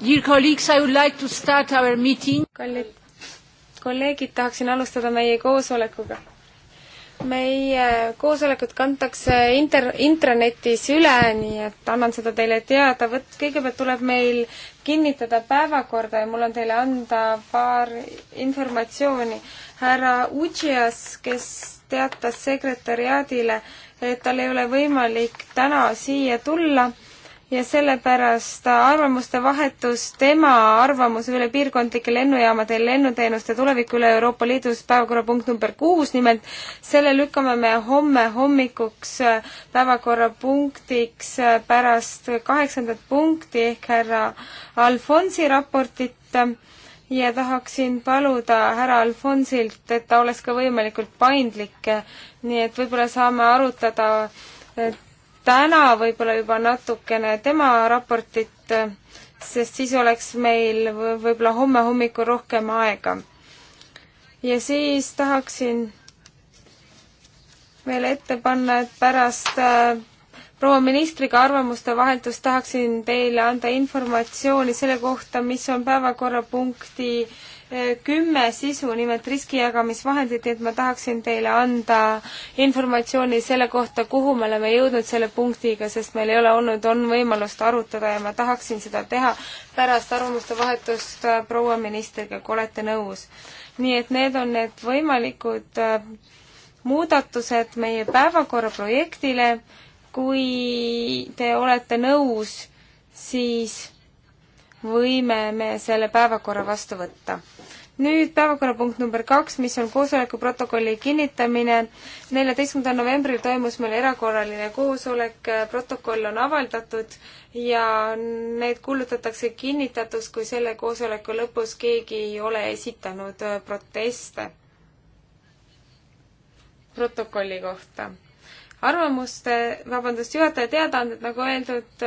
Dear colleagues, I would like to start our meeting. kallid kolleegid, tahaksin alustada meie koosolekuga. meie koosolekut kantakse inter-, intranetis üle, nii et annan seda teile teada, vot kõigepealt tuleb meil kinnitada päevakorda ja mul on teile anda paar informatsiooni. härra Udžias, kes teatas sekretäriaadile, et tal ei ole võimalik täna siia tulla ja sellepärast arvamuste vahetus tema arvamuse üle piirkondlike lennujaamade ja lennuteenuste tuleviku üle Euroopa Liidus, päevakorrapunkt number kuus nimelt, selle lükkame me homme hommikuks äh, päevakorrapunktiks äh, pärast kaheksandat punkti ehk härra Alfonsi raportit ja tahaksin paluda härra Alfonsilt, et ta oleks ka võimalikult paindlik, nii et võib-olla saame arutada et täna võib-olla juba natukene tema raportit, sest siis oleks meil võib-olla homme hommikul rohkem aega. ja siis tahaksin veel ette panna, et pärast äh, proua ministriga arvamuste vahetust tahaksin teile anda informatsiooni selle kohta, mis on päevakorrapunkti kümme sisu, nimelt riskijagamisvahendit, nii et ma tahaksin teile anda informatsiooni selle kohta, kuhu me oleme jõudnud selle punktiga, sest meil ei ole olnud, on võimalust arutada ja ma tahaksin seda teha pärast arvamuste vahetust äh, proua ministriga, kui olete nõus. nii et need on need võimalikud äh, muudatused meie päevakorra projektile, kui te olete nõus, siis võime me selle päevakorra vastu võtta nüüd päevakorrapunkt number kaks, mis on koosoleku protokolli kinnitamine. neljateistkümnendal novembril toimus meil erakorraline koosolek, protokoll on avaldatud ja need kuulutatakse kinnitatuks, kui selle koosoleku lõpus keegi ei ole esitanud proteste protokolli kohta arvamuste, vabandust, juhataja teadaanded, nagu öeldud,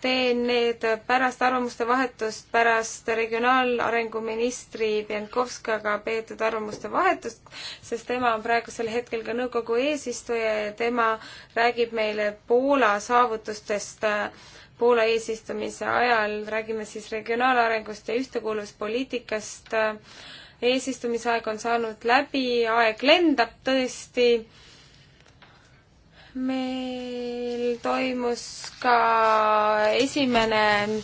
teen need pärast arvamuste vahetust, pärast regionaalarengu ministri Pienkovskaga peetud arvamuste vahetust, sest tema on praegusel hetkel ka nõukogu eesistuja ja tema räägib meile Poola saavutustest äh, Poola eesistumise ajal, räägime siis regionaalarengust ja ühtekuuluvuspoliitikast. Äh, eesistumisaeg on saanud läbi, aeg lendab tõesti meil toimus ka esimene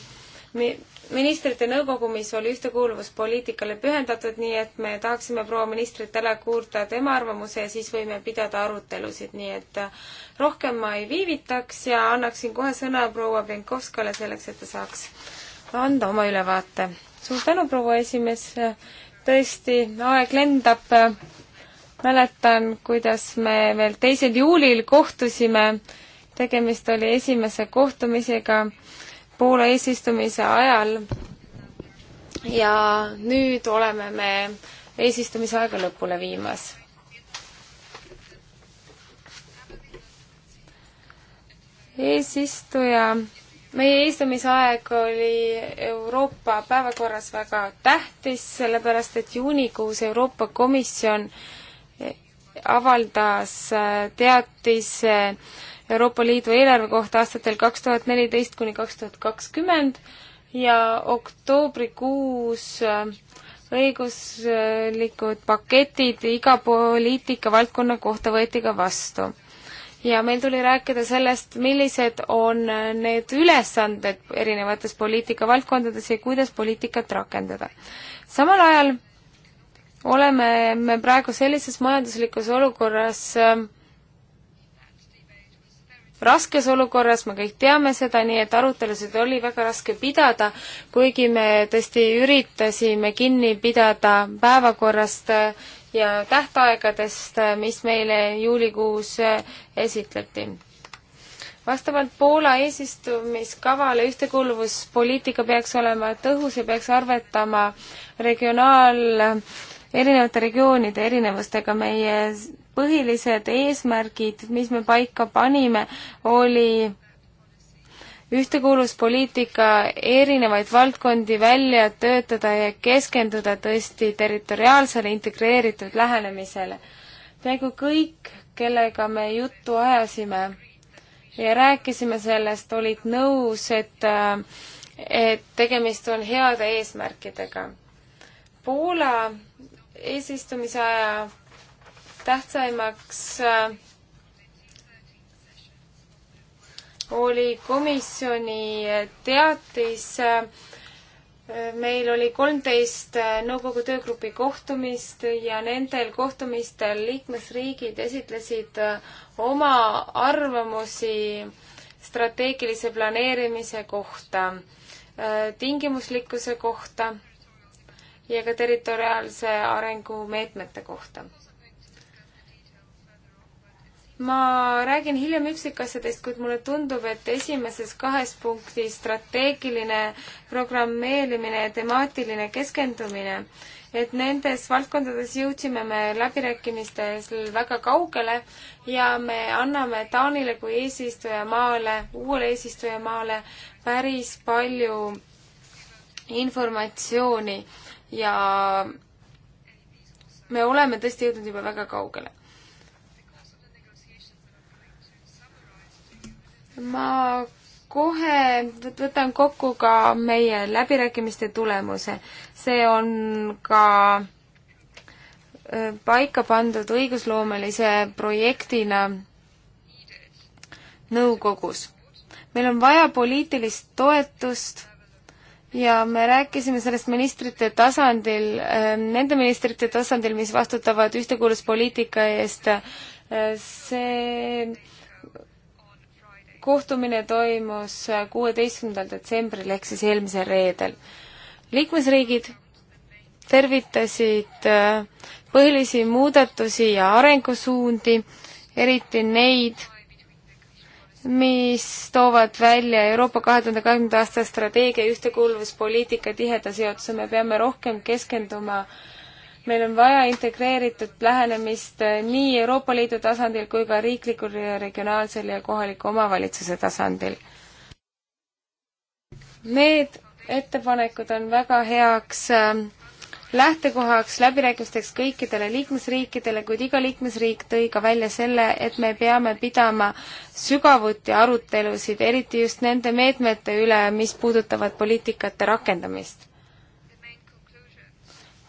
ministrite nõukogu, mis oli ühtekuuluvuspoliitikale pühendatud, nii et me tahaksime proua ministrit ära kuulda tema arvamuse ja siis võime pidada arutelusid, nii et rohkem ma ei viivitaks ja annaksin kohe sõna proua Penkovskale selleks, et ta saaks anda oma ülevaate. suur tänu, proua esimees, tõesti, aeg lendab mäletan, kuidas me veel teisel juulil kohtusime, tegemist oli esimese kohtumisega Poola eesistumise ajal ja nüüd oleme me eesistumise aega lõpule viimas. eesistuja, meie eesistumise aeg oli Euroopa päevakorras väga tähtis, sellepärast et juunikuus Euroopa Komisjon äh, avaldas äh, teatise äh, Euroopa Liidu eelarve kohta aastatel kaks tuhat neliteist kuni kaks tuhat kakskümmend ja oktoobrikuus äh, õiguslikud paketid iga poliitika valdkonna kohta võeti ka vastu. ja meil tuli rääkida sellest, millised on need ülesanded erinevates poliitikavaldkondades ja kuidas poliitikat rakendada. samal ajal oleme me praegu sellises majanduslikus olukorras äh,, raskes olukorras, me kõik teame seda, nii et arutelusid oli väga raske pidada, kuigi me tõesti üritasime kinni pidada päevakorrast äh, ja tähtaegadest, äh, mis meile juulikuus äh, esitleti. vastavalt Poola eesistumiskavale ühtekuuluvuspoliitika peaks olema tõhus ja peaks arvetama regionaal- erinevate regioonide erinevustega. meie põhilised eesmärgid, mis me paika panime, oli ühtekuuluvuspoliitika erinevaid valdkondi välja töötada ja keskenduda tõesti territoriaalsele integreeritud lähenemisele. peaaegu kõik, kellega me juttu ajasime ja rääkisime sellest, olid nõus, et, et tegemist on heade eesmärkidega. Poola eesistumise aja tähtsaimaks äh, oli komisjoni teatis. Äh, meil oli kolmteist äh, nõukogu töögrupi kohtumist ja nendel kohtumistel liikmesriigid esitlesid oma arvamusi strateegilise planeerimise kohta, tingimuslikkuse kohta ja ka territoriaalse arengu meetmete kohta. ma räägin hiljem üksikasjadest, kuid mulle tundub, et esimeses kahes punktis strateegiline programmeerimine ja temaatiline keskendumine, et nendes valdkondades jõudsime me läbirääkimistes väga kaugele ja me anname Taanile kui eesistujamaale, uuele eesistujamaale päris palju informatsiooni ja me oleme tõesti jõudnud juba väga kaugele. ma kohe võtan kokku ka meie läbirääkimiste tulemuse. see on ka äh, paika pandud õigusloomelise projektina nõukogus. meil on vaja poliitilist toetust ja me rääkisime sellest ministrite tasandil, ähm, nende ministrite tasandil, mis vastutavad ühtekuuluvuspoliitika eest, äh, see kohtumine toimus kuueteistkümnendal detsembril ehk siis eelmisel reedel. liikmesriigid tervitasid äh, põhilisi muudatusi ja arengusuundi, eriti neid, mis toovad välja Euroopa kahe tuhande kahekümnenda aasta strateegia ühtekuuluvuspoliitika tiheda seotuse, me peame rohkem keskenduma meil on vaja integreeritud lähenemist nii Euroopa Liidu tasandil kui ka riiklikul, regionaalsel ja kohaliku omavalitsuse tasandil. Need ettepanekud on väga heaks äh, lähtekohaks läbirääkimisteks kõikidele liikmesriikidele, kuid iga liikmesriik tõi ka välja selle, et me peame pidama sügavuti arutelusid, eriti just nende meetmete üle, mis puudutavad poliitikate rakendamist.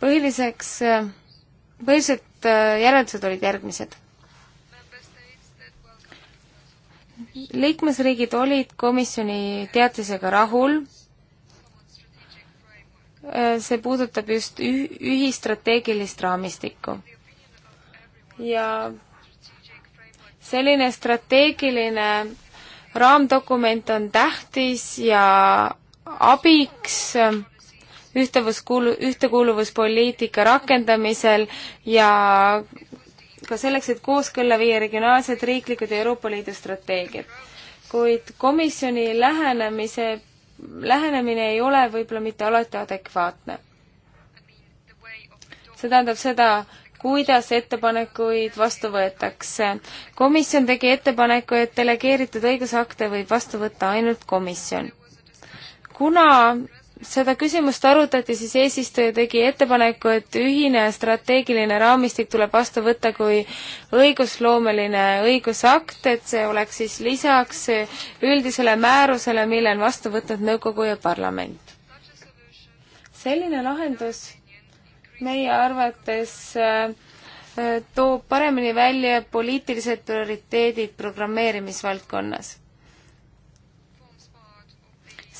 põhiliseks, põhilised äh, järeldused olid järgmised liikmesriigid olid komisjoni teatisega rahul, see puudutab just üh-, ühistrateegilist raamistikku. ja selline strateegiline raamdokument on tähtis ja abiks ühtevuskuulu-, ühtekuuluvuspoliitika rakendamisel ja ka selleks, et kooskõlla viia regionaalsed, riiklikud ja Euroopa Liidu strateegiad. kuid komisjoni lähenemise lähenemine ei ole võib-olla mitte alati adekvaatne. see tähendab seda, kuidas ettepanekuid vastu võetakse. komisjon tegi ettepaneku, et delegeeritud õigusakte võib vastu võtta ainult komisjon. kuna seda küsimust arutati, siis eesistuja tegi ettepaneku, et ühine strateegiline raamistik tuleb vastu võtta kui õigusloomeline õigusakt, et see oleks siis lisaks üldisele määrusele, mille on vastu võtnud nõukogu ja parlament. selline lahendus meie arvates äh, toob paremini välja poliitilised prioriteedid programmeerimisvaldkonnas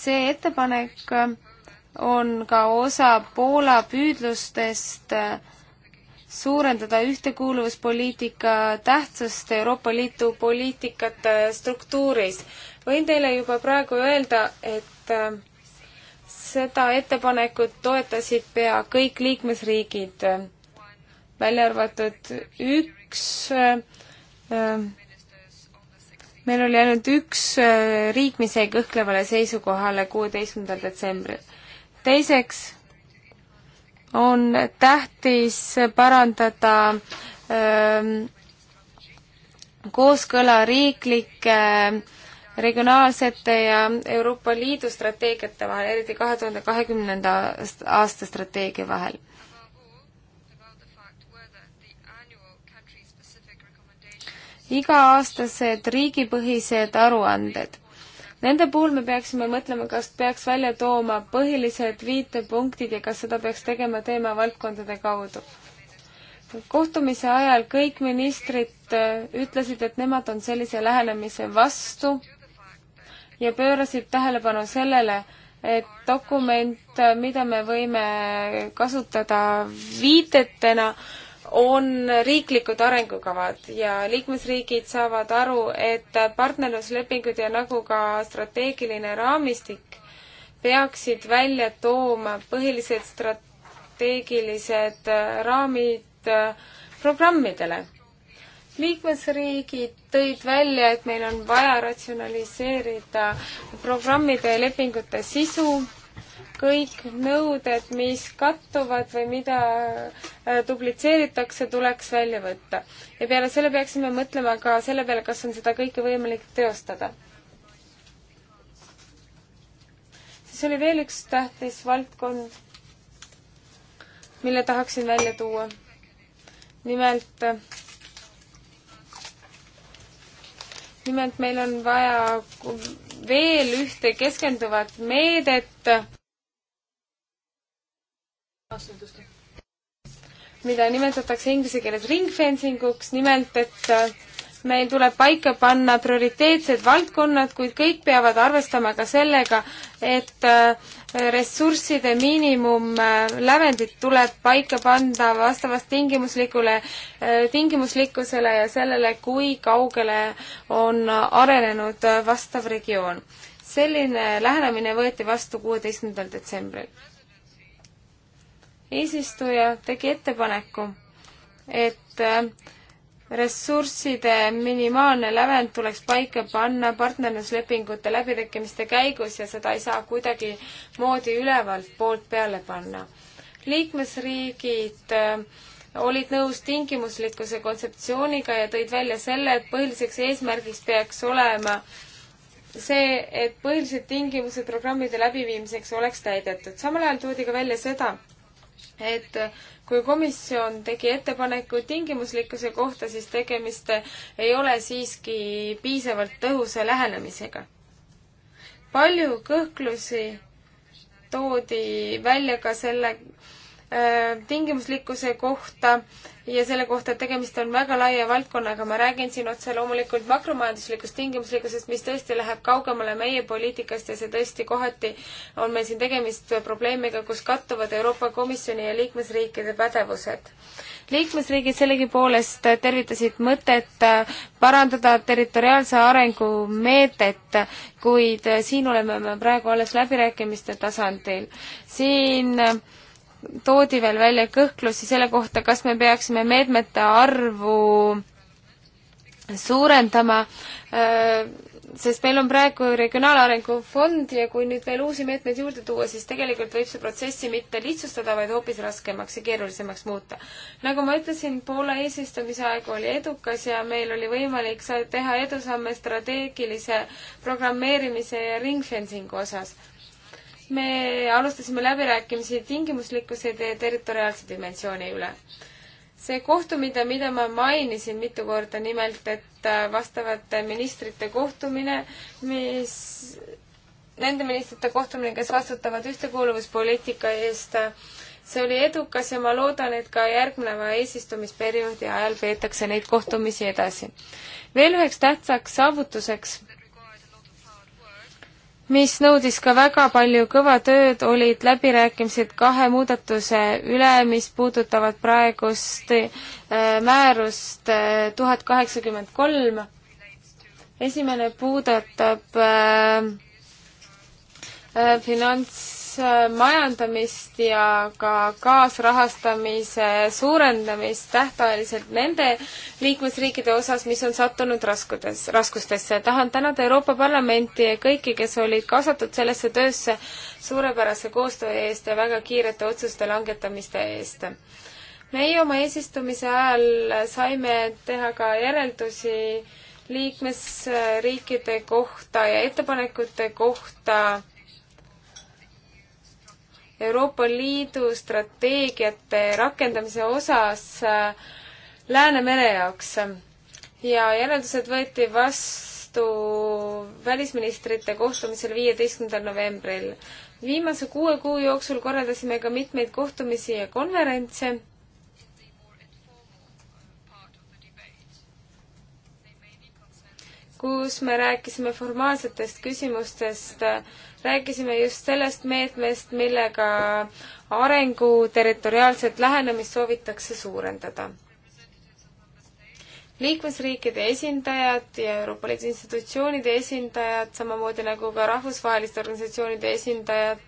see ettepanek äh, on ka osa Poola püüdlustest äh, suurendada ühtekuuluvuspoliitika tähtsust Euroopa Liidu poliitikate struktuuris. võin teile juba praegu öelda, et äh, seda ettepanekut toetasid pea kõik liikmesriigid, välja arvatud üks, äh, meil oli ainult üks riik, mis jäi kõhklevale seisukohale kuueteistkümnendal detsembril teiseks on tähtis parandada öö, ähm, kooskõla riiklike äh, regionaalsete ja Euroopa Liidu strateegiate vahel, eriti kahe tuhande kahekümnenda aasta strateegia vahel. iga-aastased riigipõhised aruanded Nende puhul me peaksime mõtlema, kas peaks välja tooma põhilised viitepunktid ja kas seda peaks tegema teemavaldkondade kaudu. kohtumise ajal kõik ministrid äh, ütlesid, et nemad on sellise lähenemise vastu ja pöörasid tähelepanu sellele, et dokument, äh, mida me võime kasutada viitetena, on riiklikud arengukavad ja liikmesriigid saavad aru, et partnerluslepingud ja nagu ka strateegiline raamistik peaksid välja tooma põhilised strateegilised äh, raamid äh, programmidele. liikmesriigid tõid välja, et meil on vaja ratsionaliseerida programmide ja lepingute sisu kõik nõuded, mis kattuvad või mida äh, duplitseeritakse, tuleks välja võtta. ja peale selle peaksime mõtlema ka selle peale, kas on seda kõike võimalik teostada. siis oli veel üks tähtis valdkond, mille tahaksin välja tuua. nimelt nimelt meil on vaja veel ühte keskenduvat meedet mida nimetatakse inglise keeles ring-fencing uks, nimelt et äh, meil tuleb paika panna prioriteetsed valdkonnad, kuid kõik peavad arvestama ka sellega, et äh, ressursside miinimumlävendit äh, tuleb paika panda vastavast tingimuslikule, tingimuslikkusele ja sellele, kui kaugele on arenenud vastav regioon. selline lähenemine võeti vastu kuueteistkümnendal detsembril eesistuja tegi ettepaneku, et äh, ressursside minimaalne lävend tuleks paika panna partnerluslepingute läbitegemiste käigus ja seda ei saa kuidagi moodi ülevalt poolt peale panna. liikmesriigid äh, olid nõus tingimuslikkuse kontseptsiooniga ja tõid välja selle, et põhiliseks eesmärgiks peaks olema see, et põhilised tingimused programmide läbiviimiseks oleks täidetud. samal ajal toodi ka välja seda, et kui komisjon tegi ettepaneku tingimuslikkuse kohta, siis tegemist ei ole siiski piisavalt tõhusa lähenemisega. palju kõhklusi toodi välja ka selle Äh, tingimuslikkuse kohta ja selle kohta, et tegemist on väga laia valdkonnaga, ma räägin siin otse loomulikult makromajanduslikust tingimuslikkusest, mis tõesti läheb kaugemale meie poliitikast ja see tõesti kohati on meil siin tegemist probleemiga, kus kattuvad Euroopa Komisjoni ja liikmesriikide pädevused. liikmesriigid sellegipoolest tervitasid mõtet parandada territoriaalse arengu meedet, kuid siin oleme me praegu alles läbirääkimiste tasandil. siin toodi veel välja kõhklusi selle kohta, kas me peaksime meetmete arvu suurendama, äh, sest meil on praegu Regionaalarengu Fond ja kui nüüd veel uusi meetmeid juurde tuua, siis tegelikult võib see protsessi mitte lihtsustada, vaid hoopis raskemaks ja keerulisemaks muuta. nagu ma ütlesin, Poola eesistumise aeg oli edukas ja meil oli võimalik teha edusamme strateegilise programmeerimise ja ringfencingu osas me alustasime läbirääkimisi tingimuslikkuse ja territoriaalse dimensiooni üle. see kohtumine, mida ma mainisin mitu korda, nimelt et äh, vastavate ministrite kohtumine, mis, nende ministrite kohtumine, kes vastutavad ühtekuuluvuspoliitika eest, see oli edukas ja ma loodan, et ka järgneva eesistumisperioodi ajal peetakse neid kohtumisi edasi. veel üheks tähtsaks saavutuseks mis nõudis ka väga palju kõva tööd, olid läbirääkimised kahe muudatuse üle, mis puudutavad praegust äh, määrust äh, tuhat kaheksakümmend kolm. esimene puudutab äh, äh finants majandamist ja ka kaasrahastamise suurendamist tähtajaliselt nende liikmesriikide osas, mis on sattunud raskudes, raskustesse. tahan tänada Euroopa Parlamenti ja kõiki, kes olid kaasatud sellesse töösse suurepärase koostöö eest ja väga kiirete otsuste langetamiste eest. meie oma eesistumise ajal saime teha ka järeldusi liikmesriikide kohta ja ettepanekute kohta Euroopa Liidu strateegiate rakendamise osas äh, Läänemere jaoks. ja järeldused võeti vastu välisministrite kohtumisel viieteistkümnendal novembril. viimase kuue kuu jooksul korraldasime ka mitmeid kohtumisi ja konverentse kus me rääkisime formaalsetest küsimustest, rääkisime just sellest meetmest, millega arengu territoriaalset lähenemist soovitakse suurendada. liikmesriikide esindajad ja Euroopa Liidu institutsioonide esindajad, samamoodi nagu ka rahvusvaheliste organisatsioonide esindajad,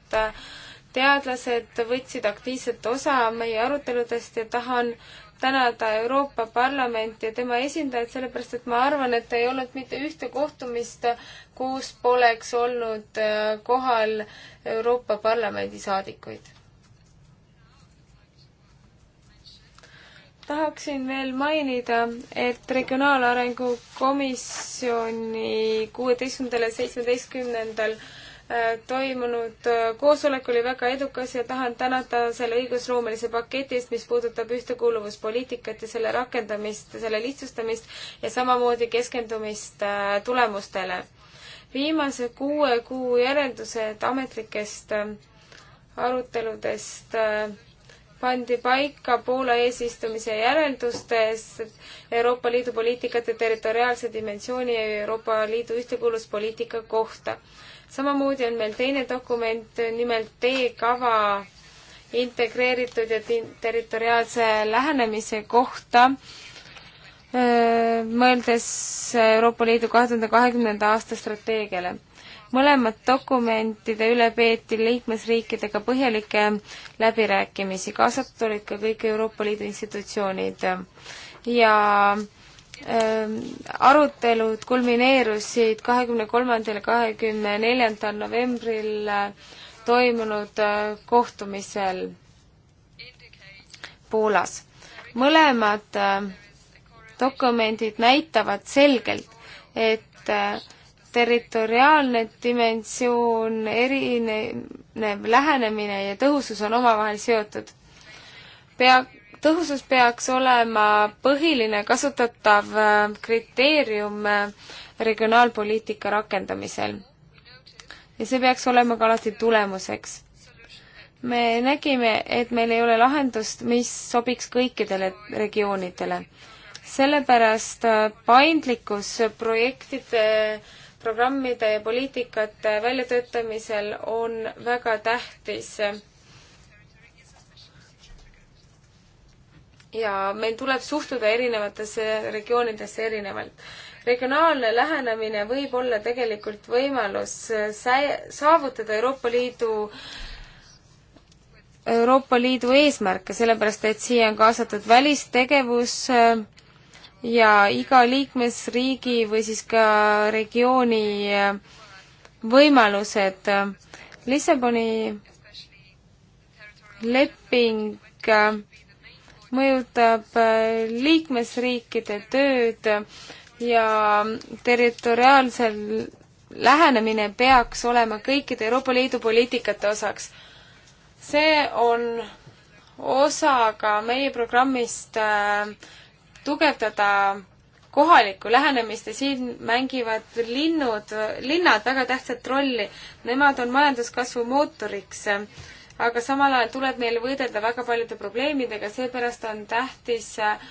teadlased võtsid aktiivselt osa meie aruteludest ja tahan tänada Euroopa Parlamenti ja tema esindajaid, sellepärast et ma arvan, et ei olnud mitte ühte kohtumist, kus poleks olnud äh, kohal Euroopa Parlamendi saadikuid. tahaksin veel mainida, et Regionaalarengu Komisjoni kuueteistkümnendal ja seitsmeteistkümnendal Äh, toimunud äh, koosolek oli väga edukas ja tahan tänada selle õigusloomelise paketi eest, mis puudutab ühtekuuluvuspoliitikat ja selle rakendamist, selle lihtsustamist ja samamoodi keskendumist äh, tulemustele. viimase kuue kuu järeldused ametlikest aruteludest pandi paika Poola eesistumise järeldustes Euroopa Liidu poliitikate territoriaalse dimensiooni ja Euroopa Liidu ühtekuuluvuspoliitika kohta samamoodi on meil teine dokument, nimelt teekava integreeritud ja territoriaalse lähenemise kohta, mõeldes Euroopa Liidu kahe tuhande kahekümnenda aasta strateegiale. mõlemad dokumentide üle peeti liikmesriikidega põhjalikke läbirääkimisi, kaasatud olid ka kõik Euroopa Liidu institutsioonid ja äh, Ehm, arutelud kulmineerusid kahekümne kolmandal ja kahekümne neljandal novembril äh, toimunud äh, kohtumisel Poolas. mõlemad äh, dokumendid näitavad selgelt, et territoriaalne dimensioon, erinev lähenemine ja tõhusus on omavahel seotud. pea, tõhusus peaks olema põhiline kasutatav äh, kriteerium äh, regionaalpoliitika rakendamisel. ja see peaks olema ka alati tulemuseks. me nägime, et meil ei ole lahendust, mis sobiks kõikidele regioonidele. sellepärast äh, paindlikkus projektide programmide ja poliitikate väljatöötamisel on väga tähtis ja meil tuleb suhtuda erinevatesse regioonidesse erinevalt. regionaalne lähenemine võib olla tegelikult võimalus äh, saavutada Euroopa Liidu Euroopa Liidu eesmärke, sellepärast et siia on kaasatud välistegevus äh, ja iga liikmesriigi või siis ka regiooni äh, võimalused. Lissaboni leping mõjutab äh, liikmesriikide tööd ja territoriaalsel lähenemine peaks olema kõikide Euroopa Liidu poliitikate osaks. see on osa ka meie programmist äh, tugevdada kohalikku lähenemist ja siin mängivad linnud, linnad väga tähtsat rolli. Nemad on majanduskasvu mootoriks aga samal ajal tuleb meil võidelda väga paljude probleemidega, seepärast on tähtis äh,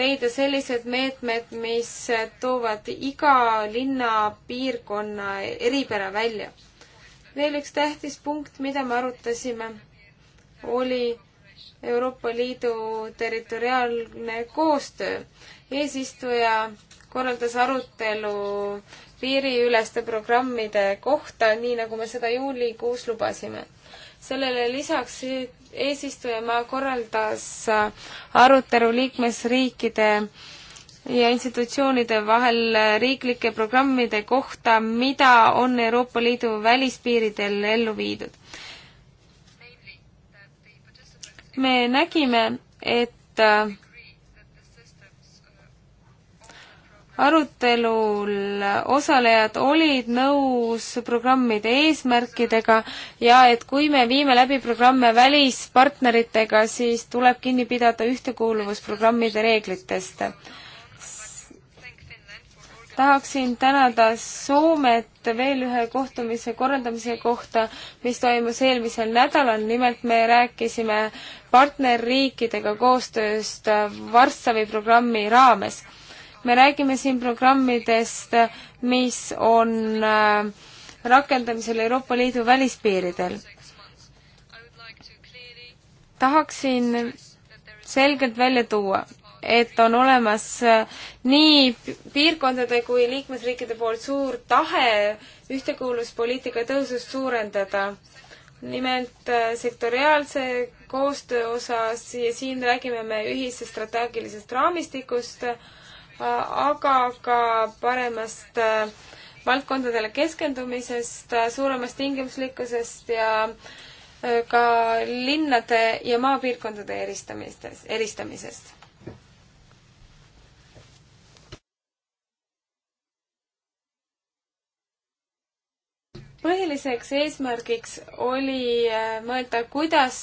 leida sellised meetmed, mis äh, toovad iga linna piirkonna eripära välja. veel üks tähtis punkt, mida me arutasime, oli Euroopa Liidu territoriaalne koostöö. eesistuja korraldas arutelu piiriüleste programmide kohta, nii nagu me seda juulikuus lubasime sellele lisaks eesistujamaa korraldas äh, arutelu liikmesriikide ja institutsioonide vahel riiklike programmide kohta, mida on Euroopa Liidu välispiiridel ellu viidud. me nägime, et äh, arutelul osalejad olid nõus programmide eesmärkidega ja et kui me viime läbi programme välispartneritega, siis tuleb kinni pidada ühtekuuluvusprogrammide reeglitest. tahaksin tänada Soomet veel ühe kohtumise korraldamise kohta, mis toimus eelmisel nädalal, nimelt me rääkisime partnerriikidega koostööst Varssavi programmi raames me räägime siin programmidest, mis on äh, rakendamisel Euroopa Liidu välispiiridel. tahaksin selgelt välja tuua, et on olemas äh, nii piirkondade kui liikmesriikide poolt suur tahe ühtekuuluvuspoliitika tõusust suurendada. nimelt äh, sektoriaalse koostöö osas ja siin räägime me ühisest strateegilisest raamistikust, aga ka paremast äh, valdkondadele keskendumisest, äh, suuremast tingimuslikkusest ja äh, ka linnade ja maapiirkondade eristamistes, eristamisest. põhiliseks eesmärgiks oli mõelda, kuidas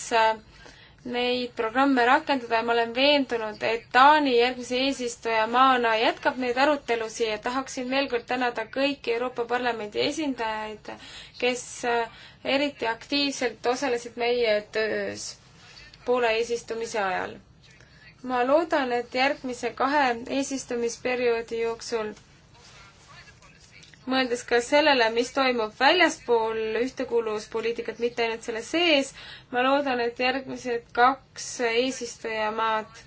neid programme rakendada ja ma olen veendunud, et Taani järgmise eesistujamaana jätkab neid arutelusid ja tahaksin veel kord tänada kõiki Euroopa Parlamendi esindajaid, kes äh, eriti aktiivselt osalesid meie töös Poola eesistumise ajal. ma loodan, et järgmise kahe eesistumisperioodi jooksul mõeldes ka sellele, mis toimub väljaspool ühtekuuluvuspoliitikat, mitte ainult selle sees, ma loodan, et järgmised kaks eesistujamaad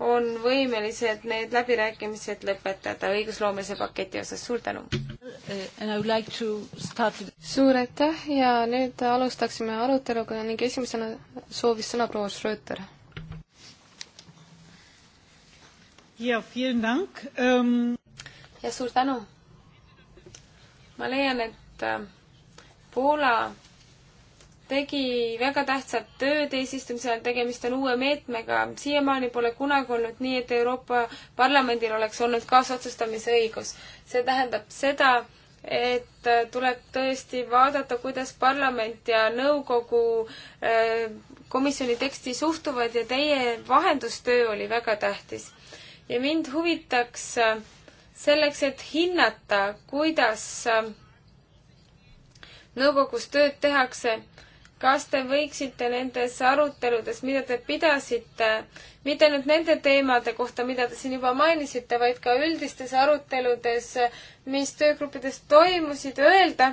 on võimelised need läbirääkimised lõpetada õigusloomelise paketi osas. suur tänu! Uh, like start... suur aitäh ja nüüd alustaksime aruteluga ning esimesena soovis sõna proua Schröter. ja, um... ja suur tänu! ma leian, et äh, Poola tegi väga tähtsat tööd eesistumise ajal, tegemist on uue meetmega. siiamaani pole kunagi olnud nii, et Euroopa Parlamendil oleks olnud kaasotsustamise õigus. see tähendab seda, et äh, tuleb tõesti vaadata, kuidas parlament ja nõukogu äh, komisjoni teksti suhtuvad ja teie vahendustöö oli väga tähtis. ja mind huvitaks äh, selleks, et hinnata, kuidas ähm, nõukogus tööd tehakse. kas te võiksite nendes aruteludes, mida te pidasite, mitte ainult nende teemade kohta, mida te siin juba mainisite, vaid ka üldistes aruteludes, mis töögruppides toimusid, öelda,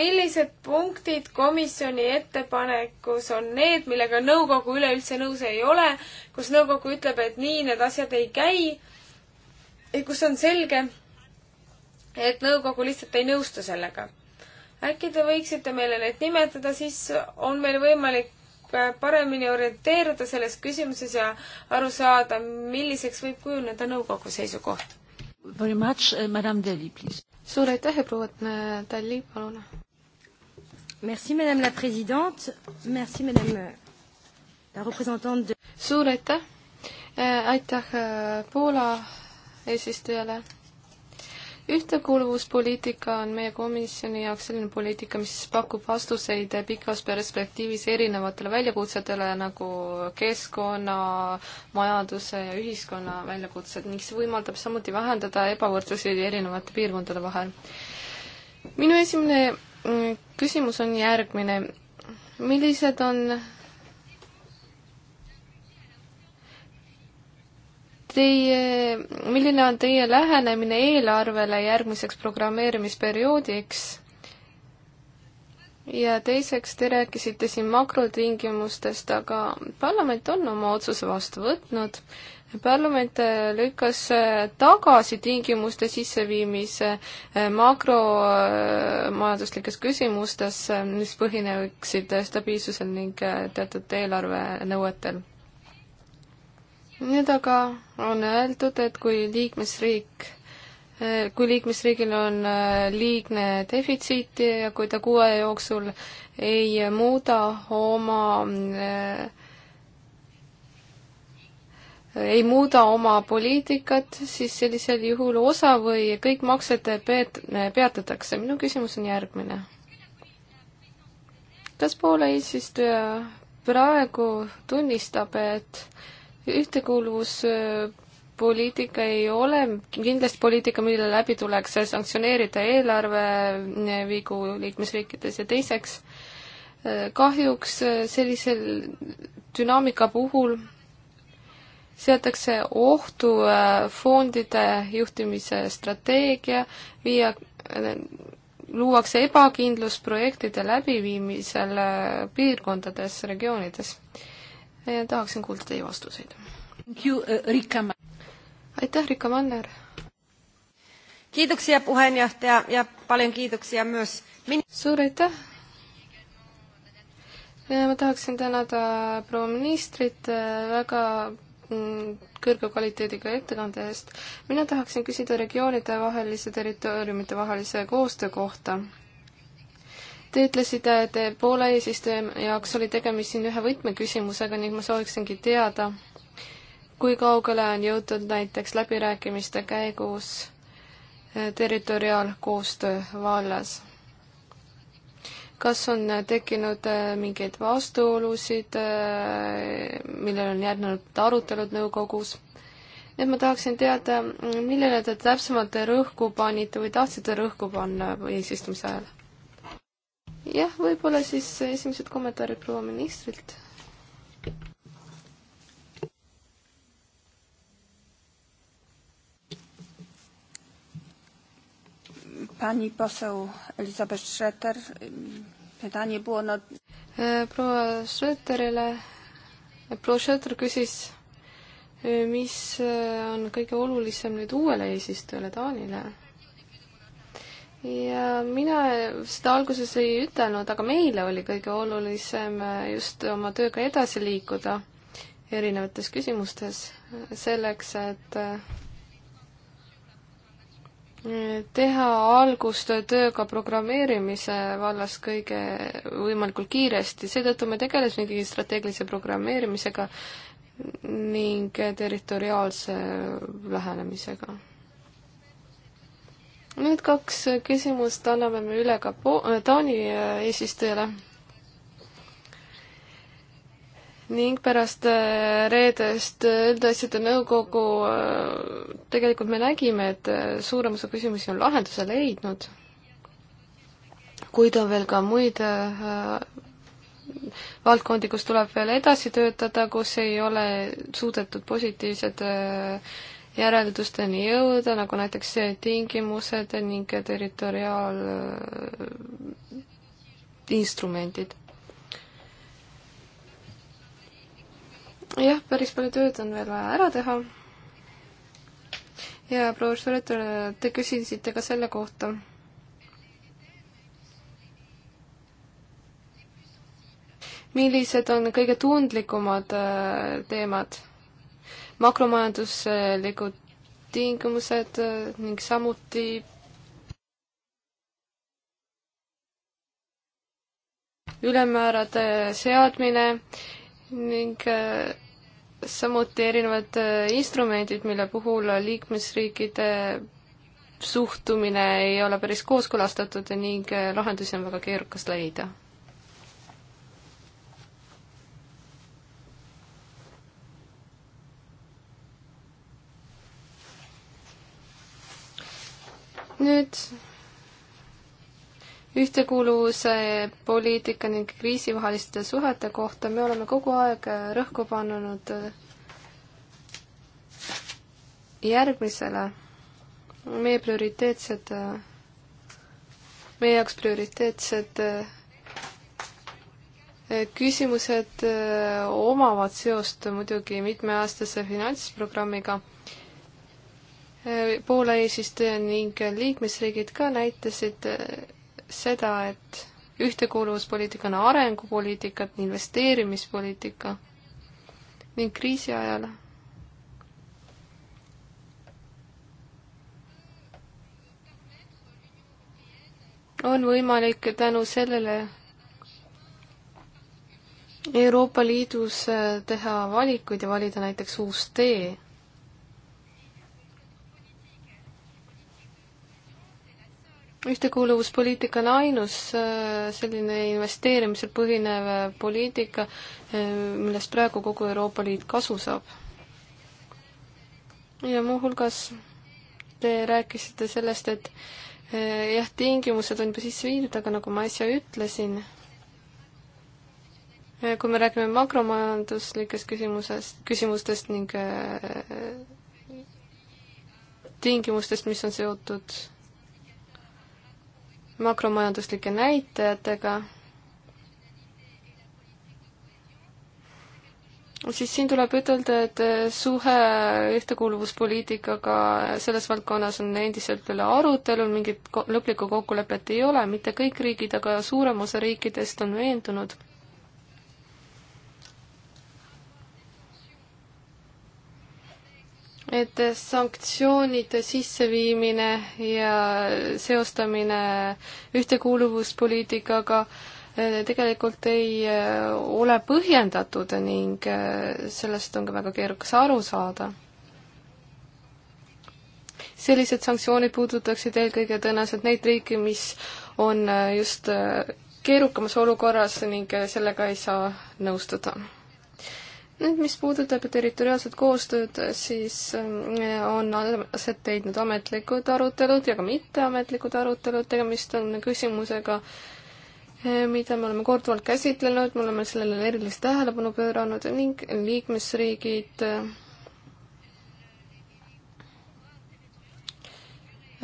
millised punktid komisjoni ettepanekus on need, millega nõukogu üleüldse nõus ei ole, kus nõukogu ütleb, et nii need asjad ei käi kus on selge, et nõukogu lihtsalt ei nõustu sellega. äkki te võiksite meile need nimetada, siis on meil võimalik paremini orienteeruda selles küsimuses ja aru saada, milliseks võib kujuneda nõukogu seisukoht. Very much, eh, madam Deli, please. suur aitäh ja proua Deli, palun. Merci, madame la president, merci, madame la representante de.... suur aitäh, eh, aitäh eh, Poola eesistujale. ühtekuuluvuspoliitika on meie komisjoni jaoks selline poliitika, mis pakub vastuseid pikas perspektiivis erinevatele väljakutsetele nagu keskkonna, majanduse ja ühiskonna väljakutsed ning see võimaldab samuti vähendada ebavõrdsusi erinevate piirkondade vahel. minu esimene mm, küsimus on järgmine. millised on teie, milline on teie lähenemine eelarvele järgmiseks programmeerimisperioodiks? ja teiseks, te rääkisite siin makrotingimustest, aga parlament on oma otsuse vastu võtnud. parlament äh, lükkas äh, tagasi tingimuste sisseviimise äh, makromajanduslikes küsimustes, mis põhineksid stabiilsusel ning teatud eelarvenõuetel nüüd aga on öeldud, et kui liikmesriik, eh, kui liikmesriigil on eh, liigne defitsiit ja kui ta kuue jooksul ei muuda oma eh, ei muuda oma poliitikat, siis sellisel juhul osa või kõik maksed peet-, peatatakse. minu küsimus on järgmine. kas Poola eesistuja praegu tunnistab, et äh, ühtekuuluvuspoliitika ei ole kindlasti poliitika, mille läbi tuleks sanktsioneerida eelarvevigu liikmesriikides ja teiseks kahjuks sellise dünaamika puhul seatakse ohtu äh, fondide juhtimise strateegia, viia, äh, luuakse ebakindlus projektide läbiviimisel äh, piirkondades, regioonides tahaksin kuulda teie vastuseid. Uh, aitäh, Rika Manner! Kiitoksia puheenjohtaja ja paljon kiitoksia myös min-. suur aitäh! ma tahaksin tänada proua ministrit äh, väga mm, kõrge kvaliteediga ettekande eest. mina tahaksin küsida regioonide vahelise, territooriumite vahelise koostöö kohta Te ütlesite, et Poola eesistuja jaoks oli tegemist siin ühe võtmeküsimusega ning ma sooviksingi teada, kui kaugele on jõutud näiteks läbirääkimiste käigus eh, territoriaalkoostöö vallas? kas on eh, tekkinud eh, mingeid vastuolusid, millele on järgnenud arutelud nõukogus? et ma tahaksin teada, millele te täpsemalt rõhku panite või tahtsite rõhku panna eesistumise ajal? jah, võib-olla siis esimesed kommentaarid proua ministrilt. Pani poseł Elizabeth Schroeder, pytanie było no... E, proua Schröderile, proua Schröder küsis, e, mis e, on kõige olulisem nüüd uuele eesistujale Taanile ja mina seda alguses ei ütelnud, aga meile oli kõige olulisem just oma tööga edasi liikuda erinevates küsimustes, selleks et eh, teha algust tööga programmeerimise vallas kõige võimalikult kiiresti, seetõttu me tegelesimegi strateegilise programmeerimisega ning territoriaalse lähenemisega Need kaks küsimust anname me üle ka po-, äh, Taani äh, eesistujale. ning pärast äh, reedest üldasjade nõukogu tegelikult me nägime, et suurem osa küsimusi on lahenduse leidnud, kuid on veel ka muid valdkondi, kus tuleb veel edasi töötada, kus ei ole suudetud positiivsed äh, järeldusteni jõuda, nagu näiteks tingimused ning territoriaalinstrumendid. Äh, jah, päris palju tööd on veel vaja ära teha. ja professor Eter, te küsisite ka selle kohta millised on kõige tundlikumad äh, teemad? makromajanduslikud tingimused äh, ning samuti ülemäärade seadmine ning äh, samuti erinevad äh, instrumendid, mille puhul liikmesriikide suhtumine ei ole päris kooskõlastatud ning lahendusi on väga keerukas leida nüüd ühtekuuluvuse poliitika ning kriisivaheliste suhete kohta me oleme kogu aeg rõhku pannud järgmisele meie prioriteetsed, meie jaoks prioriteetsed küsimused omavad seost muidugi mitmeaastase finantsprogrammiga Äh, Poola eesistuja ning liikmesriigid ka näitasid äh, seda, et ühtekuuluvuspoliitika on arengupoliitikat, investeerimispoliitika ning kriisi ajal on võimalik tänu sellele Euroopa Liidus äh, teha valikuid ja valida näiteks uus tee ühtekuuluvuspoliitika on ainus äh, selline investeerimisel põhinev äh, poliitika, äh, millest praegu kogu Euroopa Liit kasu saab. ja muuhulgas te rääkisite sellest, et jah, tingimused on juba sisse viidud, aga nagu ma äsja ütlesin, kui me räägime makromajanduslikest küsimusest, küsimustest ning tingimustest, mis on seotud makromajanduslike näitajatega, siis siin tuleb ütelda, et suhe ühtekuuluvuspoliitikaga selles valdkonnas on endiselt veel arutelul, mingit lõplikku kokkulepet ei ole, mitte kõik riigid, aga suurem osa riikidest on veendunud, et sanktsioonide sisseviimine ja seostamine ühtekuuluvuspoliitikaga eh, tegelikult ei eh, ole põhjendatud ning eh, sellest on ka väga keerukas aru saada. sellised sanktsioonid puudutaksid eelkõige tõenäoliselt neid riike, mis on just keerukamas olukorras ning sellega ei saa nõustuda nüüd, mis puudutab territoriaalset koostööd, siis äh, on aset leidnud ametlikud arutelud ja ka mitteametlikud arutelud, tegemist on küsimusega, äh, mida me oleme korduvalt käsitlenud, me oleme sellele erilist tähelepanu pööranud ning liikmesriigid äh,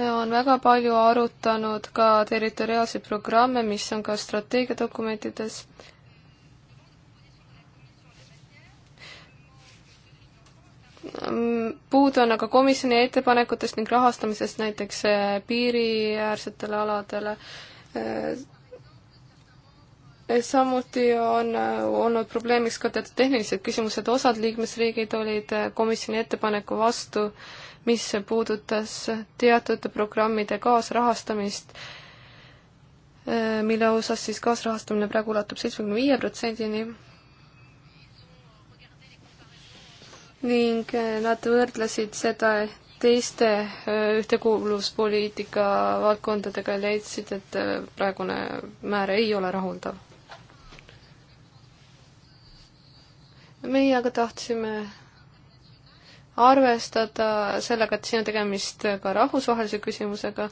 on väga palju arutanud ka territoriaalseid programme, mis on ka strateegiadokumentides puudu on aga komisjoni ettepanekutest ning rahastamisest näiteks äh, piiriäärsetele aladele. Äh, samuti on äh, olnud probleemiks ka teatud tehnilised küsimused, osad liikmesriigid olid komisjoni ettepaneku vastu, mis puudutas teatud programmide kaasrahastamist, mille osas siis kaasrahastamine praegu ulatub seitsmekümne viie protsendini ning äh, nad võrdlesid seda teiste äh, ühtekuuluvuspoliitika valdkondadega ja leidsid, et äh, praegune määr ei ole rahuldav. meie aga tahtsime arvestada sellega, et siin on tegemist ka rahvusvahelise küsimusega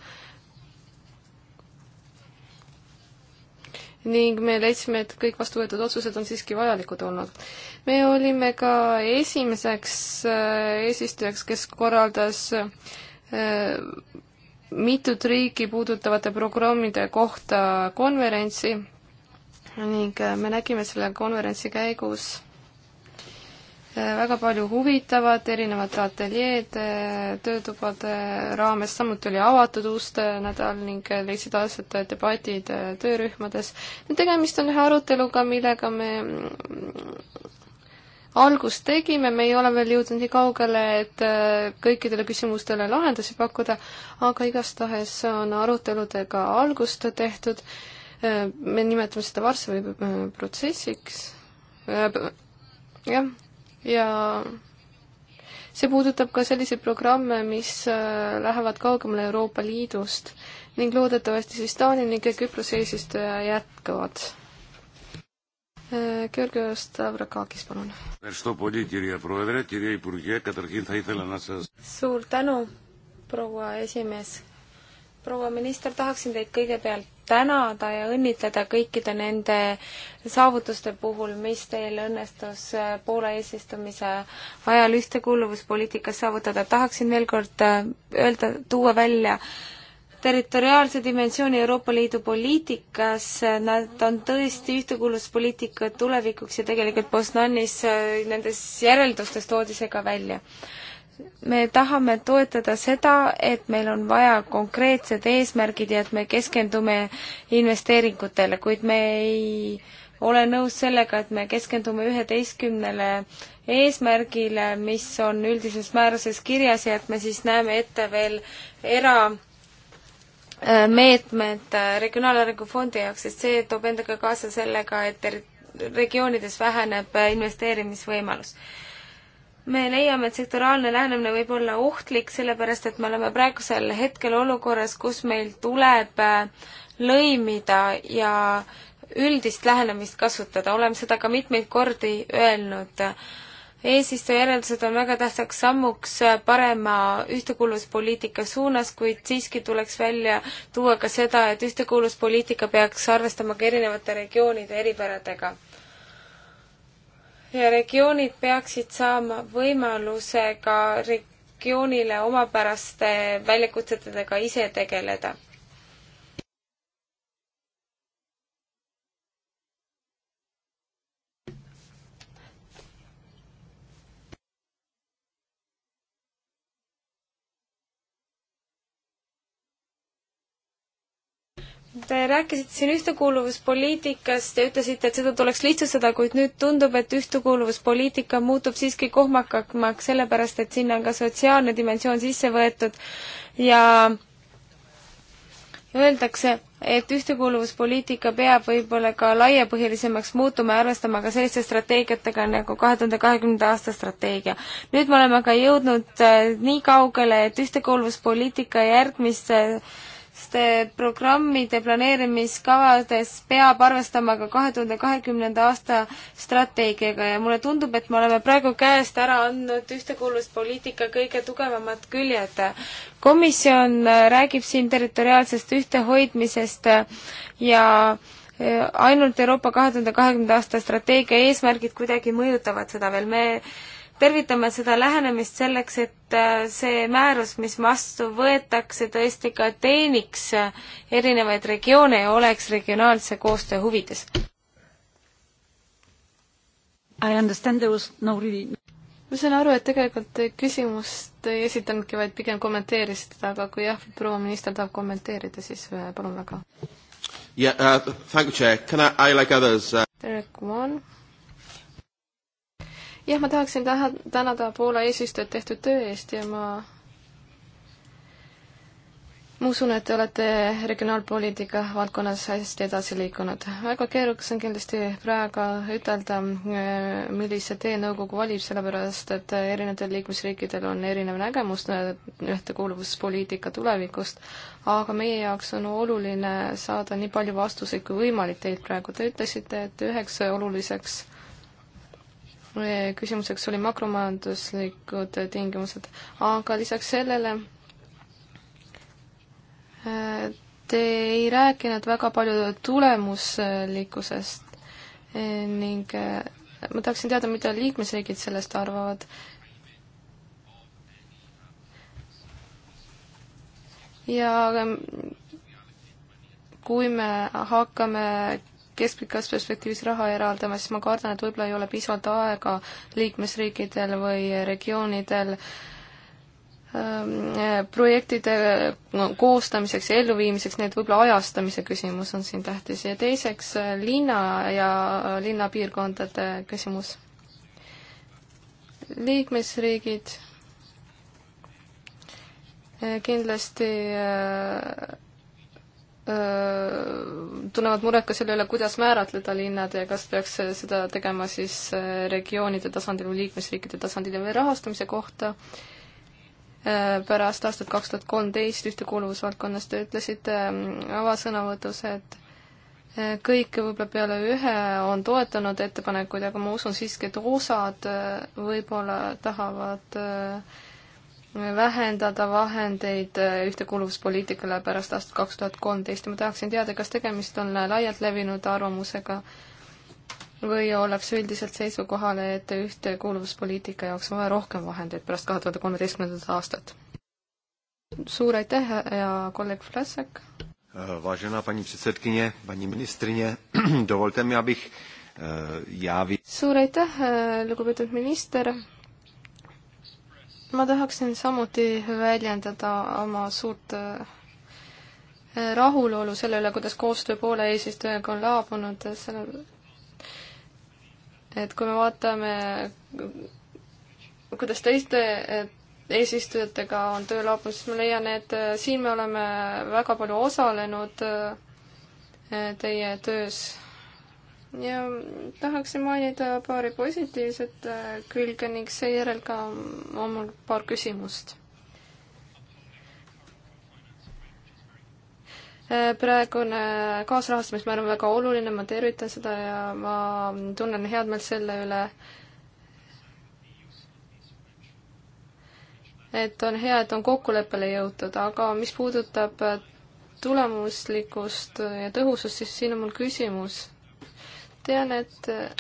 ning me leidsime, et kõik vastu võetud otsused on siiski vajalikud olnud. me olime ka esimeseks äh, eesistujaks, kes korraldas äh, mitut riiki puudutavate programmide kohta konverentsi ning äh, me nägime selle konverentsi käigus väga palju huvitavat, erinevate ateljeede, äh, töötubade raames, samuti oli avatud uste nädal ning leidsid aset debatid äh, töörühmades. tegemist on ühe aruteluga, millega me mm, algust tegime, me ei ole veel jõudnud nii kaugele, et äh, kõikidele küsimustele lahendusi pakkuda, aga igastahes on aruteludega algust tehtud. me nimetame seda Varssavi protsessiks jah, ja see puudutab ka selliseid programme, mis äh, lähevad kaugemale Euroopa Liidust ning loodetavasti siis Taani ning Küprose eesistuja jätkavad. Äh, Georgios Stavrakakis, palun. suur tänu, proua esimees. proua minister, tahaksin teid kõigepealt tänada ja õnnitleda kõikide nende saavutuste puhul, mis teil õnnestus äh, Poola eesistumise ajal ühtekuuluvuspoliitikas saavutada. tahaksin veel kord äh, öelda, tuua välja territoriaalse dimensiooni Euroopa Liidu poliitikas, nad on tõesti ühtekuuluvuspoliitika tulevikuks ja tegelikult Poznanis äh, nendes järeldustes toodi see ka välja me tahame toetada seda, et meil on vaja konkreetsed eesmärgid ja et me keskendume investeeringutele, kuid me ei ole nõus sellega, et me keskendume üheteistkümnele eesmärgile, mis on üldises määruses kirjas ja et me siis näeme ette veel erameetmed äh, äh, Regionaalarengu Fondi jaoks, sest see toob endaga kaasa sellega, et regioonides väheneb äh, investeerimisvõimalus me leiame, et sektoraalne lähenemine võib olla ohtlik, sellepärast et me oleme praegusel hetkel olukorras, kus meil tuleb äh, lõimida ja üldist lähenemist kasutada, oleme seda ka mitmeid kordi öelnud. eesistuja järeldused on väga tähtsaks sammuks äh, parema ühtekuuluvuspoliitika suunas, kuid siiski tuleks välja tuua ka seda, et ühtekuuluvuspoliitika peaks arvestama ka erinevate regioonide eripäradega regioonid peaksid saama võimaluse ka regioonile omapäraste väljakutsetega ise tegeleda Te rääkisite siin ühtekuuluvuspoliitikast ja ütlesite, et seda tuleks lihtsustada, kuid nüüd tundub, et ühtekuuluvuspoliitika muutub siiski kohmakamaks, sellepärast et sinna on ka sotsiaalne dimensioon sisse võetud ja öeldakse, et ühtekuuluvuspoliitika peab võib-olla ka laiapõhjalisemaks muutuma ja arvestama ka selliste strateegiatega nagu kahe tuhande kahekümnenda aasta strateegia. nüüd me oleme aga jõudnud äh, nii kaugele, et ühtekuuluvuspoliitika järgmisse mitmete programmide planeerimiskavades peab arvestama ka kahe tuhande kahekümnenda aasta strateegiaga ja mulle tundub, et me oleme praegu käest ära andnud ühtekuuluvuspoliitika kõige tugevamad küljed. komisjon äh, räägib siin territoriaalsest ühtehoidmisest ja äh, ainult Euroopa kahe tuhande kahekümnenda aasta strateegia eesmärgid kuidagi mõjutavad seda veel. me tervitame seda lähenemist selleks, et äh, see määrus, mis vastu võetakse, tõesti ka teeniks äh, erinevaid regioone ja oleks regionaalse koostöö huvides. No really... ma saan aru, et tegelikult küsimust ei esitanudki, vaid pigem kommenteerisite, aga kui jah, proua minister tahab kommenteerida, siis äh, palun väga. Yeah, uh, thank you, Chair. Can I, I like others uh.... tere, Kuman jah, ma tahaksin täha-, tänada Poola eesistujat tehtud töö eest ja ma ma usun, et te olete regionaalpoliitika valdkonnas hästi edasi liikunud. väga keerukas on kindlasti praegu ütelda, millise tee nõukogu valib, sellepärast et erinevatel liikmesriikidel on erinev nägemus ühtekuuluvuspoliitika tulevikust, aga meie jaoks on oluline saada nii palju vastuseid kui võimalik teilt praegu. Te ütlesite, et üheks oluliseks küsimuseks oli makromajanduslikud tingimused, aga lisaks sellele äh, te ei rääkinud väga palju tulemuslikkusest äh, ning äh, ma tahaksin teada, mida liikmesriigid sellest arvavad. ja ähm, kui me hakkame keskpikas perspektiivis raha eraldama, siis ma kardan, et võib-olla ei ole piisavalt aega liikmesriikidel või regioonidel ähm, projektide koostamiseks ja elluviimiseks, nii et võib-olla ajastamise küsimus on siin tähtis ja teiseks linna ja linnapiirkondade küsimus. liikmesriigid äh, kindlasti äh, tunnevad muret ka selle üle, kuidas määratleda linnad ja kas peaks seda tegema siis äh, regioonide tasandil või liikmesriikide tasandil ja veel rahastamise kohta. pärast aastat kaks tuhat kolmteist ühtekuuluvusvaldkonnas te ütlesite ähm, avasõnavõtus, et äh, kõik võib-olla peale ühe on toetanud ettepanekuid, aga ma usun siiski, et osad äh, võib-olla tahavad äh, vähendada vahendeid äh, ühtekuuluvuspoliitikale pärast aastat kaks tuhat kolmteist ja ma tahaksin teada, kas tegemist on laialt levinud arvamusega või ollakse üldiselt seisukohal, et ühtekuuluvuspoliitika jaoks on vaja rohkem vahendeid pärast kahe tuhande kolmeteistkümnendat aastat? suur aitäh ja kolleeg Vlasek. Äh, vážená paní předsedkyně, paní ministrině, dovolte mi, abych äh, já... Suur aitäh, lugupeetud minister ma tahaksin samuti väljendada oma suurt äh, rahulolu selle üle, kuidas koostöö poole eesistujaga on laabunud, selle, et kui me vaatame, kuidas teiste äh, eesistujatega on töö laabunud, siis ma leian, et äh, siin me oleme väga palju osalenud teie töös ja tahaksin mainida paari positiivset äh, külge ning seejärel ka on mul paar küsimust. Äh, praegune kaasrahastamismäär on väga oluline, ma tervitan seda ja ma tunnen head meelt selle üle, et on hea, et on kokkuleppele jõutud, aga mis puudutab tulemuslikkust ja tõhusust, siis siin on mul küsimus tean, et äh,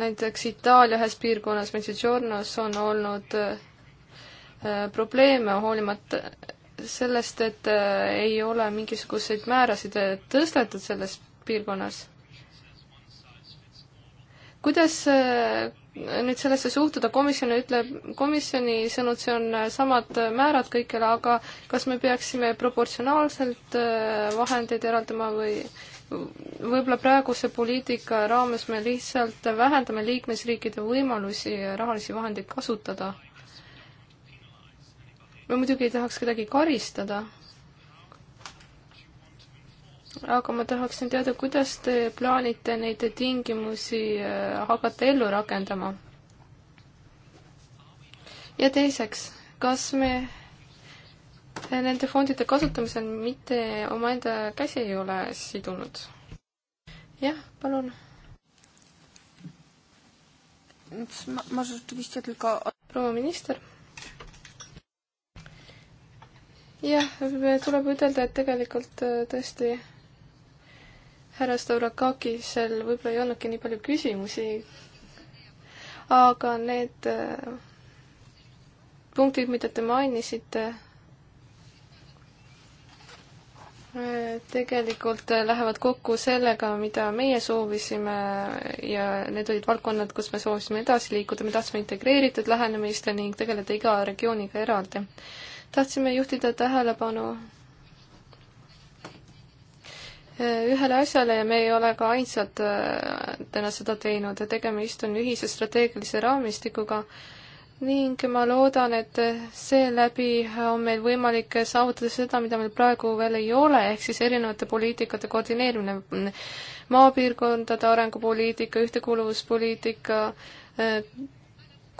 näiteks Itaalia ühes piirkonnas, Mezzogiornos, on olnud äh, probleeme hoolimata sellest, et äh, ei ole mingisuguseid määrasid tõstetud selles piirkonnas. kuidas nüüd sellesse suhtuda, komisjon ütleb, komisjoni sõnud, see on samad määrad kõikjale, aga kas me peaksime proportsionaalselt vahendeid eraldama või äh, võib-olla praeguse poliitika raames me lihtsalt vähendame liikmesriikide võimalusi rahalisi vahendeid kasutada. me muidugi ei tahaks kedagi karistada. aga ma tahaksin teada, kuidas te plaanite neid tingimusi äh, hakata ellu rakendama? ja teiseks, kas me nende fondide kasutamisel mitte omaenda käsi ei ole sidunud. jah, palun. proua minister jah, tuleb ütelda, et tegelikult e, tõesti härra Stavrakakisel võib-olla ei olnudki nii palju küsimusi, aga need e, punktid, mida te mainisite, tegelikult lähevad kokku sellega, mida meie soovisime ja need olid valdkonnad, kus me soovisime edasi liikuda, me tahtsime integreeritud lähenemist ning tegeleda iga regiooniga eraldi. tahtsime juhtida tähelepanu ühele asjale ja me ei ole ka ainsad äh, täna seda teinud ja tegemist on ühise strateegilise raamistikuga, ning ma loodan, et seeläbi on meil võimalik saavutada seda, mida meil praegu veel ei ole, ehk siis erinevate poliitikate koordineerimine, maapiirkondade arengupoliitika, ühtekuuluvuspoliitika,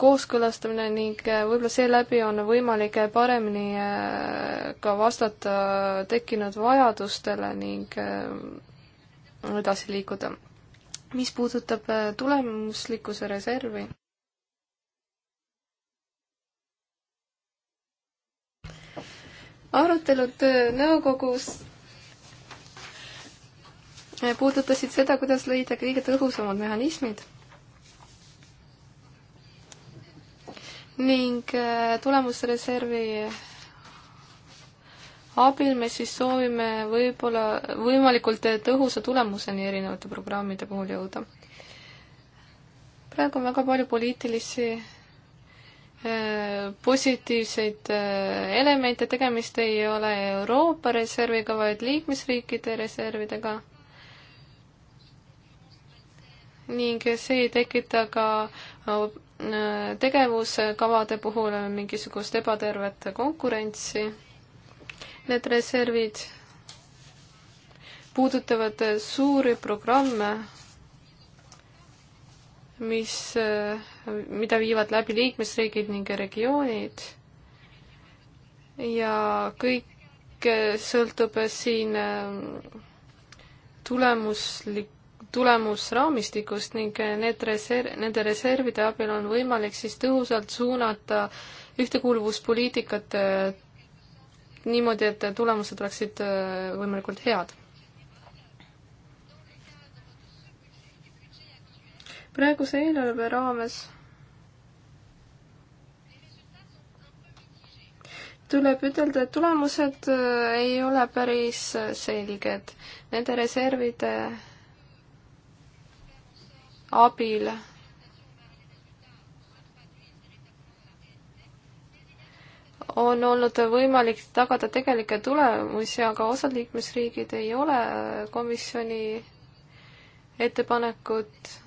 kooskõlastamine ning võib-olla seeläbi on võimalik paremini äh, ka vastata tekkinud vajadustele ning äh, edasi liikuda. mis puudutab äh, tulemuslikkuse reservi, arutelud äh, nõukogus äh, puudutasid seda, kuidas leida kõige tõhusamad mehhanismid. ning äh, tulemusreservi abil me siis soovime võib-olla võimalikult tõhusa tulemuseni erinevate programmide puhul jõuda. praegu on väga palju poliitilisi Äh, positiivseid äh, elemente, tegemist ei ole Euroopa reserviga, vaid liikmesriikide reservidega. ning see ei tekita ka äh, tegevuskavade puhul mingisugust ebatervet konkurentsi. Need reservid puudutavad suuri programme mis, mida viivad läbi liikmesriigid ning regioonid ja kõik sõltub siin ähm, tulemuslik, tulemusraamistikust ning need reserv, nende reservide abil on võimalik siis tõhusalt suunata ühtekuuluvuspoliitikat äh, niimoodi, et tulemused oleksid äh, võimalikult head. praeguse eelarve raames tuleb ütelda, et tulemused äh, ei ole päris äh, selged. Nende reservide abil on olnud võimalik tagada tegelikke tulemusi, aga osad liikmesriigid ei ole äh, komisjoni ettepanekut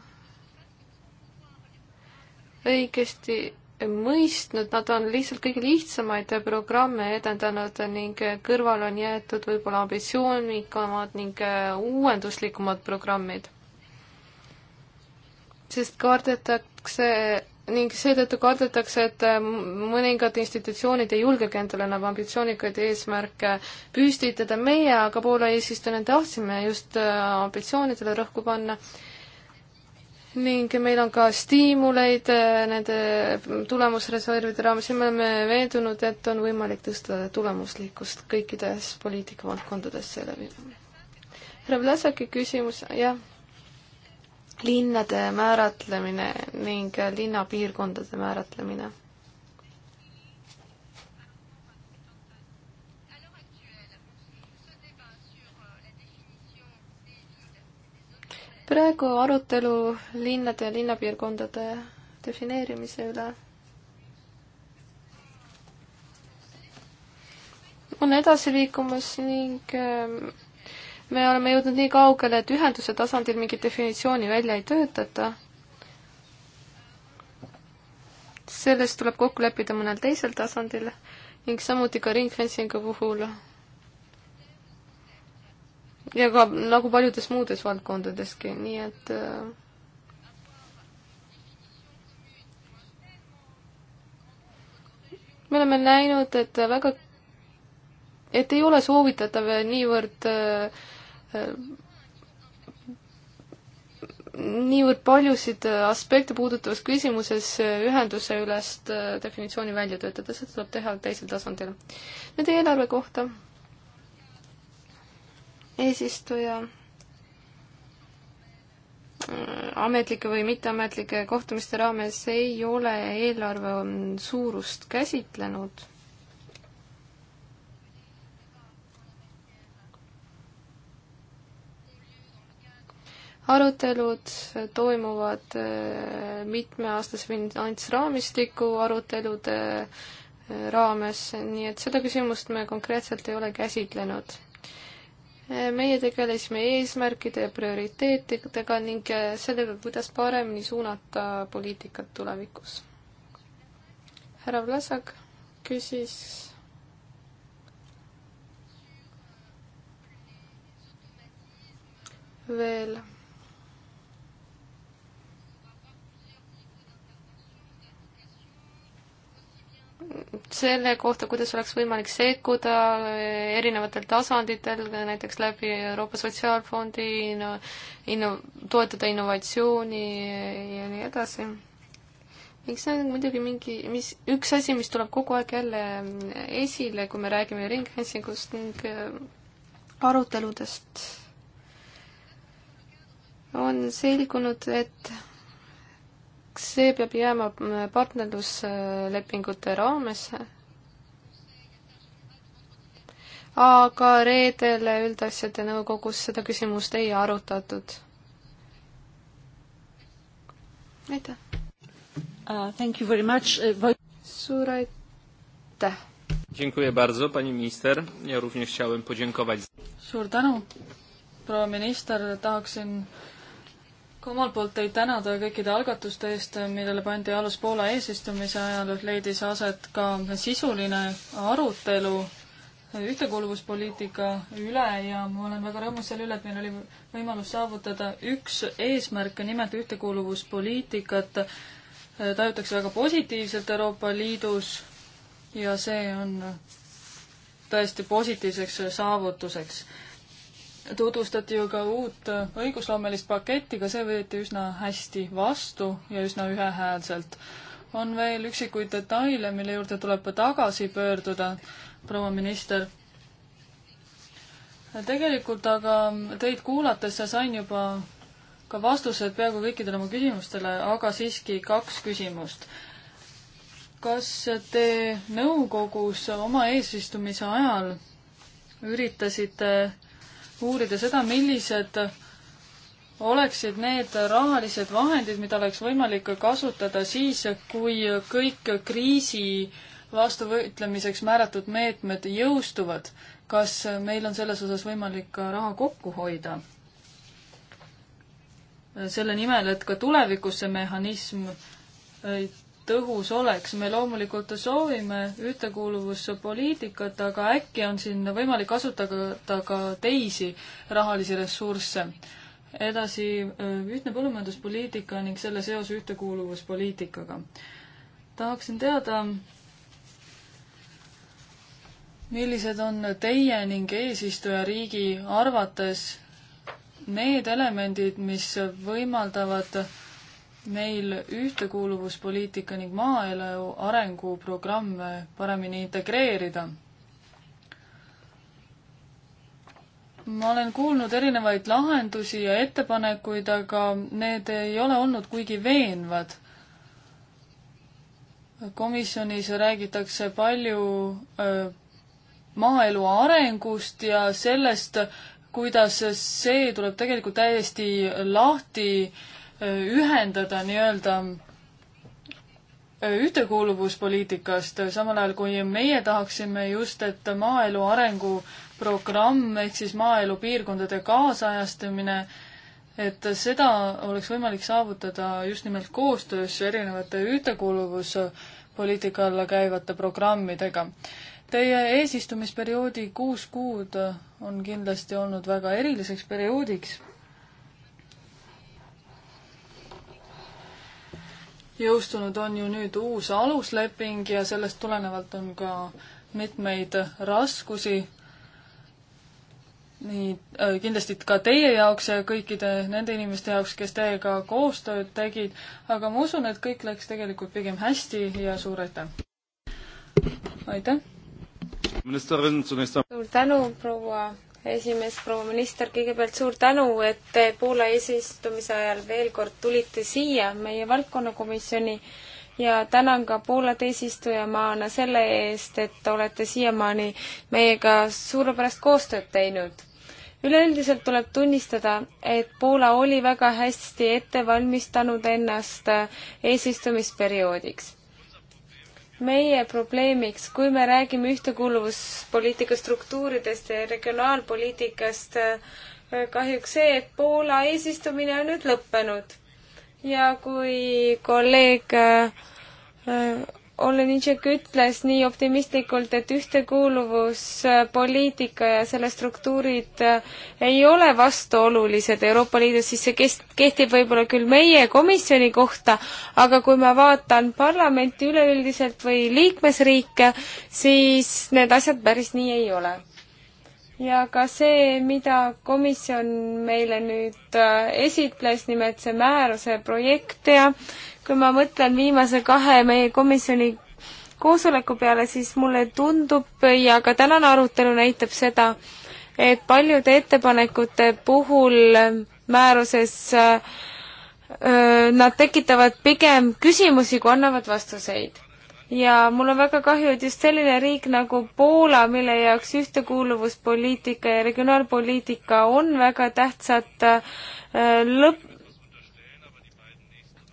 õigesti mõistnud, nad on lihtsalt kõige lihtsamaid programme edendanud ning kõrval on jäetud võib-olla ambitsioonikamad ning uuenduslikumad programmid. sest kardetakse ning seetõttu kardetakse, et mõningad institutsioonid ei julgegi endale enam ambitsioonikaid eesmärke püstitada, meie aga Poola eesistujana tahtsime just ambitsioonidele rõhku panna ning meil on ka stiimuleid äh, nende tulemusreservide raames ja me oleme veendunud, et on võimalik tõsta tulemuslikkust kõikides poliitikavaldkondades seeläbi. härra Vlasaki küsimus, jah. linnade määratlemine ning linnapiirkondade määratlemine praegu arutelu linnade ja linnapiirkondade defineerimise üle on edasi liikumas ning ähm, me oleme jõudnud nii kaugele, et ühenduse tasandil mingit definitsiooni välja ei töötata. sellest tuleb kokku leppida mõnel teisel tasandil ning samuti ka ringfencing'u puhul ja ka nagu paljudes muudes valdkondadeski, nii et äh, me oleme näinud, et väga, et ei ole soovitatav niivõrd, äh, niivõrd paljusid aspekte puudutavas küsimuses ühenduse ülest definitsiooni välja töötada, seda tuleb teha teisel tasandil. nüüd eelarve kohta eesistuja ametlike või mitteametlike kohtumiste raames ei ole eelarve suurust käsitlenud. arutelud toimuvad äh, mitmeaastase finantsraamistiku arutelude äh, raames, nii et seda küsimust me konkreetselt ei ole käsitlenud meie tegelesime eesmärkide ja prioriteetidega ning sellega, kuidas paremini suunata poliitikat tulevikus. härra Vlasak küsis veel selle kohta, kuidas oleks võimalik sekkuda eh, erinevatel tasanditel, näiteks läbi Euroopa Sotsiaalfondi inno,, inno, toetada innovatsiooni ja nii edasi. eks see on muidugi mingi, mis, üks asi, mis tuleb kogu aeg jälle esile, kui me räägime ringfencingust ning eh, aruteludest, on selgunud, et see peab jääma mm, partnerluslepingute raamesse. aga reedel üldasjade nõukogus seda küsimust ei arutatud. aitäh uh,! Thank you very much uh,! Suur aitäh! Dziękuję bardzo, pani minister. Ja również chciałem podziękować. Suur tänu, proua minister, tahaksin ka omalt poolt teid tänada kõikide algatuste eest, millele pandi alus Poola eesistumise ajal, leidis aset ka sisuline arutelu ühtekuuluvuspoliitika üle ja ma olen väga rõõmus selle üle, et meil oli võimalus saavutada üks eesmärk, nimelt ühtekuuluvuspoliitikat tajutakse väga positiivselt Euroopa Liidus ja see on tõesti positiivseks saavutuseks tutvustati ju ka uut õigusloomelist paketti, ka see võeti üsna hästi vastu ja üsna ühehäälselt. on veel üksikuid detaile, mille juurde tuleb tagasi pöörduda, proua minister. tegelikult aga teid kuulates sain juba ka vastused peaaegu kõikidele oma küsimustele, aga siiski kaks küsimust. kas te nõukogus oma eesistumise ajal üritasite äh, uurida seda, millised oleksid need rahalised vahendid, mida oleks võimalik kasutada siis, kui kõik kriisi vastu võitlemiseks määratud meetmed jõustuvad. kas meil on selles osas võimalik ka raha kokku hoida? selle nimel, et ka tulevikus see mehhanism tõhus oleks. me loomulikult soovime ühtekuuluvuspoliitikat, aga äkki on siin võimalik kasutada ka teisi rahalisi ressursse. edasi äh, ühtne põllumajanduspoliitika ning selle seos ühtekuuluvuspoliitikaga. tahaksin teada, millised on teie ning eesistujariigi arvates need elemendid, mis võimaldavad meil ühtekuuluvuspoliitika ning maaelu arenguprogramme paremini integreerida. ma olen kuulnud erinevaid lahendusi ja ettepanekuid, aga need ei ole olnud kuigi veenvad. komisjonis räägitakse palju äh, maaelu arengust ja sellest, kuidas see tuleb tegelikult täiesti lahti äh, ühendada nii-öelda äh, ühtekuuluvuspoliitikast, samal ajal kui meie tahaksime just, et maaelu arenguprogramm ehk siis maaelu piirkondade kaasajastamine, et seda oleks võimalik saavutada just nimelt koostöös erinevate ühtekuuluvuspoliitika alla käivate programmidega. Teie eesistumisperioodi kuus kuud on kindlasti olnud väga eriliseks perioodiks jõustunud on ju nüüd uus alusleping ja sellest tulenevalt on ka mitmeid raskusi. nii äh, kindlasti ka teie jaoks ja kõikide nende inimeste jaoks, kes teiega koostööd tegid, aga ma usun, et kõik läks tegelikult pigem hästi ja suur aitäh! aitäh! suur tänu, proua esimees, proua minister, kõigepealt suur tänu, et te Poola eesistumise ajal veel kord tulite siia meie valdkonnakomisjoni ja tänan ka Poolat eesistujamaana selle eest, et olete siiamaani meiega suurepärast koostööd teinud. üleüldiselt tuleb tunnistada, et Poola oli väga hästi ette valmistanud ennast eesistumisperioodiks meie probleemiks, kui me räägime ühtekuuluvuspoliitika struktuuridest ja regionaalpoliitikast, kahjuks see, et Poola eesistumine on nüüd lõppenud. ja kui kolleeg äh, Olenicek ütles nii optimistlikult, et ühtekuuluvuspoliitika ja selle struktuurid äh, ei ole vastuolulised Euroopa Liidus, siis see kest-, kehtib võib-olla küll meie komisjoni kohta, aga kui ma vaatan parlamenti üleüldiselt või liikmesriike, siis need asjad päris nii ei ole ja ka see, mida komisjon meile nüüd äh, esitles, nimelt see määruse projekt ja kui ma mõtlen viimase kahe meie komisjoni koosoleku peale, siis mulle tundub ja ka tänane arutelu näitab seda, et paljude ettepanekute puhul määruses nad tekitavad pigem küsimusi, kui annavad vastuseid. ja mul on väga kahju, et just selline riik nagu Poola, mille jaoks ühtekuuluvuspoliitika ja regionaalpoliitika on väga tähtsad lõpp,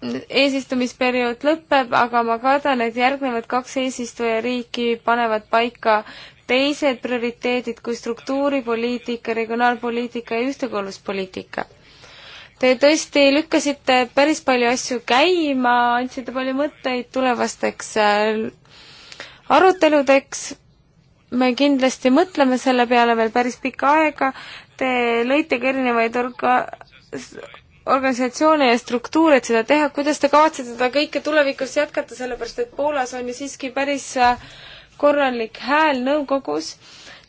eesistumisperiood lõpeb, aga ma kardan, et järgnevad kaks eesistujariiki panevad paika teised prioriteedid kui struktuuripoliitika, regionaalpoliitika ja ühtekuuluvuspoliitika. Te tõesti lükkasite päris palju asju käima, andsite palju mõtteid tulevasteks äh, aruteludeks. me kindlasti mõtleme selle peale veel päris pikka aega. Te lõite ka erinevaid orga-, organisatsioone ja struktuure, et seda teha, kuidas te kavatsete seda kõike tulevikus jätkata, sellepärast et Poolas on ju siiski päris äh, korralik hääl nõukogus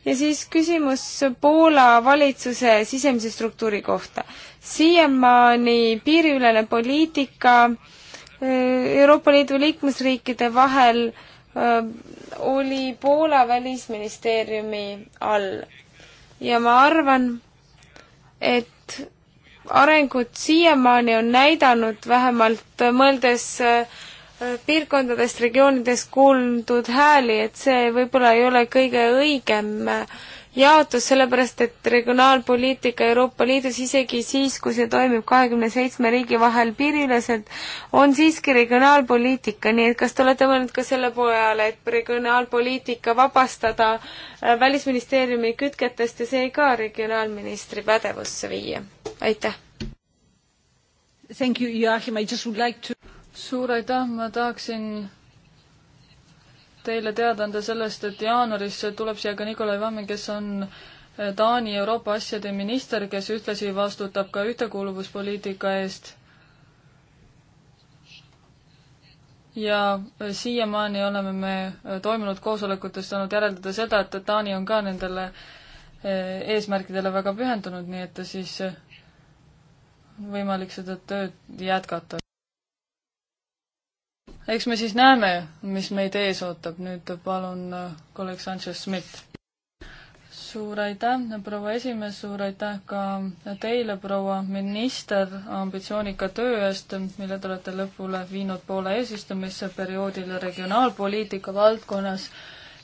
ja siis küsimus Poola valitsuse sisemise struktuuri kohta. siiamaani piiriülene poliitika äh, Euroopa Liidu liikmesriikide vahel äh, oli Poola välisministeeriumi all ja ma arvan, et arengud siiamaani on näidanud, vähemalt mõeldes äh, piirkondadest, regioonidest kuuldud hääli, et see võib-olla ei ole kõige õigem äh, jaotus, sellepärast et regionaalpoliitika Euroopa Liidus isegi siis, kui see toimib kahekümne seitsme riigi vahel piiriüleselt, on siiski regionaalpoliitika, nii et kas te olete mõelnud ka selle peale, et regionaalpoliitika vabastada äh, Välisministeeriumi kütketest ja see ka regionaalministri pädevusse viia? aitäh! Thank you, Joachim, I just would like to suur aitäh, ma tahaksin teile teada anda sellest, et jaanuaris tuleb siia ka Nikolai Vammen, kes on eh, Taani Euroopa asjade minister, kes ühtlasi vastutab ka ühtekuuluvuspoliitika eest. ja eh, siiamaani oleme me eh, toimunud koosolekutest saanud järeldada seda, et Taani on ka nendele eesmärkidele väga pühendunud, nii et siis võimalik seda tööd jätkata eks me siis näeme, mis meid ees ootab, nüüd palun äh, kolleeg Sanchez-Smith. suur aitäh, proua esimees, suur aitäh ka teile, proua minister, ambitsioonika töö eest, mille te olete lõpule viinud Poola eesistumisperioodil regionaalpoliitika valdkonnas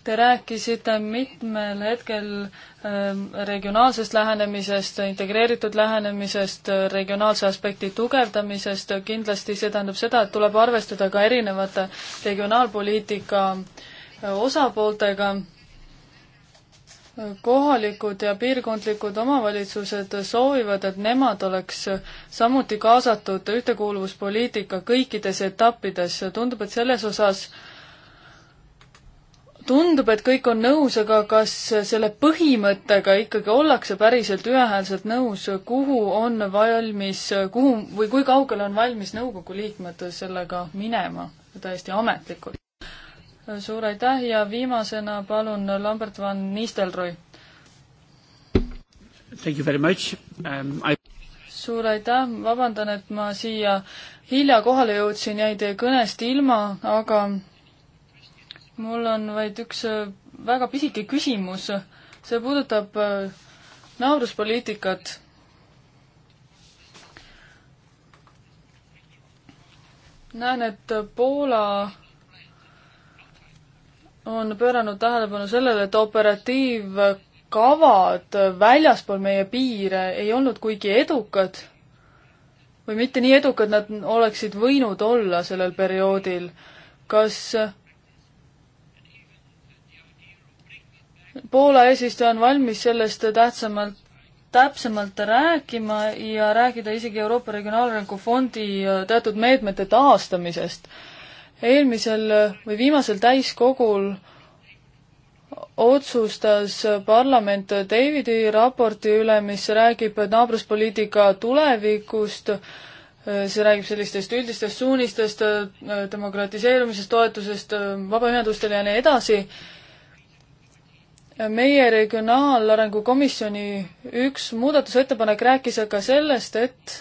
Te rääkisite mitmel hetkel ähm, regionaalsest lähenemisest, integreeritud lähenemisest, regionaalse aspekti tugevdamisest, kindlasti see tähendab seda, et tuleb arvestada ka erinevate regionaalpoliitika äh, osapooltega. kohalikud ja piirkondlikud omavalitsused soovivad, et nemad oleks samuti kaasatud ühtekuuluvuspoliitika kõikides etappides, tundub, et selles osas äh, tundub, et kõik on nõus, aga kas selle põhimõttega ikkagi ollakse päriselt ühehäälselt nõus, kuhu on valmis, kuhu või kui kaugele on valmis nõukogu liikmed sellega minema täiesti ametlikult? suur aitäh ja viimasena palun Lambert van Nistelrooy. Thank you very much um,. I... suur aitäh, vabandan, et ma siia hilja kohale jõudsin, jäin teie kõnest ilma, aga mul on vaid üks äh, väga pisike küsimus. see puudutab äh, naabruspoliitikat. näen, et Poola on pööranud tähelepanu sellele, et operatiivkavad väljaspool meie piire ei olnud kuigi edukad või mitte nii edukad nad oleksid võinud olla sellel perioodil. kas Poola eesistuja on valmis sellest tähtsamalt, täpsemalt rääkima ja rääkida isegi Euroopa Regionaalarengu Fondi äh, teatud meetmete taastamisest. eelmisel äh, või viimasel täiskogul otsustas äh, parlament Davidi raporti üle, mis räägib naabruspoliitika tulevikust, see räägib sellistest üldistest suunistest, demokratiseerumisest, toetusest vabaühendustele ja nii edasi meie Regionaalarengu Komisjoni üks muudatusettepanek rääkis aga sellest, et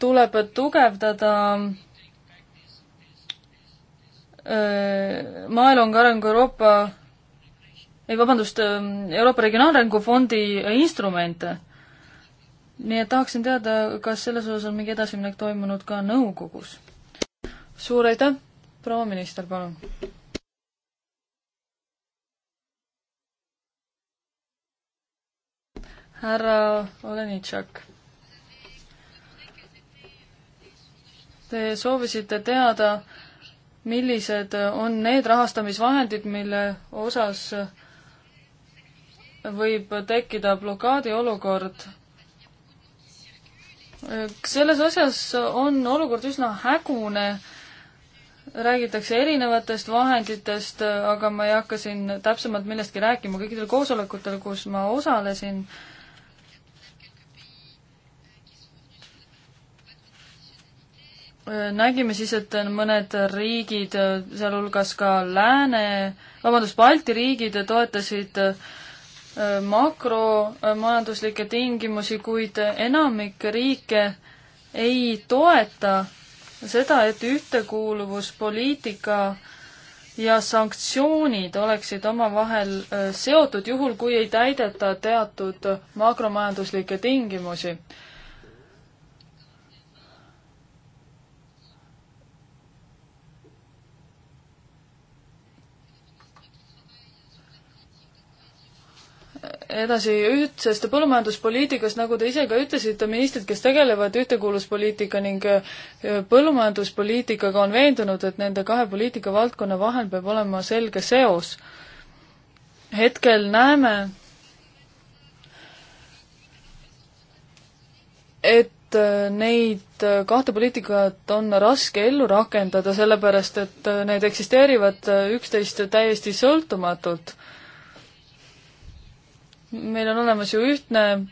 tuleb tugevdada äh, Maaelu Arengu Euroopa, ei vabandust, äh, Euroopa Regionaalarengu Fondi instrumente. nii et tahaksin teada, kas selles osas on mingi edasiminek toimunud ka nõukogus? suur aitäh, proua minister, palun! härra Olenitšak. Te soovisite teada, millised on need rahastamisvahendid, mille osas võib tekkida blokaadiolukord. selles osas on olukord üsna hägune, räägitakse erinevatest vahenditest, aga ma ei hakka siin täpsemalt millestki rääkima, kõikidel koosolekutel, kus ma osalesin, nägime siis, et mõned riigid, sealhulgas ka Lääne, vabandust, Balti riigid toetasid äh, makromajanduslikke tingimusi, kuid enamik riike ei toeta seda, et ühtekuuluvuspoliitika ja sanktsioonid oleksid omavahel äh, seotud, juhul kui ei täideta teatud makromajanduslikke tingimusi edasi ühtsest põllumajanduspoliitikast, nagu te ise ka ütlesite, ministrid, kes tegelevad ühtekuuluvuspoliitika ning äh, põllumajanduspoliitikaga, on veendunud, et nende kahe poliitikavaldkonna vahel peab olema selge seos. hetkel näeme, et äh, neid äh, kahte poliitikat on raske ellu rakendada, sellepärast et need eksisteerivad üksteist täiesti sõltumatult meil on olemas ju ühtne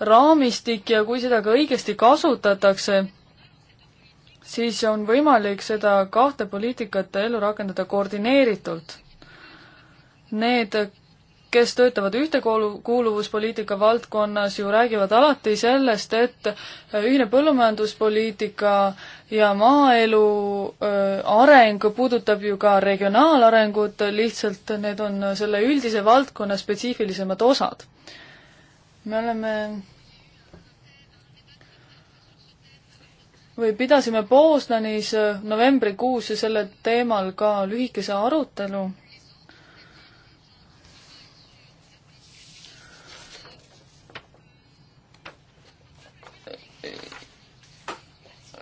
raamistik ja kui seda ka õigesti kasutatakse, siis on võimalik seda kahte poliitikat ellu rakendada koordineeritult. Need kes töötavad ühtekuuluvuspoliitika valdkonnas, ju räägivad alati sellest, et äh, ühine põllumajanduspoliitika ja maaelu äh, areng puudutab ju ka regionaalarengut, lihtsalt need on selle üldise valdkonna spetsiifilisemad osad. me oleme või pidasime Poznanis novembrikuus selle teemal ka lühikese arutelu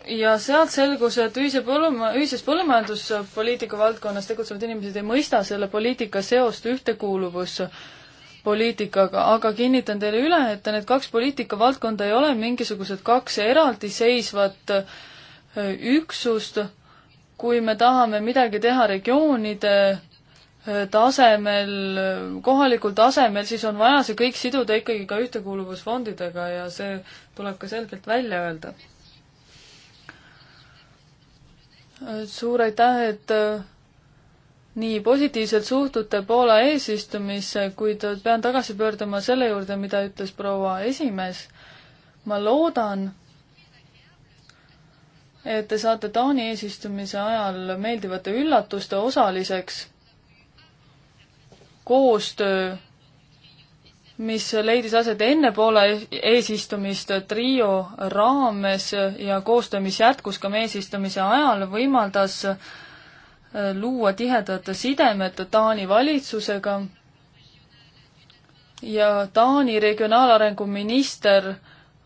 ja sealt selgus, et ühise põlluma-, ühises põllumajanduspoliitika valdkonnas tegutsevad inimesed ei mõista selle poliitika seost ühtekuuluvuspoliitikaga, aga kinnitan teile üle, et need kaks poliitikavaldkonda ei ole mingisugused kaks eraldiseisvat äh, üksust, kui me tahame midagi teha regioonide äh, tasemel, äh, kohalikul tasemel, siis on vaja see kõik siduda ikkagi ka ühtekuuluvusfondidega ja see tuleb ka selgelt välja öelda suur aitäh, et äh, nii positiivselt suhtute Poola eesistumisse, kuid pean tagasi pöörduma selle juurde, mida ütles proua esimees. ma loodan, et te saate Taani eesistumise ajal meeldivate üllatuste osaliseks. koostöö mis leidis aset enne Poola eesistumist trio raames ja koostöö, mis jätkus ka meie eesistumise ajal, võimaldas äh, luua tihedad sidemed Taani valitsusega ja Taani regionaalarengu minister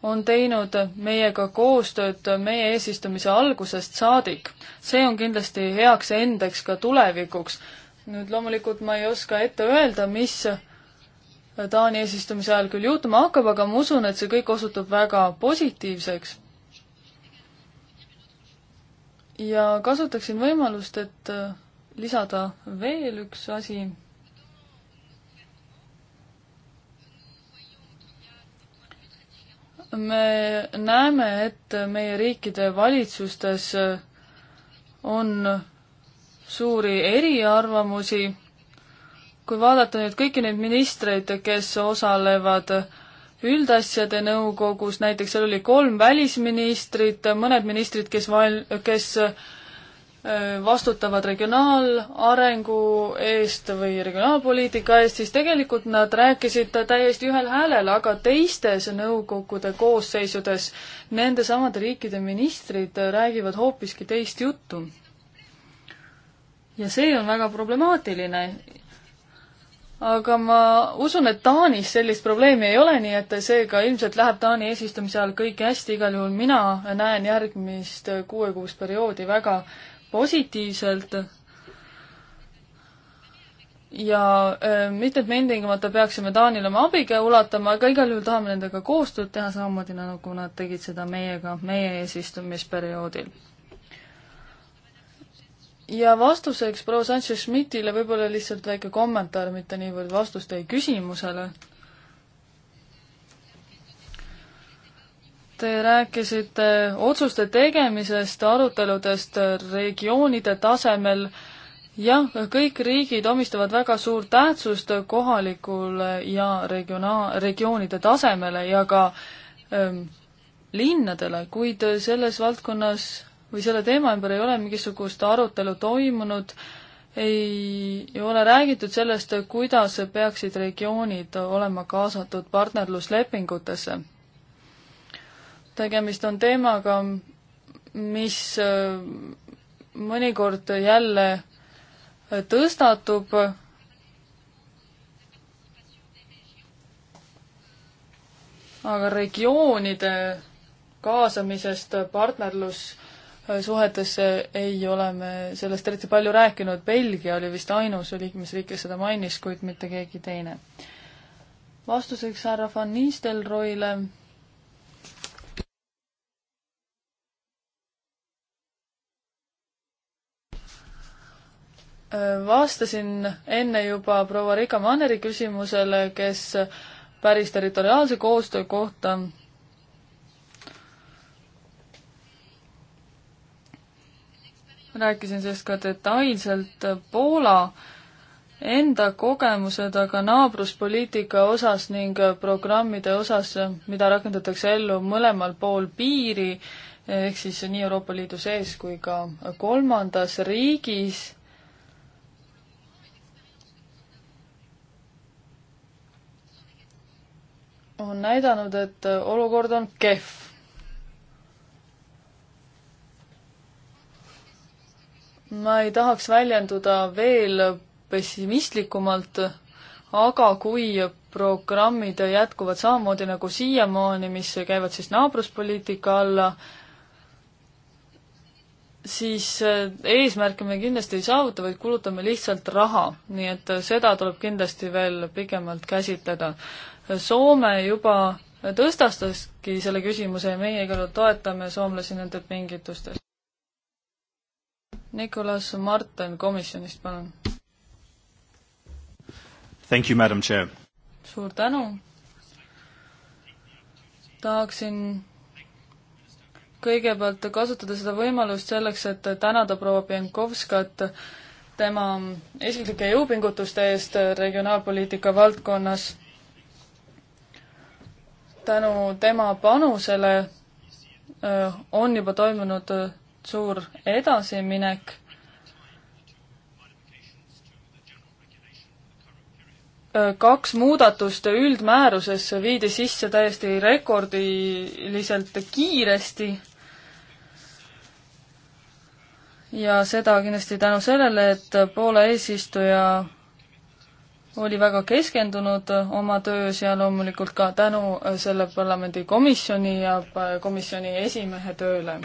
on teinud meiega koostööd meie eesistumise algusest saadik. see on kindlasti heaks endeks ka tulevikuks. nüüd loomulikult ma ei oska ette öelda, mis Taani eesistumise ajal küll juhtuma hakkab, aga ma usun, et see kõik osutub väga positiivseks. ja kasutaksin võimalust, et äh, lisada veel üks asi. me näeme, et meie riikide valitsustes äh, on suuri eriarvamusi kui vaadata nüüd kõiki neid ministreid, kes osalevad üldasjade nõukogus, näiteks seal oli kolm välisministrit, mõned ministrid, kes val-, kes äh, vastutavad regionaalarengu eest või regionaalpoliitika eest, siis tegelikult nad rääkisid täiesti ühel häälel, aga teistes nõukogude koosseisudes nendesamade riikide ministrid räägivad hoopiski teist juttu. ja see on väga problemaatiline aga ma usun, et Taanis sellist probleemi ei ole, nii et seega ilmselt läheb Taani eesistumise ajal kõik hästi, igal juhul mina näen järgmist kuuekuust perioodi väga positiivselt. ja äh, mitte, et me ilmtingimata peaksime Taanile oma abikäe ulatama, aga igal juhul tahame nendega koostööd teha samamoodi, nagu nad tegid seda meiega meie eesistumisperioodil ja vastuseks proua Sanchez-Schmidtile võib-olla lihtsalt väike kommentaar, mitte niivõrd vastus teie küsimusele. Te rääkisite otsuste tegemisest, aruteludest regioonide tasemel. jah, kõik riigid omistavad väga suurt tähtsust kohalikule ja regionaal, regioonide tasemele ja ka ähm, linnadele, kuid selles valdkonnas või selle teema ümber ei ole mingisugust arutelu toimunud, ei, ei ole räägitud sellest, kuidas peaksid regioonid olema kaasatud partnerluslepingutesse. tegemist on teemaga, mis äh, mõnikord jälle äh, tõstatub aga regioonide kaasamisest partnerlus suhetes eh, ei ole me sellest eriti palju rääkinud, Belgia oli vist ainus liikmesriik, kes seda mainis, kuid mitte keegi teine. vastuseks härra Van Nistelrooile äh, vastasin enne juba proua Rika Manneri küsimusele, kes päris territoriaalse koostöö kohta rääkisin sellest ka detailselt, Poola enda kogemused aga naabruspoliitika osas ning programmide osas, mida rakendatakse ellu mõlemal pool piiri, ehk siis nii Euroopa Liidu sees kui ka kolmandas riigis on näidanud, et olukord on kehv. ma ei tahaks väljenduda veel pessimistlikumalt, aga kui programmid jätkuvad samamoodi nagu siiamaani, mis käivad siis naabruspoliitika alla, siis eesmärke me kindlasti ei saavuta, vaid kulutame lihtsalt raha, nii et seda tuleb kindlasti veel pikemalt käsitleda. Soome juba tõstastaski selle küsimuse ja meie igal juhul toetame soomlasi nende pingitustes. Nicolas Martin komisjonist, palun. Thank you, madam chair. suur tänu. tahaksin kõigepealt kasutada seda võimalust selleks, et tänada proua Pienkovskat tema isiklike jõupingutuste eest regionaalpoliitika valdkonnas. tänu tema panusele äh, on juba toimunud suur edasiminek. kaks muudatust üldmäärusesse viidi sisse täiesti rekordiliselt kiiresti ja seda kindlasti tänu sellele, et Poola eesistuja oli väga keskendunud oma töös ja loomulikult ka tänu selle parlamendikomisjoni ja komisjoni esimehe tööle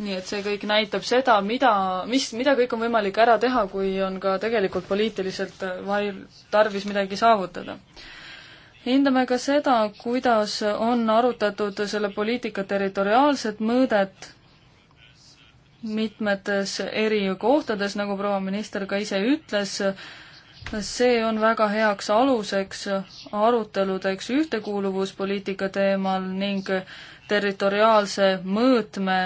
nii et see kõik näitab seda, mida, mis, mida kõik on võimalik ära teha, kui on ka tegelikult poliitiliselt äh, vahel tarvis midagi saavutada. hindame ka seda, kuidas on arutatud selle poliitika territoriaalset mõõdet mitmetes eri kohtades, nagu proua minister ka ise ütles, see on väga heaks aluseks aruteludeks ühtekuuluvuspoliitika teemal ning territoriaalse mõõtme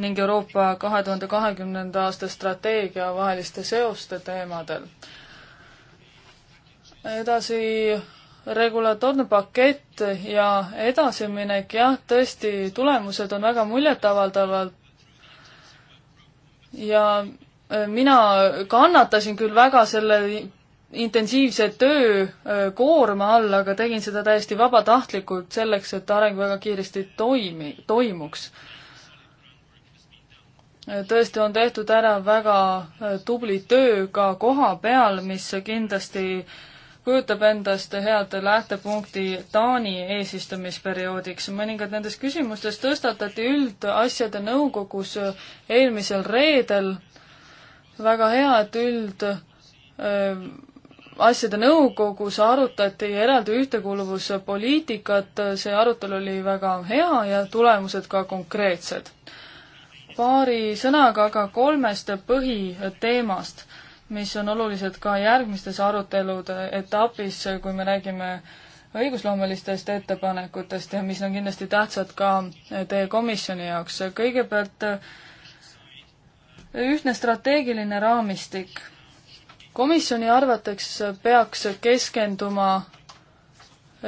ning Euroopa kahe tuhande kahekümnenda aasta strateegia vaheliste seoste teemadel. edasi regulatoorne pakett ja edasiminek, jah, tõesti, tulemused on väga muljetavaldavad ja e, mina kannatasin küll väga selle intensiivse töökoorma e, all, aga tegin seda täiesti vabatahtlikult selleks, et areng väga kiiresti toimi, toimuks tõesti on tehtud ära väga äh, tubli töö ka koha peal, mis kindlasti kujutab endast head lähtepunkti Taani eesistumisperioodiks. mõningad nendest küsimustest tõstatati üldasjade nõukogus äh, eelmisel reedel. väga hea, et üld äh, asjade nõukogus arutati eraldi ühtekuuluvuspoliitikat, see arutelu oli väga hea ja tulemused ka konkreetsed paari sõnaga aga kolmest põhiteemast, mis on olulised ka järgmistes arutelude etapis, kui me räägime õigusloomelistest ettepanekutest ja mis on kindlasti tähtsad ka teie komisjoni jaoks. kõigepealt ühtne strateegiline raamistik. komisjoni arvates peaks keskenduma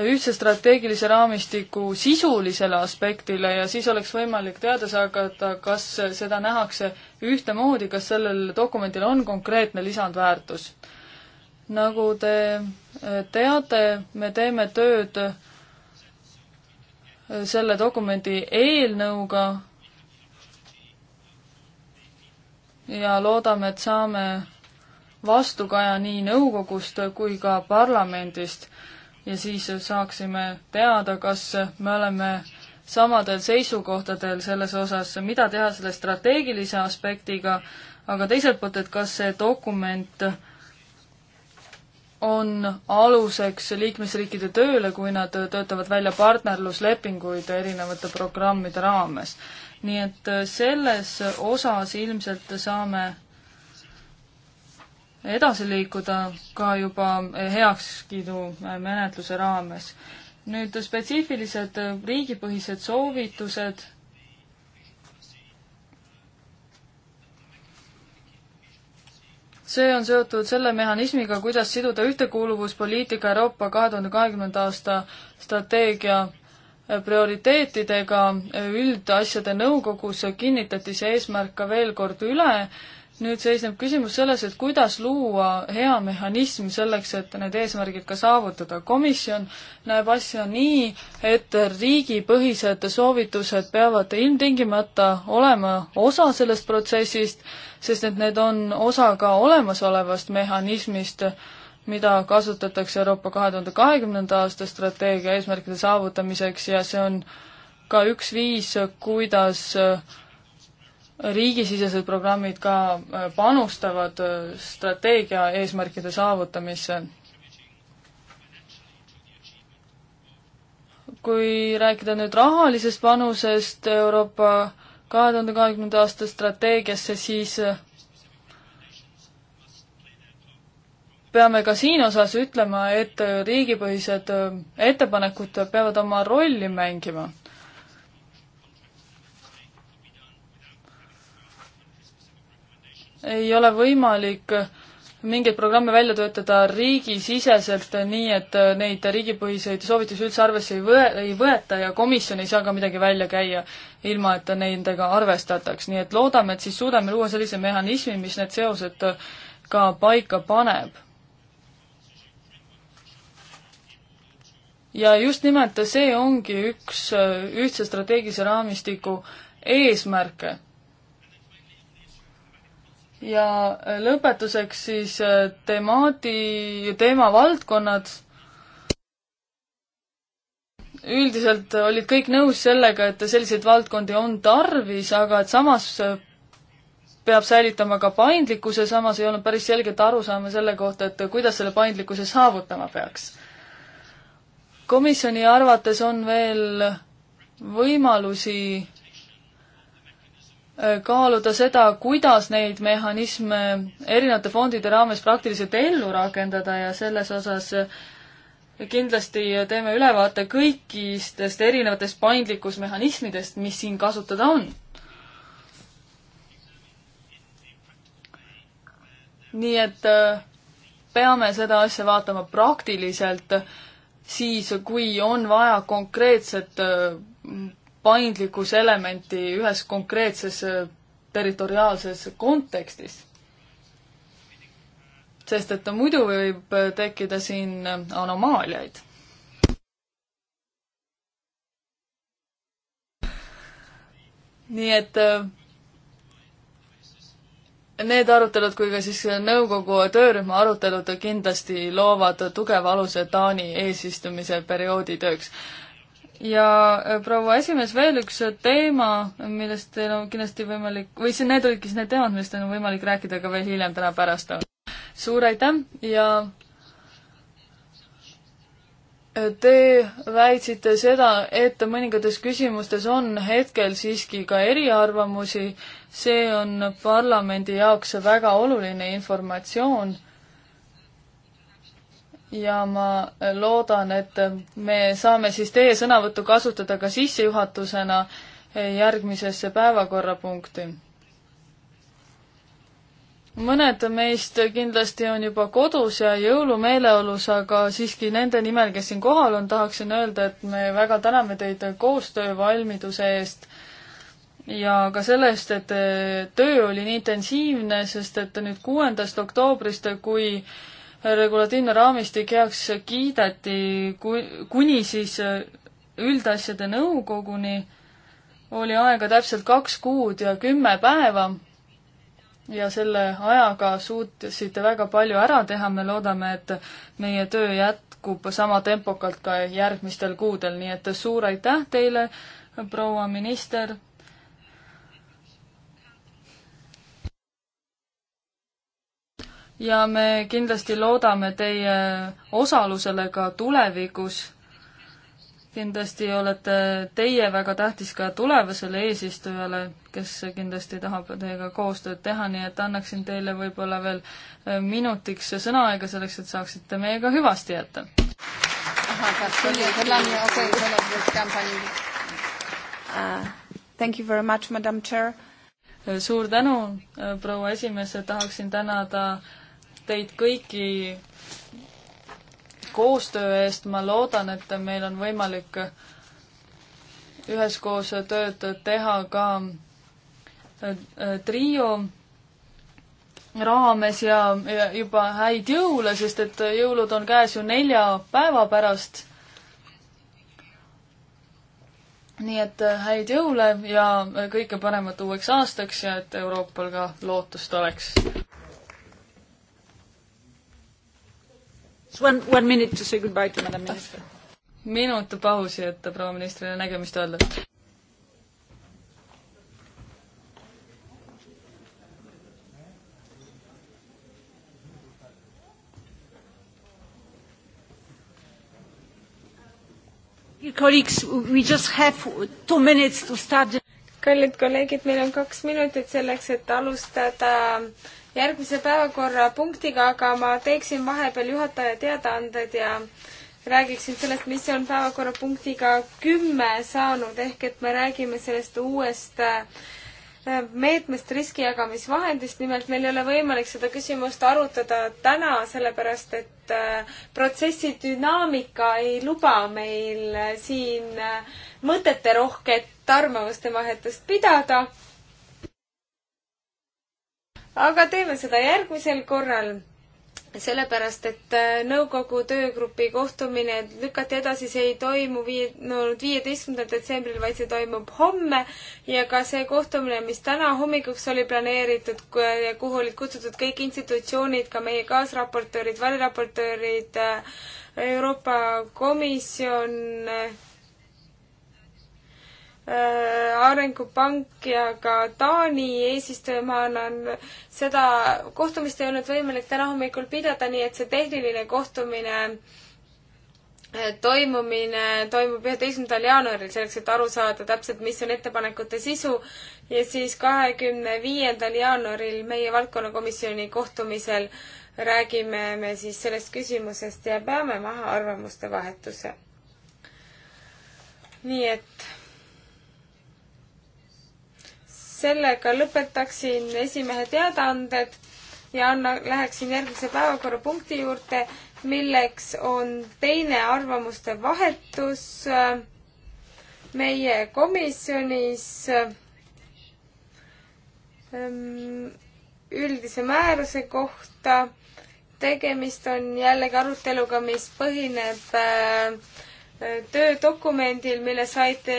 ühtse strateegilise raamistiku sisulisele aspektile ja siis oleks võimalik teada saada, kas seda nähakse ühtemoodi, kas sellel dokumendil on konkreetne lisandväärtus. nagu te äh, teate, me teeme tööd äh, selle dokumendi eelnõuga ja loodame, et saame vastukaja nii nõukogust kui ka parlamendist ja siis saaksime teada, kas me oleme samadel seisukohtadel selles osas, mida teha selle strateegilise aspektiga, aga teiselt poolt, et kas see dokument on aluseks liikmesriikide tööle, kui nad töötavad välja partnerluslepinguid erinevate programmide raames. nii et selles osas ilmselt saame edasi liikuda ka juba heakskiidu menetluse raames. nüüd spetsiifilised riigipõhised soovitused see on seotud selle mehhanismiga, kuidas siduda ühtekuuluvuspoliitika Euroopa kahe tuhande kahekümnenda aasta strateegia prioriteetidega üldasjade nõukogus kinnitati see eesmärk ka veel kord üle nüüd seisneb küsimus selles, et kuidas luua hea mehhanism selleks, et need eesmärgid ka saavutada. komisjon näeb asja nii, et riigipõhised soovitused peavad ilmtingimata olema osa sellest protsessist, sest et need on osa ka olemasolevast mehhanismist, mida kasutatakse Euroopa kahe tuhande kahekümnenda aasta strateegia eesmärkide saavutamiseks ja see on ka üks viis, kuidas äh, riigisisesed programmid ka äh, panustavad äh, strateegia eesmärkide saavutamisse. kui rääkida nüüd rahalisest panusest Euroopa kahe tuhande kahekümnenda aasta strateegiasse, siis äh, peame ka siin osas ütlema, et riigipõhised ettepanekud peavad oma rolli mängima ei ole võimalik mingeid programme välja töötada riigisiseselt, nii et äh, neid riigipõhiseid soovitusi üldse arvesse ei võe, ei võeta ja komisjon ei saa ka midagi välja käia, ilma et nendega arvestataks, nii et loodame, et siis suudame luua sellise mehhanismi, mis need seosed äh, ka paika paneb. ja just nimelt see ongi üks äh, ühtse strateegilise raamistiku eesmärke ja lõpetuseks siis äh, temaadi, teemavaldkonnad. üldiselt olid kõik nõus sellega, et selliseid valdkondi on tarvis, aga et samas äh, peab säilitama ka paindlikkuse, samas ei olnud päris selget arusaama selle kohta, et kuidas selle paindlikkuse saavutama peaks. komisjoni arvates on veel võimalusi Äh, kaaluda seda, kuidas neid mehhanisme erinevate fondide raames praktiliselt ellu rakendada ja selles osas äh, kindlasti äh, teeme ülevaate kõikidest erinevatest paindlikkusmehhanismidest, mis siin kasutada on. nii et peame seda asja vaatama praktiliselt, siis kui on vaja konkreetset paindlikkuselementi ühes konkreetses äh, territoriaalses kontekstis. sest et muidu võib äh, tekkida siin äh, anomaaliaid. nii et need arutelud kui ka siis nõukogu töörühma arutelud kindlasti loovad tugeva aluse Taani eesistumise perioodi tööks ja äh, proua esimees, veel üks teema, millest teil on kindlasti võimalik, või see, need olidki siis need teemad, millest teil on võimalik rääkida ka veel hiljem täna pärast. suur aitäh ja äh, te väitsite seda, et mõningates küsimustes on hetkel siiski ka eriarvamusi. see on parlamendi jaoks väga oluline informatsioon ja ma loodan, et me saame siis teie sõnavõttu kasutada ka sissejuhatusena järgmisesse päevakorrapunkti. mõned meist kindlasti on juba kodus ja jõulumeeleolus, aga siiski nende nimel, kes siin kohal on, tahaksin öelda, et me väga täname teid koostöövalmiduse eest ja ka selle eest, et töö oli nii intensiivne, sest et nüüd kuuendast oktoobrist, kui regulatiivne raamistik heaks kiideti, kui, kuni siis üldasjade nõukoguni oli aega täpselt kaks kuud ja kümme päeva ja selle ajaga suutsite väga palju ära teha, me loodame, et meie töö jätkub sama tempokalt ka järgmistel kuudel, nii et suur aitäh teile, proua minister ja me kindlasti loodame teie osalusele ka tulevikus. kindlasti olete teie väga tähtis ka tulevasele eesistujale, kes kindlasti tahab teiega koostööd teha, nii et annaksin teile võib-olla veel äh, minutiks sõnaaega selleks, et saaksite meiega hüvasti jätta. Thank you very much, madam chair suur tänu, äh, proua esimees, tahaksin tänada teid kõiki koostöö eest, ma loodan, et meil on võimalik üheskoos tööd teha ka äh, äh, trio raames ja, ja juba häid jõule, sest et jõulud on käes ju nelja päeva pärast. nii et äh, häid jõule ja kõike paremat uueks aastaks ja et Euroopal ka lootust oleks! One, one minute to say goodbye to madam minister. minut pausi, et proua ministrile nägemist öelda. kallid kolleegid, meil on kaks minutit selleks, et alustada järgmise päevakorrapunktiga, aga ma teeksin vahepeal juhataja teadaanded ja räägiksin sellest, mis on päevakorrapunktiga kümme saanud, ehk et me räägime sellest uuest äh, meetmest riskijagamisvahendist, nimelt meil ei ole võimalik seda küsimust arutada täna, sellepärast et äh, protsessi dünaamika ei luba meil äh, siin mõteterohket arvamuste vahetust pidada aga teeme seda järgmisel korral sellepärast, et äh, nõukogu töögrupi kohtumine lükati edasi, see ei toimu viiendat, viieteistkümnendal detsembril, vaid see toimub homme ja ka see kohtumine, mis täna hommikuks oli planeeritud ja kuhu olid kutsutud kõik institutsioonid, ka meie kaasraportöörid, variraportöörid, äh, Euroopa Komisjon, äh, Äh, arengupank ja ka Taani eesistujamaana on seda kohtumist ei olnud võimalik täna hommikul pidada, nii et see tehniline kohtumine äh, toimumine toimub üheteistkümnendal jaanuaril, selleks et aru saada täpselt, mis on ettepanekute sisu ja siis kahekümne viiendal jaanuaril meie valdkonnakomisjoni kohtumisel räägime me siis sellest küsimusest ja peame maha arvamuste vahetuse. nii et sellega lõpetaksin esimehe teadaanded ja anna, läheksin järgmise päevakorrapunkti juurde, milleks on teine arvamuste vahetus äh, meie komisjonis ähm, üldise määruse kohta. tegemist on jällegi aruteluga, mis põhineb äh, töödokumendil, mille saite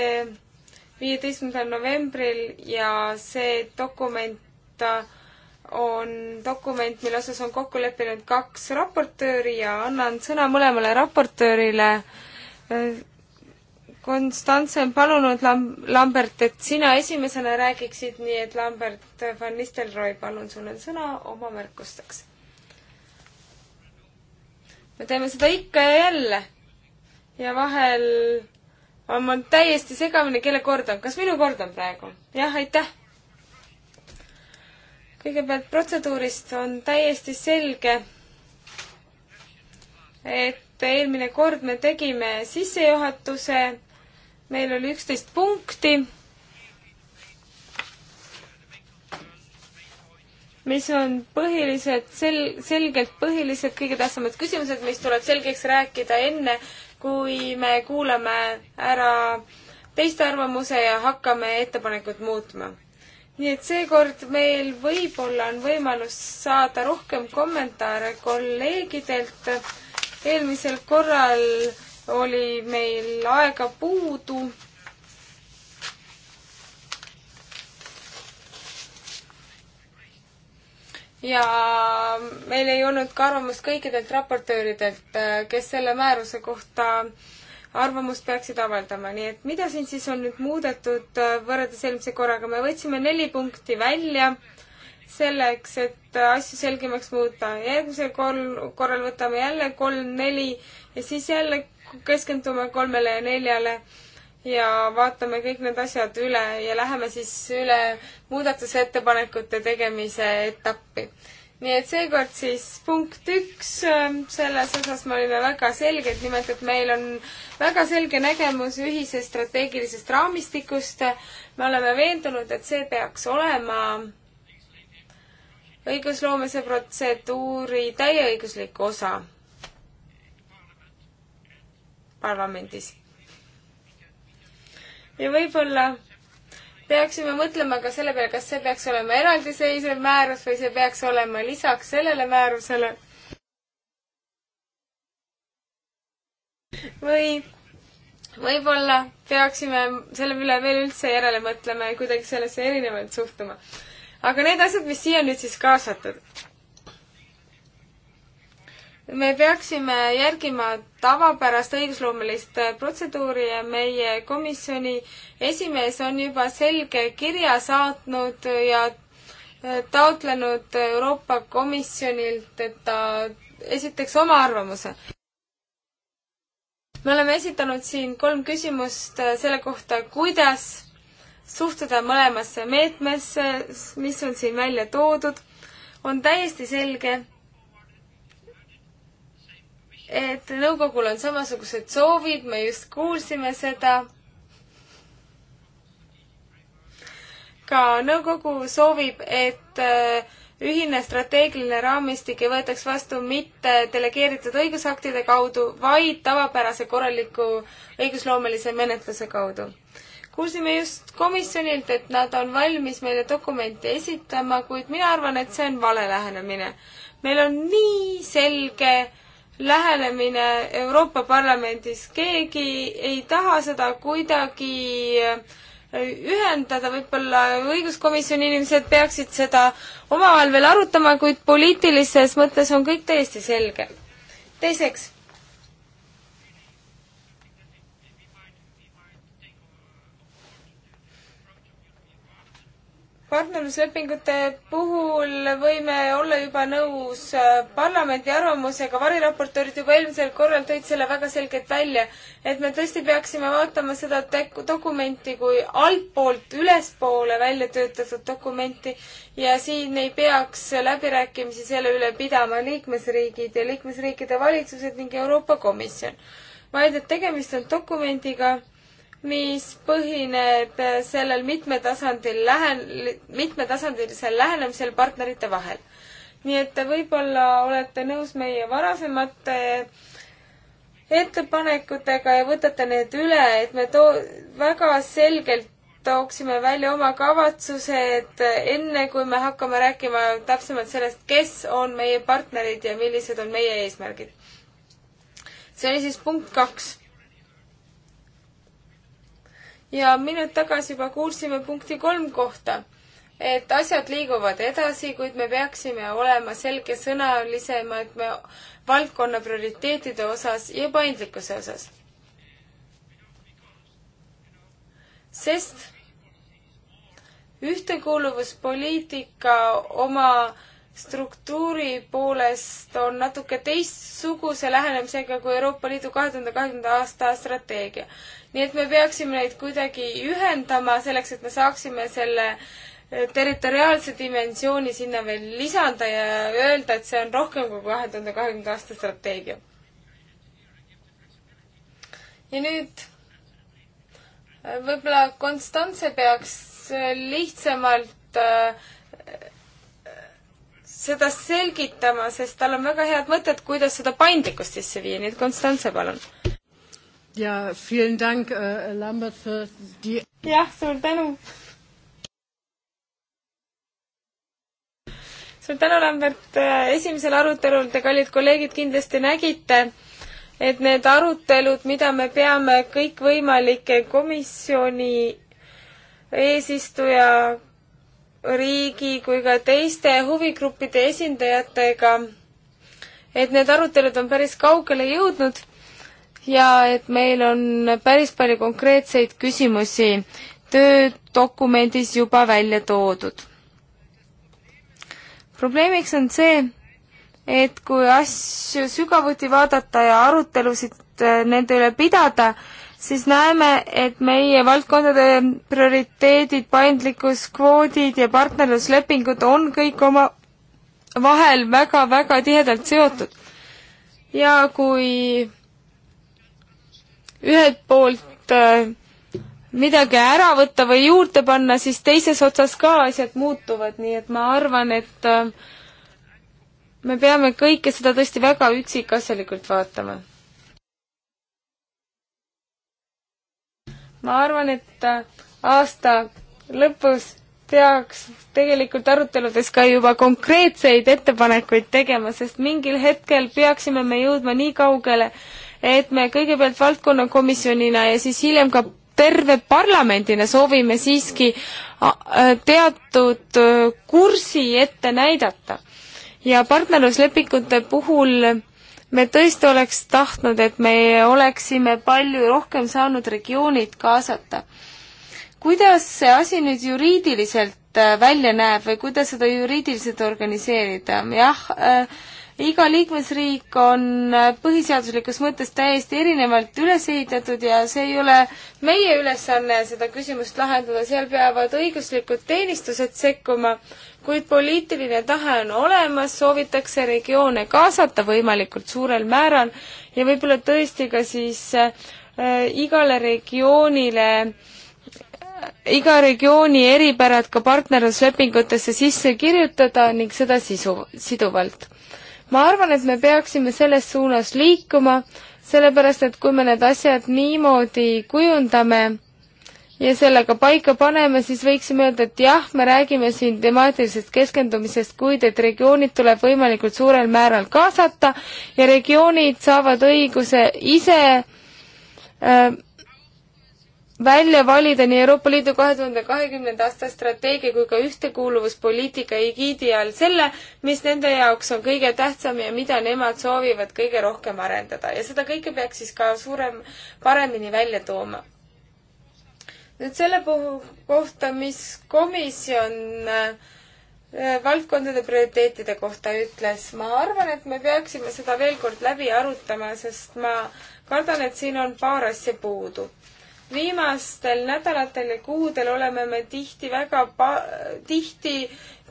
viieteistkümnendal novembril ja see dokument äh, on dokument, mille osas on kokku leppinud kaks raportööri ja annan sõna mõlemale raportöörile. Äh, Konstantse on palunud Lam-, Lambert, et sina esimesena räägiksid, nii et Lambert van Nistelrooy, palun, sul on sõna oma märkusteks. me teeme seda ikka ja jälle ja vahel on mul täiesti segamini, kelle kord on. kas minu kord on praegu? jah, aitäh! kõigepealt protseduurist on täiesti selge, et eelmine kord me tegime sissejuhatuse, meil oli üksteist punkti, mis on põhilised, sel-, selgelt põhilised kõige tähtsamad küsimused, mis tuleb selgeks rääkida enne, kui me kuulame ära teiste arvamuse ja hakkame ettepanekut muutma. nii et seekord meil võib-olla on võimalus saada rohkem kommentaare kolleegidelt. eelmisel korral oli meil aega puudu ja meil ei olnud ka arvamust kõikidelt raportööridelt, äh, kes selle määruse kohta arvamust peaksid avaldama, nii et mida siin siis on nüüd muudetud äh, võrreldes eelmise korraga, me võtsime neli punkti välja selleks, et äh, asju selgemaks muuta. järgmisel kol-, korral võtame jälle kolm-neli ja siis jälle keskendume kolmele ja neljale ja vaatame kõik need asjad üle ja läheme siis üle muudatusettepanekute tegemise etappi. nii et seekord siis punkt üks, ähm, selles osas me olime väga selged, nimelt et meil on väga selge nägemus ühisest strateegilisest raamistikust. me oleme veendunud, et see peaks olema õigusloomise protseduuri täieõiguslik osa parlamendis ja võib-olla peaksime mõtlema ka selle peale, kas see peaks olema eraldiseisev määrus või see peaks olema lisaks sellele määrusele. või võib-olla peaksime selle üle veel üldse järele mõtlema ja kuidagi sellesse erinevalt suhtuma. aga need asjad, mis siia nüüd siis kaasatud me peaksime järgima tavapärast õigusloomelist protseduuri ja meie komisjoni esimees on juba selge kirja saatnud ja eh, taotlenud Euroopa Komisjonilt, et ta esitaks oma arvamuse. me oleme esitanud siin kolm küsimust eh, selle kohta, kuidas suhtuda mõlemasse meetmesse, mis on siin välja toodud. on täiesti selge et nõukogul on samasugused soovid, me just kuulsime seda. ka nõukogu soovib, et äh, ühine strateegiline raamistik ei võetaks vastu mitte delegeeritud õigusaktide kaudu, vaid tavapärase korraliku õigusloomelise menetluse kaudu. kuulsime just komisjonilt, et nad on valmis meile dokumenti esitama, kuid mina arvan, et see on vale lähenemine. meil on nii selge lähenemine Euroopa Parlamendis, keegi ei taha seda kuidagi ühendada, võib-olla õiguskomisjoni inimesed peaksid seda omavahel veel arutama, kuid poliitilises mõttes on kõik täiesti selge. teiseks, partnerluslepingute puhul võime olla juba nõus äh, parlamendi arvamusega, variraportöörid juba eelmisel korral tõid selle väga selgelt välja, et me tõesti peaksime vaatama seda dokumenti kui altpoolt ülespoole välja töötatud dokumenti ja siin ei peaks läbirääkimisi selle üle pidama liikmesriigid ja liikmesriikide valitsused ning Euroopa Komisjon, vaid et tegemist on dokumendiga, mis põhineb sellel mitmetasandil lähen-, mitmetasandilisel lähenemisel partnerite vahel. nii et võib-olla olete nõus meie varasemate ettepanekutega ja võtate need üle, et me too-, väga selgelt tooksime välja oma kavatsused, enne kui me hakkame rääkima täpsemalt sellest, kes on meie partnerid ja millised on meie eesmärgid. see oli siis punkt kaks ja minut tagasi juba kuulsime punkti kolm kohta, et asjad liiguvad edasi, kuid me peaksime olema selgesõnalisemad me valdkonna prioriteetide osas ja paindlikkuse osas. sest ühtekuuluvuspoliitika oma struktuuri poolest on natuke teistsuguse lähenemisega kui Euroopa Liidu kahe tuhande kahekümnenda aasta strateegia nii et me peaksime neid kuidagi ühendama selleks, et me saaksime selle eh, territoriaalse dimensiooni sinna veel lisada ja öelda, et see on rohkem kui kahe tuhande kahekümnenda aasta strateegia. ja nüüd eh, võib-olla Konstantse peaks eh, lihtsamalt seda selgitama, sest tal on väga head mõtted, kuidas seda paindlikkust sisse viia, nii et Konstantse, palun ja, vielen Dank äh,, Lambert, für die. jah, suur tänu. suur tänu, Lambert, äh, esimesel arutelul te, kallid kolleegid, kindlasti nägite, et need arutelud, mida me peame kõikvõimalike komisjoni eesistuja riigi kui ka teiste huvigruppide esindajatega, et need arutelud on päris kaugele jõudnud ja et meil on päris palju konkreetseid küsimusi töödokumendis juba välja toodud. probleemiks on see, et kui asju sügavuti vaadata ja arutelusid äh, nende üle pidada, siis näeme, et meie valdkondade prioriteedid, paindlikkus, kvoodid ja partnerluslepingud on kõik oma vahel väga-väga tihedalt seotud. ja kui ühelt poolt äh, midagi ära võtta või juurde panna, siis teises otsas ka asjad muutuvad, nii et ma arvan, et äh, me peame kõike seda tõesti väga üksikasjalikult vaatama. ma arvan, et äh, aasta lõpus peaks tegelikult aruteludes ka juba konkreetseid ettepanekuid tegema, sest mingil hetkel peaksime me jõudma nii kaugele, et me kõigepealt valdkonnakomisjonina ja siis hiljem ka terve parlamendina soovime siiski teatud kursi ette näidata. ja partnerluslepingute puhul me tõesti oleks tahtnud, et me oleksime palju rohkem saanud regioonid kaasata. kuidas see asi nüüd juriidiliselt äh, välja näeb või kuidas seda juriidiliselt organiseerida? jah äh,, iga liikmesriik on põhiseaduslikus mõttes täiesti erinevalt üles ehitatud ja see ei ole meie ülesanne seda küsimust lahendada, seal peavad õiguslikud teenistused sekkuma, kuid poliitiline tahe on olemas, soovitakse regioone kaasata võimalikult suurel määral ja võib-olla tõesti ka siis äh, igale regioonile äh, iga regiooni eripärad ka partnerluslepingutesse sisse kirjutada ning seda sisu, siduvalt ma arvan, et me peaksime selles suunas liikuma, sellepärast et kui me need asjad niimoodi kujundame ja sellega paika paneme, siis võiksime öelda, et jah, me räägime siin temaatilisest keskendumisest, kuid et regioonid tuleb võimalikult suurel määral kaasata ja regioonid saavad õiguse ise äh, välja valida nii Euroopa Liidu kahe tuhande kahekümnenda aasta strateegia kui ka ühtekuuluvuspoliitika egiidi all selle, mis nende jaoks on kõige tähtsam ja mida nemad soovivad kõige rohkem arendada ja seda kõike peaks siis ka suurem, paremini välja tooma. nüüd selle puhul kohta, mis komisjon äh, valdkondade prioriteetide kohta ütles, ma arvan, et me peaksime seda veel kord läbi arutama, sest ma kardan, et siin on paar asja puudu viimastel nädalatel ja kuudel oleme me tihti väga pa-, tihti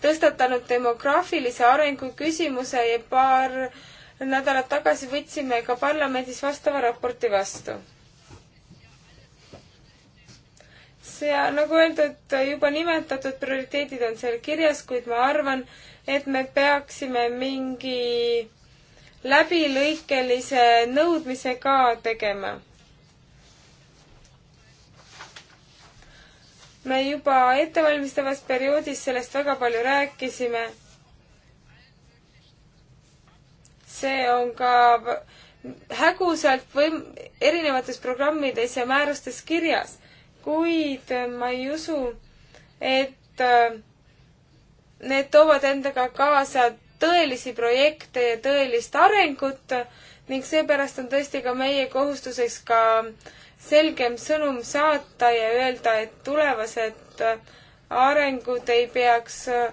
tõstatanud demograafilise arengu küsimuse ja paar nädalat tagasi võtsime ka parlamendis vastava raporti vastu. see, nagu öeldud, juba nimetatud prioriteedid on seal kirjas, kuid ma arvan, et me peaksime mingi läbilõikelise nõudmise ka tegema me juba ettevalmistavas perioodis sellest väga palju rääkisime. see on ka häguselt või erinevates programmides ja määrustes kirjas, kuid ma ei usu, et äh, need toovad endaga kaasa tõelisi projekte ja tõelist arengut ning seepärast on tõesti ka meie kohustuseks ka äh, selgem sõnum saata ja öelda, et tulevased äh, arengud ei peaks äh,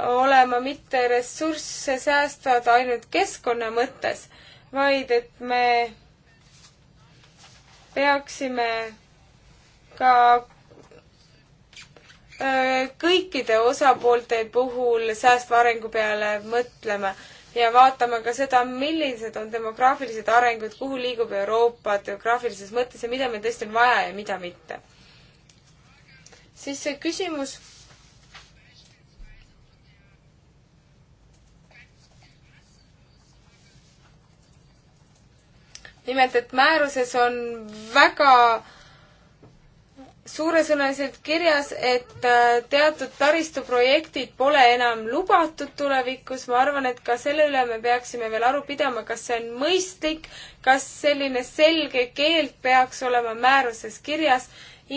olema mitte ressursse säästvad ainult keskkonna mõttes, vaid et me peaksime ka äh, kõikide osapoolte puhul säästva arengu peale mõtlema ja vaatama ka seda, millised on demograafilised arengud, kuhu liigub Euroopa geograafilises mõttes ja mida meil tõesti on vaja ja mida mitte. siis see küsimus. nimelt, et määruses on väga suuresõnaliselt kirjas, et äh, teatud taristuprojektid pole enam lubatud tulevikus, ma arvan, et ka selle üle me peaksime veel aru pidama, kas see on mõistlik, kas selline selge keeld peaks olema määruses kirjas,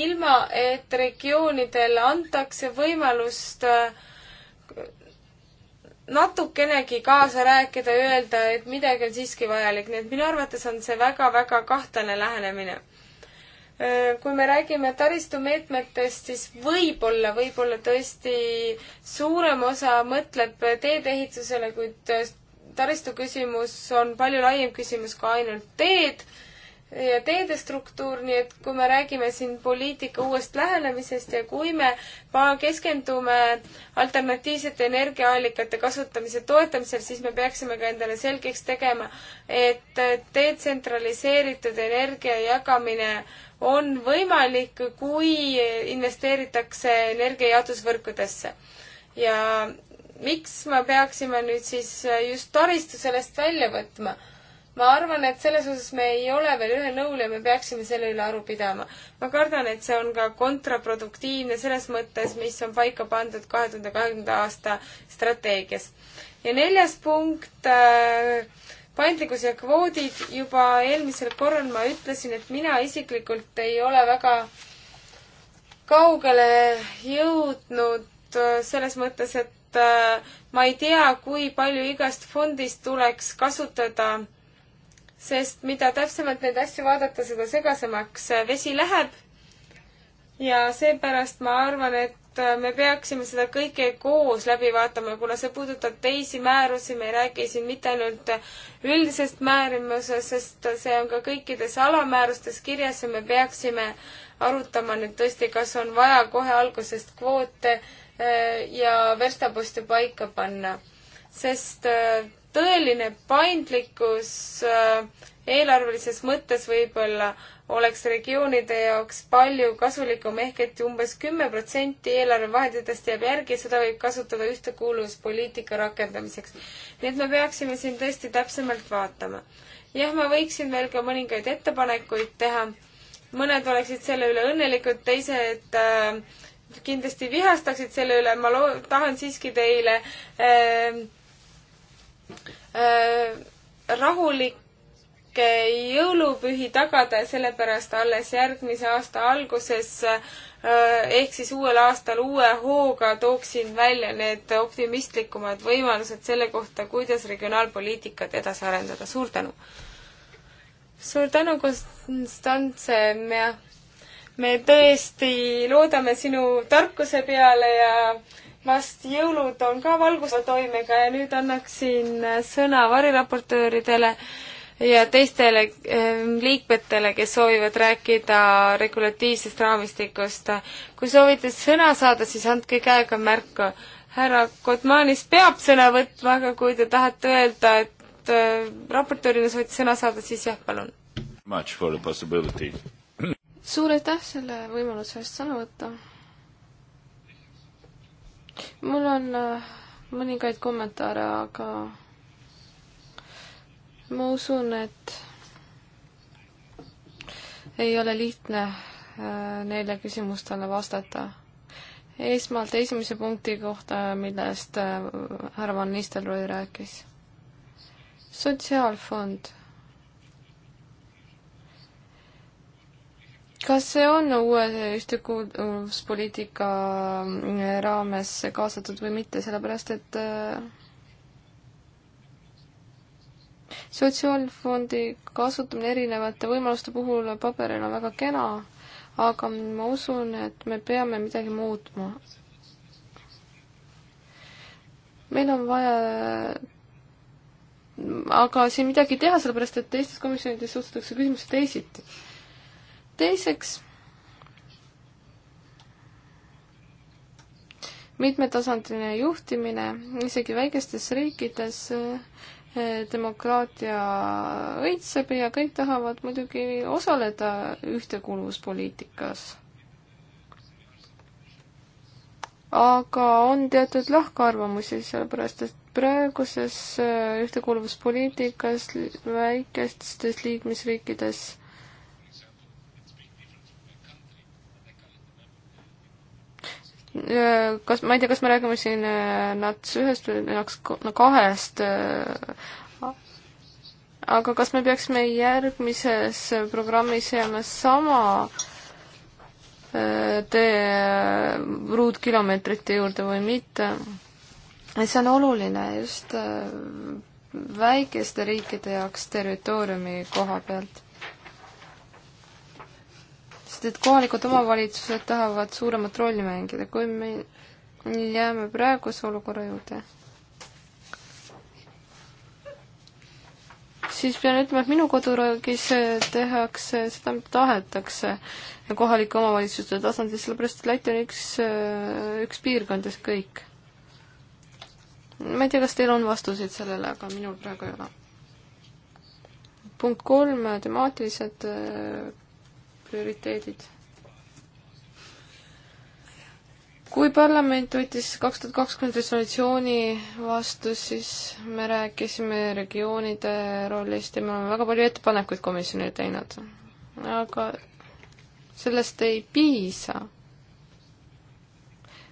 ilma et regioonidel antakse võimalust äh, natukenegi kaasa rääkida, öelda, et midagi on siiski vajalik, nii et minu arvates on see väga-väga kahtlane lähenemine Äh, kui me räägime taristumeetmetest, siis võib-olla, võib-olla tõesti suurem osa mõtleb teedeehitusele, kuid äh, taristu küsimus on palju laiem küsimus kui ainult teed ja teede struktuur, nii et kui me räägime siin poliitika uuest lähenemisest ja kui me keskendume alternatiivsete energiaallikate kasutamise toetamisel, siis me peaksime ka endale selgeks tegema, et äh, detsentraliseeritud energia jagamine on võimalik, kui investeeritakse energiajaotusvõrkudesse. ja miks me peaksime nüüd siis just taristu sellest välja võtma? ma arvan, et selles osas me ei ole veel ühel nõul ja me peaksime selle üle aru pidama. ma kardan, et see on ka kontraproduktiivne selles mõttes, mis on paika pandud kahe tuhande kahekümnenda aasta strateegias. ja neljas punkt äh,, paindlikkus ja kvoodid, juba eelmisel korral ma ütlesin, et mina isiklikult ei ole väga kaugele jõudnud äh, selles mõttes, et äh, ma ei tea, kui palju igast fondist tuleks kasutada, sest mida täpsemalt neid asju vaadata, seda segasemaks äh, vesi läheb. ja seepärast ma arvan, et Äh, me peaksime seda kõike koos läbi vaatama, kuna see puudutab teisi määrusi, me ei räägi siin mitte ainult üldisest määrimusest, sest see on ka kõikides alamäärustes kirjas ja me peaksime arutama nüüd tõesti, kas on vaja kohe algusest kvoote äh, ja verstaposti paika panna. sest äh, tõeline paindlikkus eelarvelises mõttes võib-olla oleks regioonide jaoks palju kasulikum, ehk et umbes kümme protsenti eelarvevahenditest jääb järgi, seda võib kasutada ühtekuuluvuspoliitika rakendamiseks. nii et me peaksime siin tõesti täpsemalt vaatama. jah, ma võiksin veel ka mõningaid ettepanekuid teha, mõned oleksid selle üle õnnelikud, teised äh, kindlasti vihastaksid selle üle, ma loo-, tahan siiski teile äh, äh, rahulik võimalik jõulupühi tagada ja sellepärast alles järgmise aasta alguses äh, ehk siis uuel aastal uue hooga tooksin välja need optimistlikumad võimalused selle kohta, kuidas regionaalpoliitikat edasi arendada. suur tänu! suur tänu, Konstantse, me, me tõesti loodame sinu tarkuse peale ja vast jõulud on ka valguse toimega ja nüüd annaksin sõna variraportööridele ja teistele eh, liikmetele, kes soovivad rääkida regulatiivsest raamistikust. kui soovite sõna saada, siis andke käega märku. härra Kotmanis peab sõna võtma, aga kui te tahate öelda, et eh, raportöörina soovite sõna saada, siis jah, palun. suur aitäh selle võimaluse eest sõna võtta. mul on eh, mõningaid kommentaare, aga ma usun, et ei ole lihtne äh, neile küsimustele vastata. esmalt esimese punkti kohta, millest äh, härra Van Nistelrooy rääkis. sotsiaalfond. kas see on uue ühtekuuluvuspoliitika äh, raames kaasatud või mitte, sellepärast et äh, sotsiaalfondi kasutamine erinevate võimaluste puhul paberil on väga kena, aga ma usun, et me peame midagi muutma. meil on vaja aga siin midagi teha, sellepärast et teistes komisjonides suhtutakse küsimusse teisiti. teiseks mitmetasandiline juhtimine, isegi väikestes riikides demokraatia õitseb ja kõik tahavad muidugi osaleda ühtekuuluvuspoliitikas. aga on teatud lahkarvamusi, sellepärast et praeguses äh, ühtekuuluvuspoliitikas väikestes liikmesriikides Äh, kas, ma ei tea, kas me räägime siin äh, NATS ühest või NATS kahest, äh, aga kas me peaksime järgmises programmis jääma sama tee ruutkilomeetrite juurde või mitte? see on oluline just väikeste riikide jaoks territooriumi koha pealt sellepärast, et kohalikud omavalitsused tahavad suuremat rolli mängida, kui me jääme praeguse olukorra juurde. siis pean ütlema, et minu koduriigis tehakse seda, mida tahetakse kohalike omavalitsuste tasandil, sellepärast et Läti on üks, üks piirkondades kõik. ma ei tea, kas teil on vastuseid sellele, aga minul praegu ei ole. punkt kolm, temaatilised prioriteedid. kui parlament võttis kaks tuhat kakskümmend resolutsiooni vastu, siis me rääkisime regioonide rollist ja me oleme väga palju ettepanekuid komisjonile teinud. aga sellest ei piisa.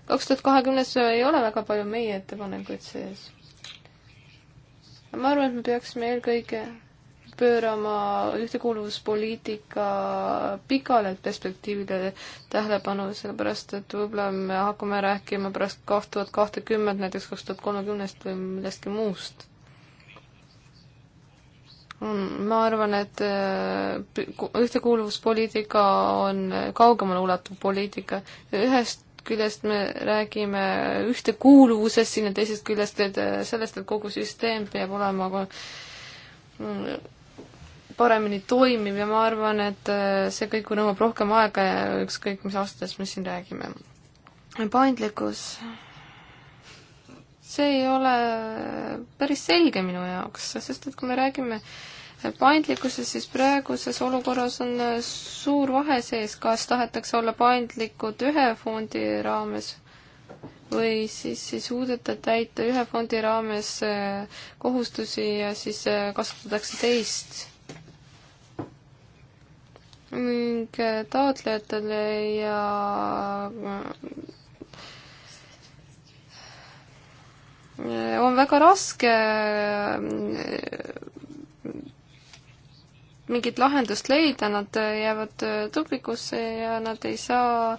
kaks tuhat kahekümnes ei ole väga palju meie ettepanekuid sees. ma arvan, et me peaksime eelkõige pöörama ühtekuuluvuspoliitika pikale perspektiivile tähelepanu, sellepärast et võib-olla me hakkame rääkima pärast kaks tuhat kahtekümmet, näiteks kaks tuhat kolmekümnest või millestki muust. ma arvan, et äh, ühtekuuluvuspoliitika on kaugemale ulatuv poliitika. ühest küljest me räägime ühtekuuluvusest siin ja teisest küljest et äh, sellest, et kogu süsteem peab olema mm, paremini toimiv ja ma arvan, et äh, see kõik nõuab rohkem aega ja ükskõik, mis aastatest me siin räägime. paindlikkus, see ei ole päris selge minu jaoks, sest et kui me räägime paindlikkusest, siis praeguses olukorras on äh, suur vahe sees, kas tahetakse olla paindlikud ühe fondi raames või siis ei suudeta täita ühe fondi raames äh, kohustusi ja siis kasutatakse teist ning taotlejatele ja äh, on väga raske äh, mingit lahendust leida, nad jäävad äh, tupikusse ja nad ei saa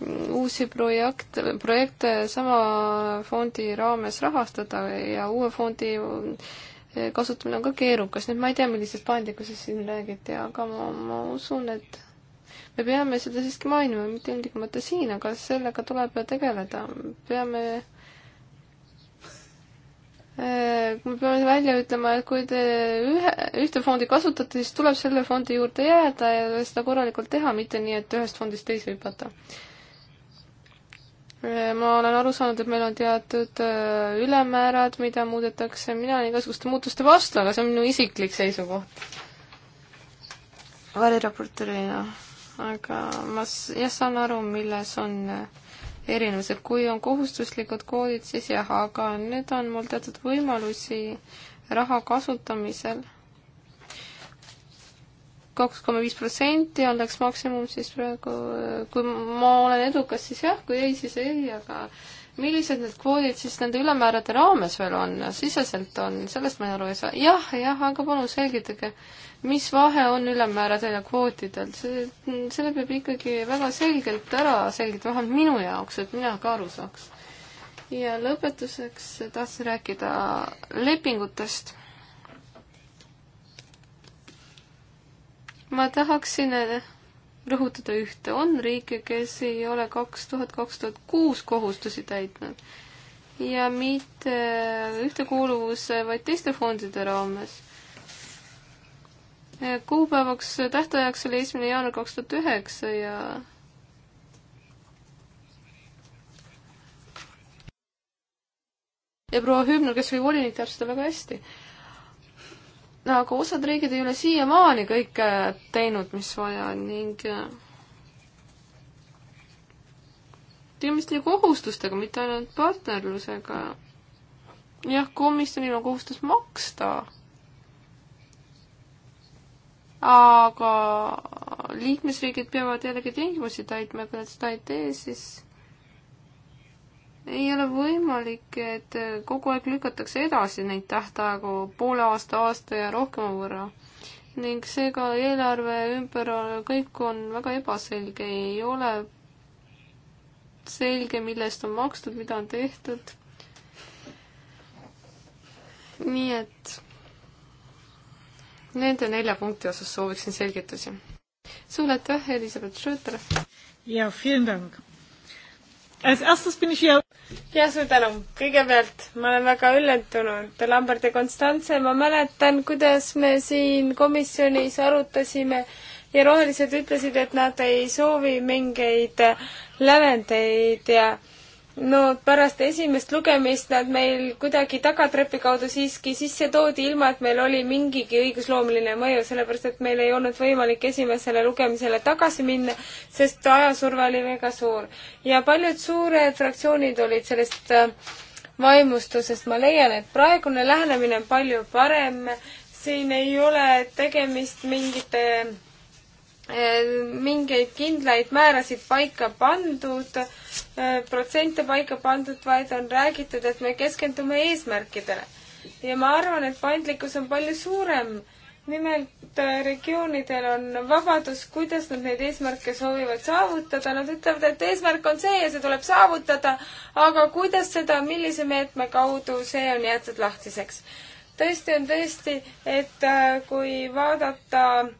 mm, uusi projekte, projekte sama fondi raames rahastada ja uue fondi kasutamine on ka keerukas, nii et ma ei tea, millisest paindlikkusest siin räägiti, aga ma, ma usun, et me peame seda siiski mainima, mitte ilmtingimata siin, aga sellega tuleb tegeleda, peame äh, kui me peame välja ütlema, et kui te ühe, ühte fondi kasutate, siis tuleb selle fondi juurde jääda ja seda korralikult teha, mitte nii, et ühest fondist teise hüpata. Äh, ma olen aru saanud, et meil on teatud äh, ülemäärad, mida muudetakse, mina olen igasuguste muutuste vastu, aga see on minu isiklik seisukoht. variraportöörina, aga ma jah, saan aru, milles on äh, erinevused, kui on kohustuslikud koodid, siis jah, aga nüüd on mul teatud võimalusi raha kasutamisel kaks koma viis protsenti oleks maksimum, siis praegu, kui ma olen edukas, siis jah, kui ei, siis ei, aga millised need kvoodid siis nende ülemäärade raames veel on, siseselt on, sellest ma aru ei saa. jah, jah, aga palun selgitage, mis vahe on ülemääradel ja kvootidel, see, selle peab ikkagi väga selgelt ära selgitama, vähemalt minu jaoks, et mina ka aru saaks. ja lõpetuseks tahtsin rääkida lepingutest ma tahaksin äh, rõhutada ühte, on riike, kes ei ole kaks tuhat, kaks tuhat kuus kohustusi täitnud ja mitte ühtekuuluvuse, vaid teiste fondide raames. kuupäevaks, tähtajaks oli esimene jaanuar kaks tuhat üheksa ja ja proua Hübner, kes oli volinik, teab seda väga hästi aga nagu osad riigid ei ole siiamaani kõike teinud, mis vaja on ning äh, tegemist oli kohustustega, mitte ainult partnerlusega. jah, komisjonil on kohustus maksta. aga liikmesriigid peavad jällegi tingimusi täitma, kui nad seda ei tee, siis ei ole võimalik, et kogu aeg lükatakse edasi neid tähtaegu poole aasta, aasta ja rohkema võrra. ning seega eelarve ümber kõik on väga ebaselge, ei ole selge, mille eest on makstud, mida on tehtud. nii et nende nelja punkti osas sooviksin selgitusi. suur aitäh, Elizabeth Schröter! ja, vielen Dank! ja suur tänu. kõigepealt ma olen väga üllatunud, Lambert ja Konstantse, ma mäletan, kuidas me siin komisjonis arutasime ja rohelised ütlesid, et nad ei soovi mingeid lävendeid ja äh, no pärast esimest lugemist nad meil kuidagi tagatrepi kaudu siiski sisse toodi, ilma et meil oli mingigi õigusloomeline mõju, sellepärast et meil ei olnud võimalik esimesele lugemisele tagasi minna, sest ajasurve oli väga suur. ja paljud suured fraktsioonid olid sellest äh, vaimustusest, ma leian, et praegune lähenemine on palju parem, siin ei ole tegemist mingite Eh, mingeid kindlaid määrasid paika pandud, eh, protsente paika pandud, vaid on räägitud, et me keskendume eesmärkidele. ja ma arvan, et paindlikkus on palju suurem. nimelt eh, regioonidel on vabadus, kuidas nad neid eesmärke soovivad saavutada. Nad ütlevad, et eesmärk on see ja see tuleb saavutada, aga kuidas seda, millise meetme kaudu, see on jäetud lahtiseks. tõesti on tõesti, et kui vaadata äh,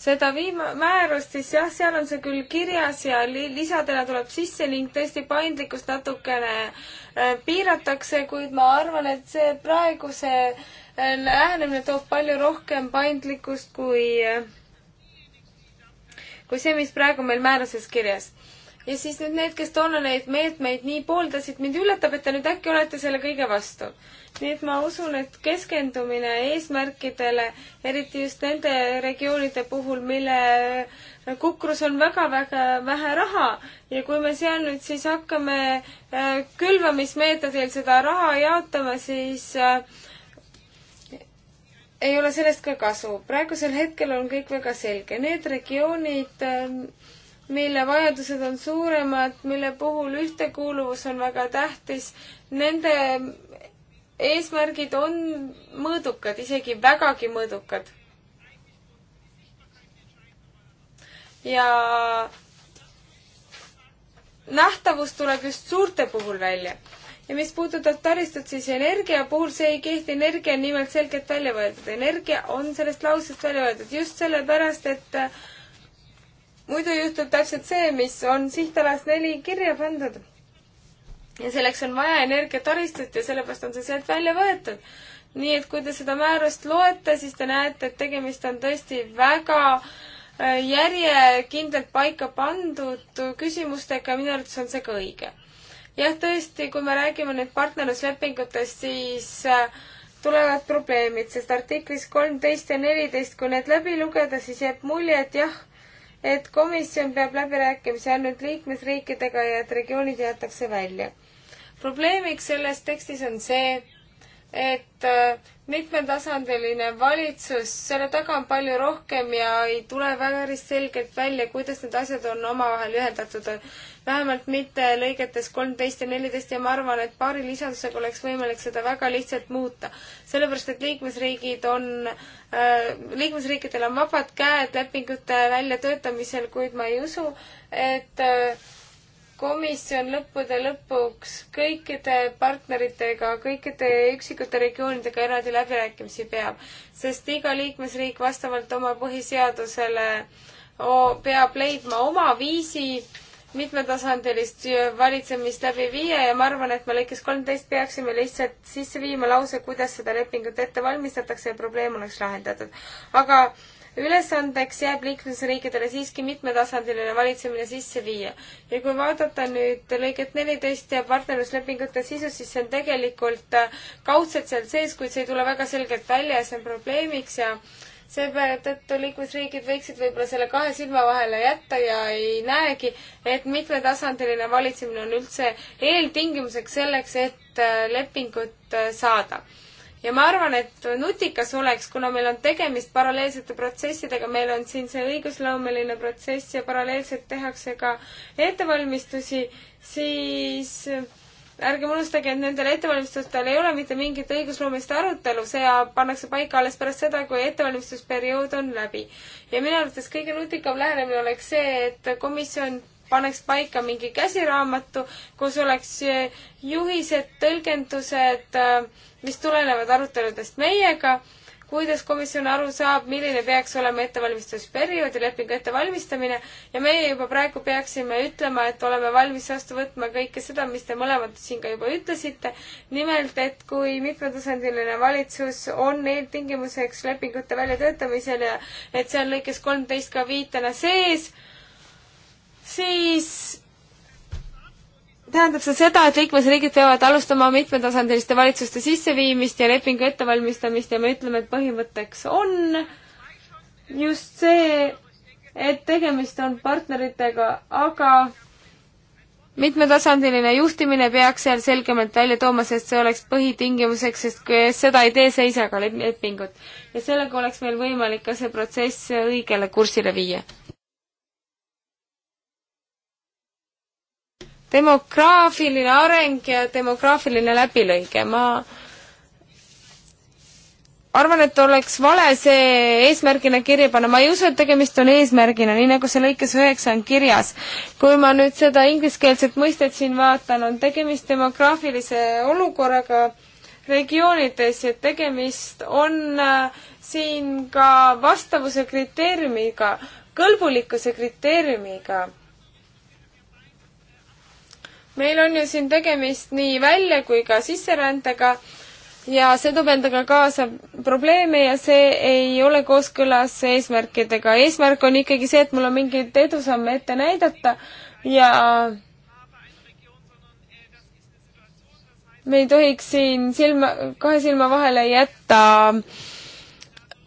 seda viima-, määrust, siis jah, seal on see küll kirjas ja li-, lisadena tuleb sisse ning tõesti paindlikkust natukene äh, piiratakse, kuid ma arvan, et see praeguse äh, lähenemine toob palju rohkem paindlikkust kui, äh, kui see, mis praegu meil määruses kirjas ja siis nüüd need, kes toona neid meetmeid nii pooldasid, mind üllatab, et te nüüd äkki olete selle kõige vastu nii et ma usun, et keskendumine eesmärkidele, eriti just nende regioonide puhul, mille kukrus on väga-väga vähe raha ja kui me seal nüüd siis hakkame äh, külvamismeetodil seda raha jaotama, siis äh, ei ole sellest ka kasu. praegusel hetkel on kõik väga selge. Need regioonid, äh, mille vajadused on suuremad, mille puhul ühtekuuluvus on väga tähtis, nende eesmärgid on mõõdukad, isegi vägagi mõõdukad. ja nähtavus tuleb just suurte puhul välja. ja mis puudutab taristut, siis energia puhul see ei kehti, energia on nimelt selgelt välja võetud, energia on sellest lausest välja võetud just sellepärast, et äh, muidu juhtub täpselt see, mis on sihtalas neli kirja pandud ja selleks on vaja energiataristut ja sellepärast on see sealt välja võetud. nii et kui te seda määrust loete, siis te näete, et tegemist on tõesti väga äh, järjekindlalt paika pandud küsimustega ja minu arvates on see ka õige. jah, tõesti, kui me räägime nüüd partnerluslepingutest, siis äh, tulevad probleemid, sest artiklis kolmteist ja neliteist, kui need läbi lugeda, siis jääb mulje, et jah, et komisjon peab läbirääkimisi ainult liikmesriikidega ja et regioonid jäetakse välja probleemiks selles tekstis on see, et äh, mitmetasandiline valitsus, selle taga on palju rohkem ja ei tule päris selgelt välja, kuidas need asjad on omavahel ühendatud. vähemalt mitte lõigetes kolmteist ja neliteist ja ma arvan, et paari lisandusega oleks võimalik seda väga lihtsalt muuta. sellepärast, et liikmesriigid on äh,, liikmesriikidel on vabad käed lepingute väljatöötamisel, kuid ma ei usu, et äh, komisjon lõppude lõpuks kõikide partneritega, kõikide üksikute regioonidega eraldi läbirääkimisi peab, sest iga liikmesriik vastavalt oma põhiseadusele peab leidma oma viisi mitmetasandilist valitsemist läbi viia ja ma arvan, et me lõikes kolmteist peaksime lihtsalt sisse viima lause, kuidas seda lepingut ette valmistatakse ja probleem oleks lahendatud. aga ülesandeks jääb liiklusriikidele siiski mitmetasandiline valitsemine sisse viia. ja kui vaadata nüüd lõiget neliteist ja partnerluslepingute sisu, siis see on tegelikult äh, kaudselt seal sees, kuid see ei tule väga selgelt välja ja see on probleemiks ja seetõttu liikmesriigid võiksid võib-olla selle kahe silma vahele jätta ja ei näegi, et mitmetasandiline valitsemine on üldse eeltingimuseks selleks, et äh, lepingut äh, saada ja ma arvan, et nutikas oleks, kuna meil on tegemist paralleelsete protsessidega, meil on siin see õigusloomeline protsess ja paralleelselt tehakse ka ettevalmistusi, siis ärgem unustage, et nendel ettevalmistustel ei ole mitte mingit õigusloomist arutelu, see pannakse paika alles pärast seda, kui ettevalmistusperiood on läbi. ja minu arvates kõige nutikam lähenemine oleks see, et komisjon paneks paika mingi käsiraamatu, kus oleks eh, juhised, tõlgendused, eh, mis tulenevad aruteludest meiega, kuidas komisjon aru saab, milline peaks olema ettevalmistusperioodi lepingu ettevalmistamine ja meie juba praegu peaksime ütlema, et oleme valmis vastu võtma kõike seda, mis te mõlemad siin ka juba ütlesite. nimelt, et kui mitmetasandiline valitsus on eeltingimuseks lepingute väljatöötamisel ja et see on lõikes kolmteist ka viitena sees, siis tähendab see seda, et liikmesriigid peavad alustama mitmetasandiliste valitsuste sisseviimist ja lepingu ettevalmistamist ja me ütleme, et põhimõtteks on just see, et tegemist on partneritega, aga mitmetasandiline juhtimine peaks seal selgemalt välja tooma, sest see oleks põhitingimuseks, sest kui seda ei tee, see ei saa ka lepingut. ja sellega oleks meil võimalik ka see protsess õigele kursile viia demograafiline areng ja demograafiline läbilõige, ma arvan, et oleks vale see eesmärgina kirja panna, ma ei usu, et tegemist on eesmärgina, nii nagu see lõikes üheksa on kirjas. kui ma nüüd seda ingliskeelset mõistet siin vaatan, on tegemist demograafilise olukorraga regioonides ja tegemist on äh, siin ka vastavuse kriteeriumiga, kõlbulikkuse kriteeriumiga meil on ju siin tegemist nii välja kui ka sisserändega ja see toob endaga kaasa probleeme ja see ei ole kooskõlas eesmärkidega. eesmärk on ikkagi see, et mul on mingeid edusamme ette näidata ja me ei tohiks siin silma, kahe silma vahele jätta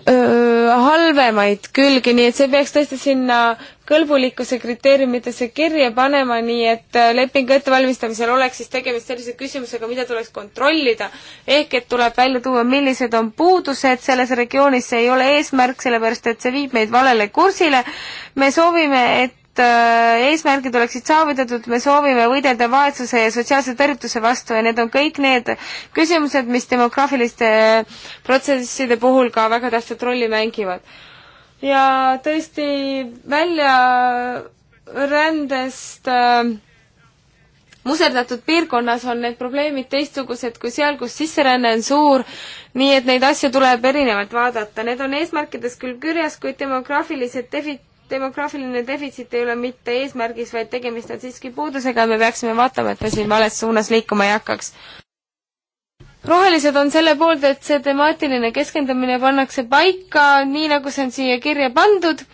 öö, halvemaid külgi, nii et see peaks tõesti sinna kõlbulikkuse kriteeriumitesse kirja panema, nii et äh, lepingu ettevalmistamisel oleks siis tegemist sellise küsimusega, mida tuleks kontrollida. ehk et tuleb välja tuua, millised on puudused selles regioonis, see ei ole eesmärk, sellepärast et see viib meid valele kursile. me soovime, et äh, eesmärgid oleksid saavutatud, me soovime võidelda vaesuse ja sotsiaalse tõrjutuse vastu ja need on kõik need küsimused, mis demograafiliste äh, protsesside puhul ka väga tähtsat rolli mängivad ja tõesti väljarändest äh, muserdatud piirkonnas on need probleemid teistsugused kui seal, kus sisseränne on suur, nii et neid asju tuleb erinevalt vaadata. Need on eesmärkides küll kirjas, kuid demograafilised defi-, demograafiline defitsiit ei ole mitte eesmärgis, vaid tegemist on siiski puudusega ja me peaksime vaatama, et me siin vales suunas liikuma ei hakkaks rohelised on selle poolt, et see temaatiline keskendumine pannakse paika, nii nagu see on siia kirja pandud.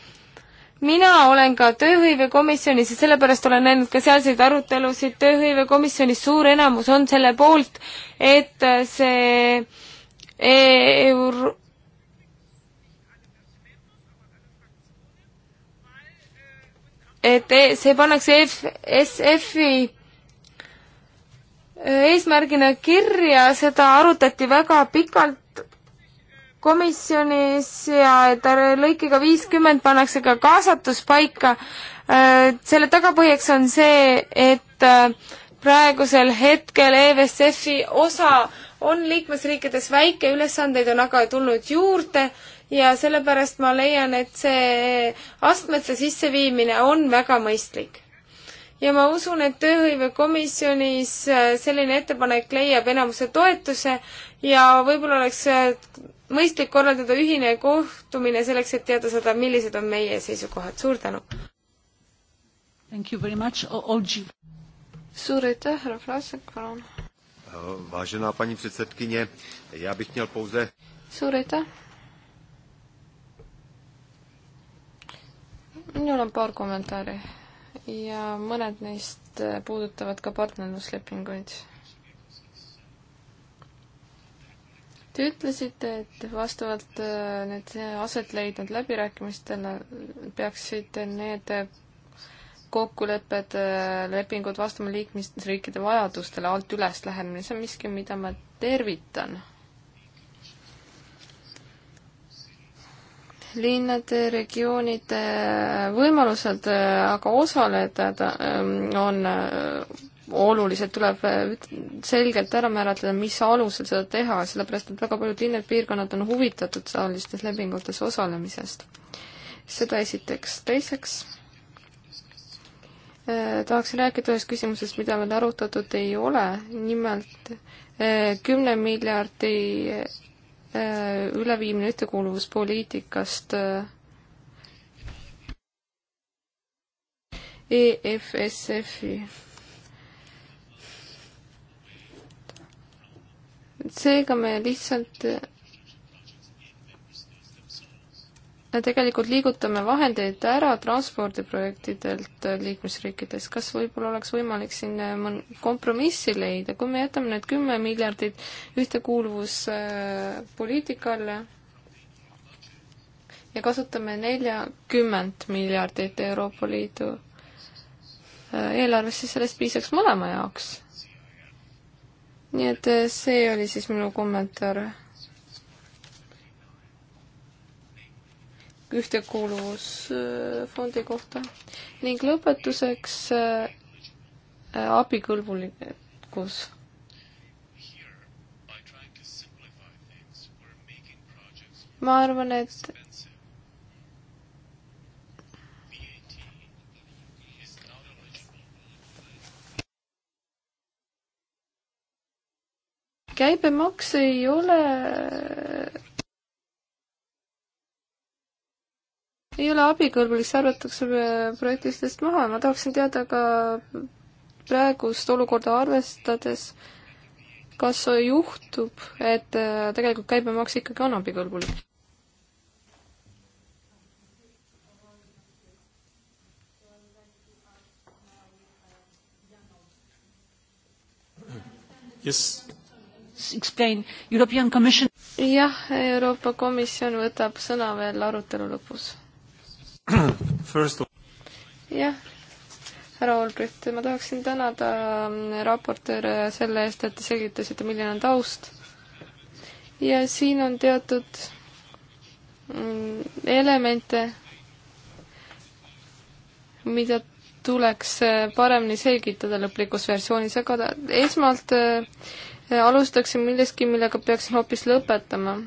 mina olen ka tööhõivekomisjonis ja sellepärast olen näinud ka sealseid arutelusid, tööhõivekomisjonis suur enamus on selle poolt, et see euro-, et e- see pannakse SF, SF-i eesmärgina kirja, seda arutati väga pikalt komisjonis ja et lõikega viiskümmend pannakse ka kaasatus paika. Äh, selle tagapõhjaks on see, et äh, praegusel hetkel EVSF-i osa on liikmesriikides väike, ülesandeid on aga tulnud juurde ja sellepärast ma leian, et see astmete sisseviimine on väga mõistlik ja ma usun, et tööhõivekomisjonis äh, selline ettepanek leiab enamuse toetuse ja võib-olla oleks äh, mõistlik korraldada ühine kohtumine selleks, et teada saada, millised on meie seisukohad. suur tänu! suur aitäh, härra Vlasek, palun! Vážená paní předsedkyně, já bych měl pouze... Suur aitäh! minul on paar kommentaari ja mõned neist puudutavad ka partnerluslepinguid. Te ütlesite, et vastavalt äh, need aset leidnud läbirääkimistele peaksid need kokkulepped, äh, lepingud vastama liikmesriikide vajadustele alt üles lähenemine, see on miski, mida ma tervitan linnade, regioonide võimalused aga osaleda ähm, on äh, olulised, tuleb äh, selgelt ära määratleda, mis alusel seda teha, sellepärast et väga paljud linnad, piirkonnad on huvitatud taolistes lepingutes osalemisest. seda esiteks. teiseks äh, tahaksin rääkida ühest küsimusest, mida veel arutatud ei ole, nimelt kümne miljardi Äh, üleviimine ühtekuuluvuspoliitikast äh, EFSF-i. seega me lihtsalt tegelikult liigutame vahendeid ära transpordiprojektidelt äh, liikmesriikides, kas võib-olla oleks võimalik siin äh, mõn-, kompromissi leida, kui me jätame need kümme miljardit ühtekuuluvuspoliitikale äh, ja kasutame neljakümmend miljardit Euroopa Liidu eelarvest, siis sellest piisaks mõlema jaoks. nii et see oli siis minu kommentaar ühtekuuluvusfondi kohta ning lõpetuseks äh, abikõlbulikkus. ma arvan, et käibemaks ei ole ei ole abikõlbulik, see arvatakse äh, projektidest maha, ma tahaksin teada ka praegust olukorda arvestades, kas juhtub, et äh, tegelikult käibemaks ikkagi on abikõlbulik? Yes. Explain, European Commission. jah, Euroopa Komisjon võtab sõna veel arutelu lõpus jah, härra Olbrit, ma tahaksin tänada ähm, raportööre selle eest, et te selgitasite, milline on taust. ja siin on teatud mm, elemente, mida tuleks äh, paremini selgitada lõplikus versioonis, aga esmalt äh, alustaksin millestki, millega peaksin hoopis lõpetama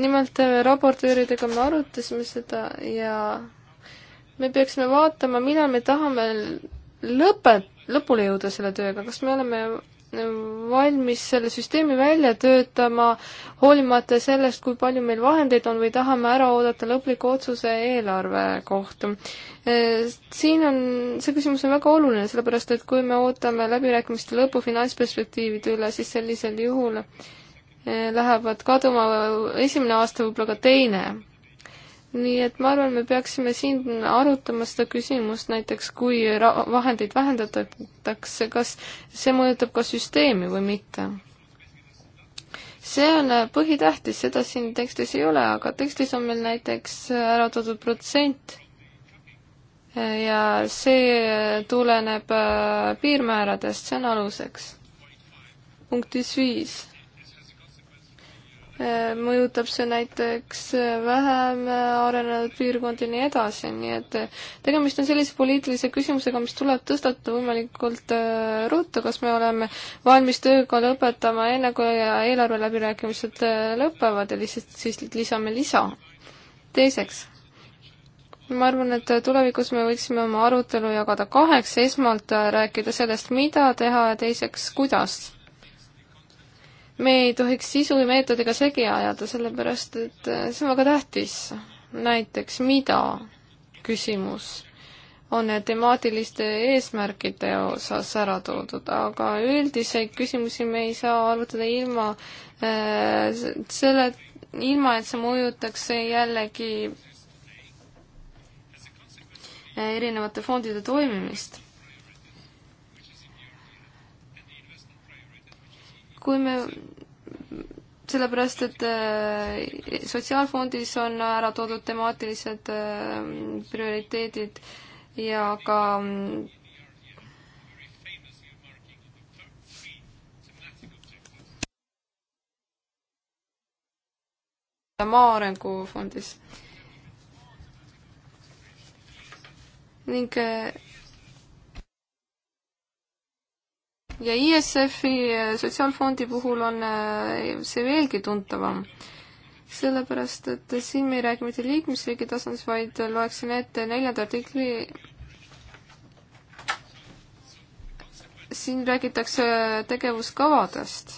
nimelt äh, raportööridega me arutasime seda ja me peaksime vaatama, millal me tahame lõpet, lõpule jõuda selle tööga, kas me oleme äh, valmis selle süsteemi välja töötama, hoolimata sellest, kui palju meil vahendeid on või tahame ära oodata lõpliku otsuse eelarve kohta. Äh, siin on, see küsimus on väga oluline, sellepärast et kui me ootame läbirääkimiste lõpu finantsperspektiivide üle, siis sellisel juhul äh, Eh, lähevad kaduma esimene aasta, võib-olla ka teine. nii et ma arvan, me peaksime siin arutama seda küsimust näiteks, kui vahendeid vähendatakse, kas see mõjutab ka süsteemi või mitte. see on eh, põhitähtis, seda siin tekstis ei ole, aga tekstis on meil näiteks eh, ära toodud protsent ja see tuleneb piirmääradest, see on aluseks. punktis viis Äh, mõjutab see näiteks äh, vähem äh, arenenud piirkondi ja nii edasi, nii et tegemist on sellise poliitilise küsimusega, mis tuleb tõstatada võimalikult ruttu, kas me oleme valmis tööga lõpetama enne, kui eelarve läbirääkimised lõpevad ja lihtsalt siis lisame lisa. teiseks, ma arvan, et tulevikus me võiksime oma arutelu jagada kaheks, esmalt rääkida sellest, mida teha ja teiseks, kuidas me ei tohiks sisu ja meetodiga segi ajada, sellepärast et äh, see on väga tähtis. näiteks mida küsimus on temaatiliste eesmärkide osas ära toodud, aga üldiseid küsimusi me ei saa arutada ilma äh, selle, ilma et see mõjutaks jällegi äh, erinevate fondide toimimist kui me sellepärast, et äh, sotsiaalfondis on ära toodud temaatilised äh, prioriteedid ja ka mm, Maa Arengufondis. ning äh, ja ISF-i eh, sotsiaalfondi puhul on eh, see veelgi tuntavam, sellepärast et siin me ei räägi mitte liikmesriigi tasandist, vaid loeksin ette neljanda artikli. siin räägitakse tegevuskavadest.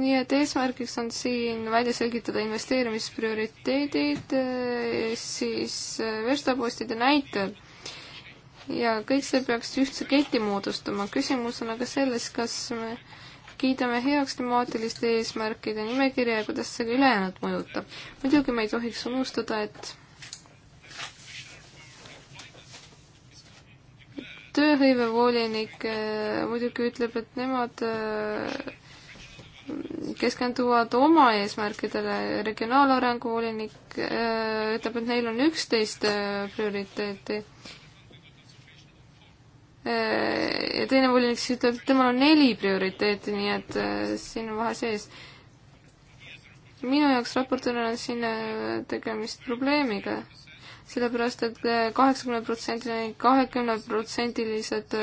nii et eesmärgiks on siin välja selgitada investeerimisprioriteedid eh, siis verstapostide näitel ja kõik see peaks ühtse keti moodustama. küsimus on aga selles, kas me kiidame heaks temaatiliste eesmärkide nimekirja ja kuidas see ülejäänud mõjutab. muidugi me ei tohiks unustada, et tööhõivevolinik eh, muidugi ütleb, et nemad eh, keskenduvad oma eesmärkidele, regionaalarengu volinik eh, ütleb, et neil on üksteist prioriteeti Äh, ja teine volinik siis ütleb, et temal on neli prioriteeti, nii et äh, siin on vahe sees. minu jaoks raportööril on siin äh, tegemist probleemiga, sellepärast et kaheksakümne protsendiline, kahekümneprotsendilised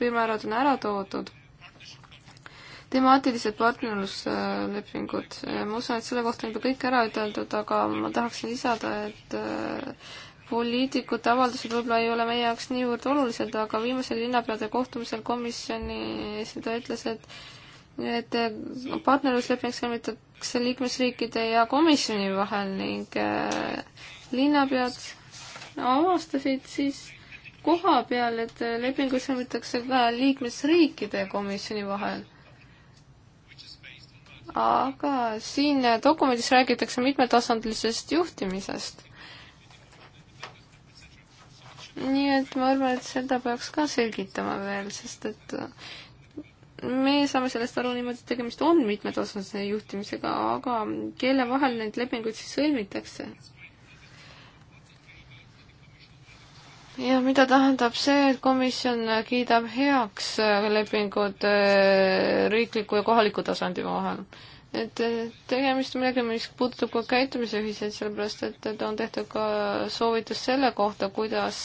piirmäärad on ära toodud. temaatilised partnerluslepingud, ma usun, et selle kohta on juba kõik ära üteldud, aga ma tahaksin lisada, et poliitikute avaldused võib-olla ei ole meie jaoks niivõrd olulised, aga viimasel linnapeade kohtumisel komisjoni esindaja ütles, et et partnerlusleping sõlmitakse liikmesriikide ja komisjoni vahel ning äh, linnapead avastasid siis koha peal, et lepinguid sõlmitakse ka liikmesriikide ja komisjoni vahel aga siin dokumendis räägitakse mitmetasandilisest juhtimisest nii et ma arvan, et seda peaks ka selgitama veel, sest et äh, me saame sellest aru niimoodi, et tegemist on mitmetasanduse juhtimisega, aga kelle vahel neid lepinguid siis sõlmitakse? ja mida tähendab see, et komisjon kiidab heaks lepingud äh, riikliku ja kohaliku tasandi vahel? et tegemist on millegagi, mis puudutab ka käitumisjuhiseid, sellepärast et, et on tehtud ka soovitus selle kohta, kuidas,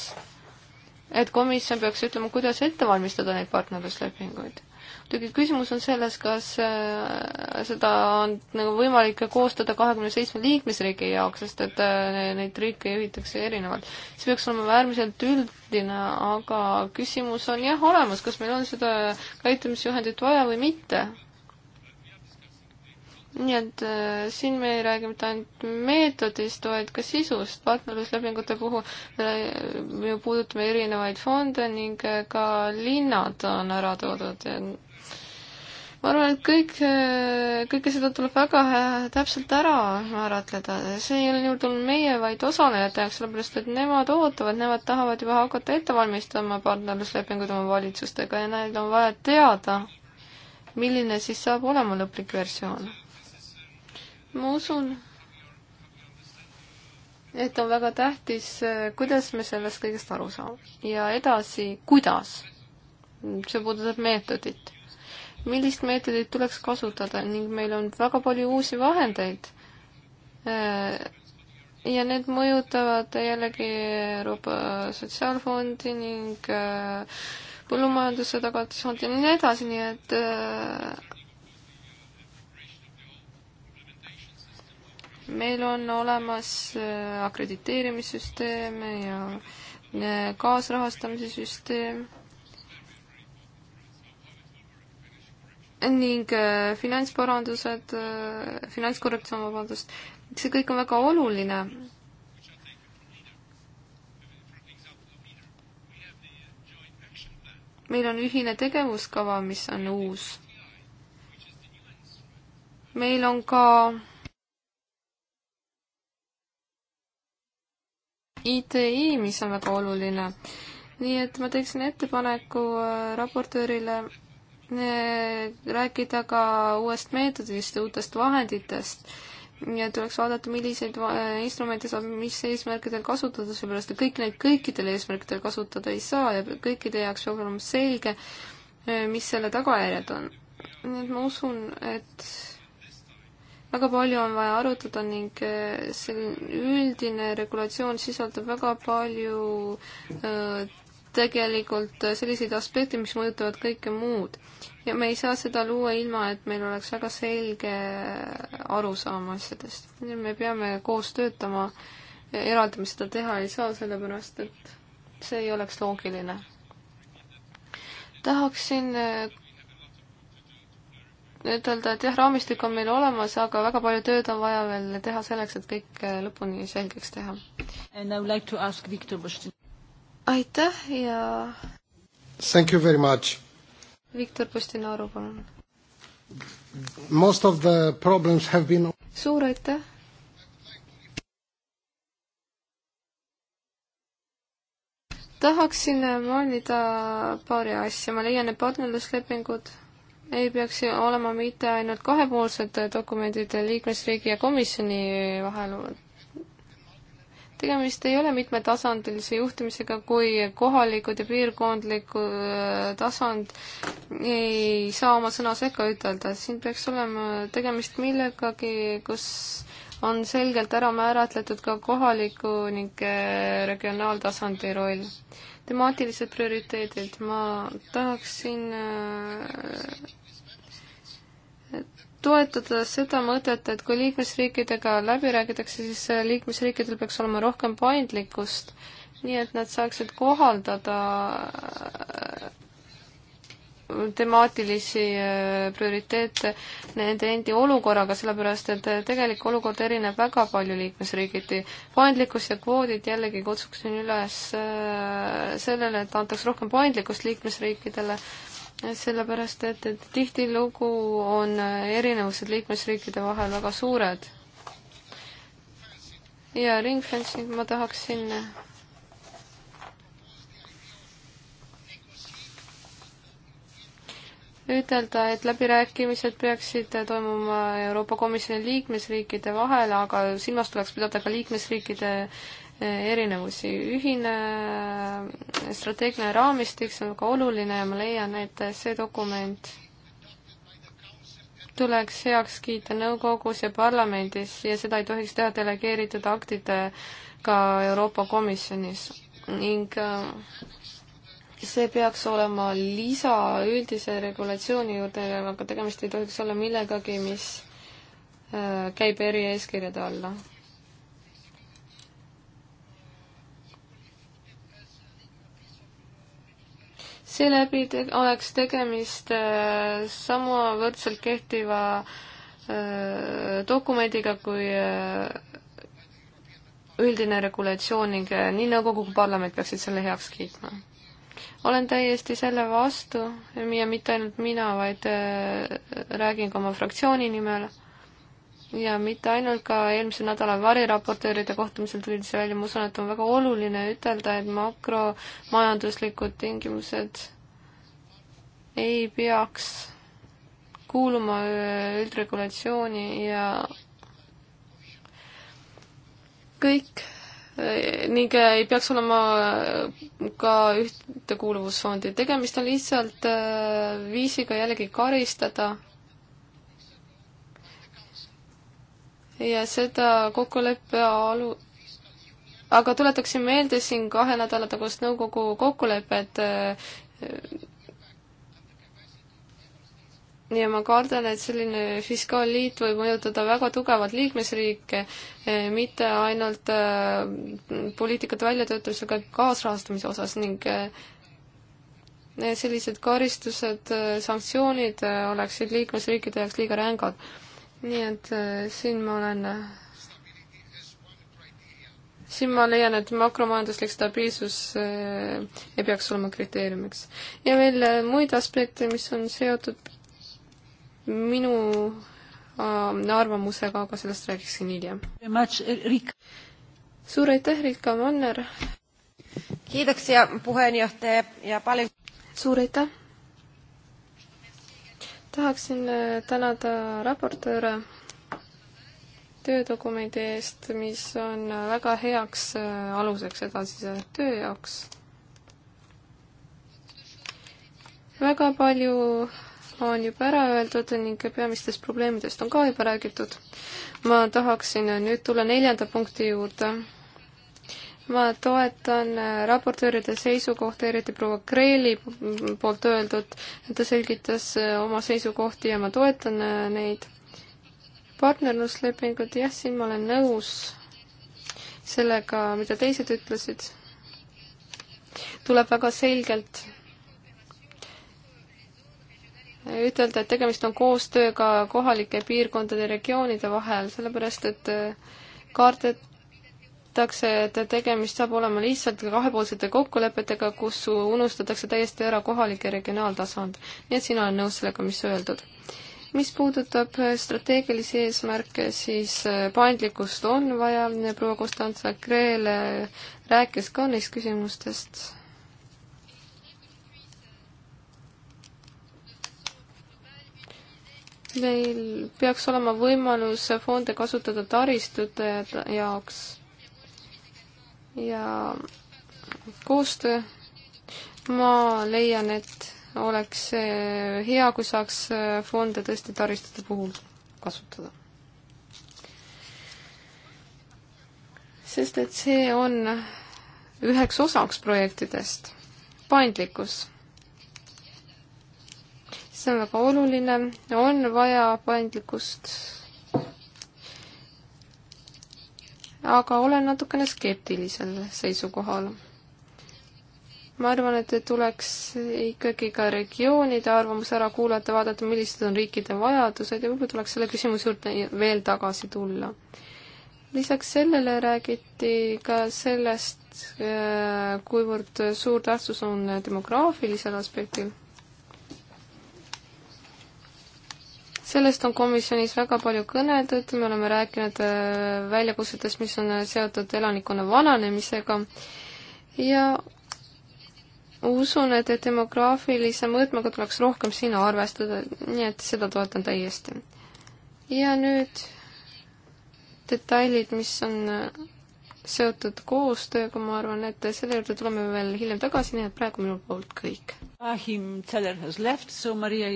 et komisjon peaks ütlema, kuidas ette valmistada neid partnerluslepinguid. muidugi küsimus on selles, kas äh, seda on nagu võimalik koostada kahekümne seitsme liikmesriigi jaoks, sest et äh, neid riike juhitakse erinevalt. see peaks olema äärmiselt üldine, aga küsimus on jah olemas, kas meil on seda käitumisjuhendit vaja või mitte nii et äh, siin me ei räägi mitte ainult meetodist, vaid ka sisust. partnerluslepingute puhul äh, me ju puudutame erinevaid fonde ning äh, ka linnad on ära toodud. ma arvan, et kõik, kõike seda tuleb väga täpselt ära määratleda. see ei ole nii tulnud meie, vaid osalejate jaoks, sellepärast et nemad ootavad, nemad tahavad juba hakata ette valmistama partnerluslepinguid oma valitsustega ja neil on vaja teada, milline siis saab olema lõplik versioon ma usun, et on väga tähtis, eh, kuidas me sellest kõigest aru saame ja edasi, kuidas. see puudutab meetodit. millist meetodit tuleks kasutada ning meil on väga palju uusi vahendeid. Eh, ja need mõjutavad jällegi Euroopa Sotsiaalfondi ning eh, põllumajanduse tagatisfondi ja nii edasi, nii et meil on olemas äh, akrediteerimissüsteem ja äh, kaasrahastamise süsteem ning äh, finantsparandused, finantskorrektsioon, vabandust, see kõik on väga oluline. meil on ühine tegevuskava, mis on uus. meil on ka ITI, mis on väga oluline. nii et ma teeksin ettepaneku äh, raportöörile äh, rääkida ka uuest meetodist ja uutest vahenditest ja tuleks vaadata, milliseid äh, instrumente saab mis eesmärkidel kasutada, seepärast et kõik neid kõikidel eesmärkidel kasutada ei saa ja kõikide jaoks peab olema selge, mis selle tagajärjed on. nii et ma usun, et väga palju on vaja arutada ning eh, see üldine regulatsioon sisaldab väga palju eh, tegelikult selliseid aspekte, mis mõjutavad kõike muud. ja me ei saa seda luua ilma, et meil oleks väga selge arusaam asjadest. me peame koos töötama, eraldi me seda teha ei saa, sellepärast et see ei oleks loogiline. tahaksin eh, ütelda, et jah, raamistik on meil olemas, aga väga palju tööd on vaja veel teha selleks, et kõik äh, lõpuni selgeks teha. Like aitäh ja Thank you very much. Viktor Postinaru, palun. Most of the problems have been suur aitäh! tahaksin mainida paari asja, ma leian, et partnerluslepingud ei peaks olema mitte ainult kahepoolsed dokumendid liikmesriigi ja komisjoni vahel. tegemist ei ole mitmetasandilise juhtimisega, kui kohalikud ja piirkondliku äh, tasand ei saa oma sõna sekka ütelda, siin peaks olema tegemist millegagi, kus on selgelt ära määratletud ka kohaliku ning äh, regionaaltasandi roll temaatilised prioriteedid, ma tahaksin äh, toetada seda mõtet, et kui liikmesriikidega läbi räägitakse, siis äh, liikmesriikidel peaks olema rohkem paindlikkust, nii et nad saaksid kohaldada äh, temaatilisi äh, prioriteete nende endi olukorraga, sellepärast et äh, tegelik olukord erineb väga palju liikmesriigiti. paindlikkus ja kvoodid jällegi kutsuksin üles äh, sellele, et antaks rohkem paindlikkust liikmesriikidele, sellepärast et, et tihtilugu on erinevused liikmesriikide vahel väga suured. ja ringfencing ma tahaksin ütelda, et läbirääkimised peaksid toimuma Euroopa Komisjoni liikmesriikide vahel, aga silmas tuleks pidada ka liikmesriikide eh, erinevusi. ühine eh, strateegiline raamistik, see on väga oluline ja ma leian, et see dokument tuleks heaks kiita nõukogus ja parlamendis ja seda ei tohiks teha delegeeritud aktidega Euroopa Komisjonis ning eh, see peaks olema lisa üldise regulatsiooni juurde, aga tegemist ei tohiks olla millegagi, mis äh, käib erieeskirjade alla. seeläbi te-, oleks tegemist äh, samavõrdselt kehtiva äh, dokumendiga kui üldine regulatsioon ning nii nõukogu kui parlament peaksid selle heaks kiitma olen täiesti selle vastu ja mitte ainult mina, vaid äh, räägin ka oma fraktsiooni nimel. ja mitte ainult ka eelmise nädala variraportööride kohtumisel tuli see välja, ma usun, et on väga oluline ütelda, et makromajanduslikud tingimused ei peaks kuuluma äh, üldregulatsiooni ja kõik ning ei peaks olema ka ühtekuuluvusfondi, tegemist on lihtsalt äh, viisiga jällegi karistada ja seda kokkuleppe alu-, aga tuletaksin meelde siin kahe nädala tagust nõukogu kokkulepet äh, ja ma kardan, et selline fiskaalliit võib mõjutada väga tugevalt liikmesriike, eh, mitte ainult eh, poliitikate väljatöötamisel, ka kaasrahastamise osas ning eh, sellised karistused, sanktsioonid oleksid liikmesriikide jaoks liiga rängad. nii et siin ma olen, siin ma leian, et makromajanduslik stabiilsus ei peaks olema kriteeriumiks. ja veel muid aspekte, mis on seotud minu ähm, arvamusega, aga sellest räägiksin hiljem. suur aitäh, Rika Manner! kiitoksia, puheenjohtaja ja palju suur aitäh! tahaksin äh, tänada raportööre töödokumendi eest, mis on äh, väga heaks äh, aluseks edasise töö jaoks. väga palju on juba ära öeldud ning peamistest probleemidest on ka juba räägitud. ma tahaksin nüüd tulla neljanda punkti juurde. ma toetan raportööride seisukohta, eriti proua Kreeli poolt öeldud, ta selgitas oma seisukohti ja ma toetan neid. partnerluslepingud, jah, siin ma olen nõus sellega, mida teised ütlesid. tuleb väga selgelt ütelda, et tegemist on koostööga kohalike piirkondade ja regioonide vahel, sellepärast et äh, kardetakse, et tegemist saab olema lihtsalt kahepoolsete kokkulepetega, kus unustatakse täiesti ära kohalik ja regionaaltasand. nii et sina olen nõus sellega, mis öeldud. mis puudutab äh, strateegilisi eesmärke, siis äh, paindlikkust on vaja, proua Konstantin Kreel rääkis ka neist küsimustest meil peaks olema võimalus fonde kasutada taristute jaoks ja koostöö. ma leian, et oleks hea, kui saaks fonde tõesti taristute puhul kasutada. sest et see on üheks osaks projektidest, paindlikkus see on väga oluline, on vaja paindlikkust. aga olen natukene skeptilisel seisukohal. ma arvan, et tuleks ikkagi ka regioonide arvamus ära kuulata, vaadata, millised on riikide vajadused ja võib-olla tuleks selle küsimuse juurde veel tagasi tulla. lisaks sellele räägiti ka sellest, äh, kuivõrd suur tähtsus on demograafilisel aspektil sellest on komisjonis väga palju kõneldud, me oleme rääkinud äh, väljakutsetest, mis on äh, seotud elanikkonna vananemisega ja usun, et demograafilise mõõtmega tuleks rohkem siin arvestada, nii et seda toetan täiesti. ja nüüd detailid, mis on äh, seotud koostööga, ma arvan, et selle juurde tuleme veel hiljem tagasi, nii et praegu minu poolt kõik. Ahim Teller has left, so Maria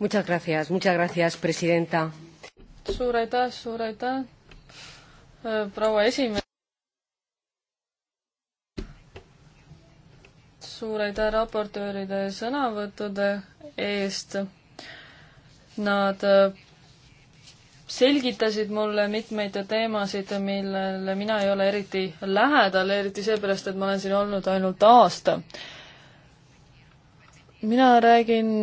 Muchas gracias, muchas gracias, presidenta. suur aitäh, suur aitäh, äh, proua esimees. suur aitäh raportööride sõnavõttude eest. Nad äh, selgitasid mulle mitmeid teemasid, millele mina ei ole eriti lähedal, eriti seepärast, et ma olen siin olnud ainult aasta. mina räägin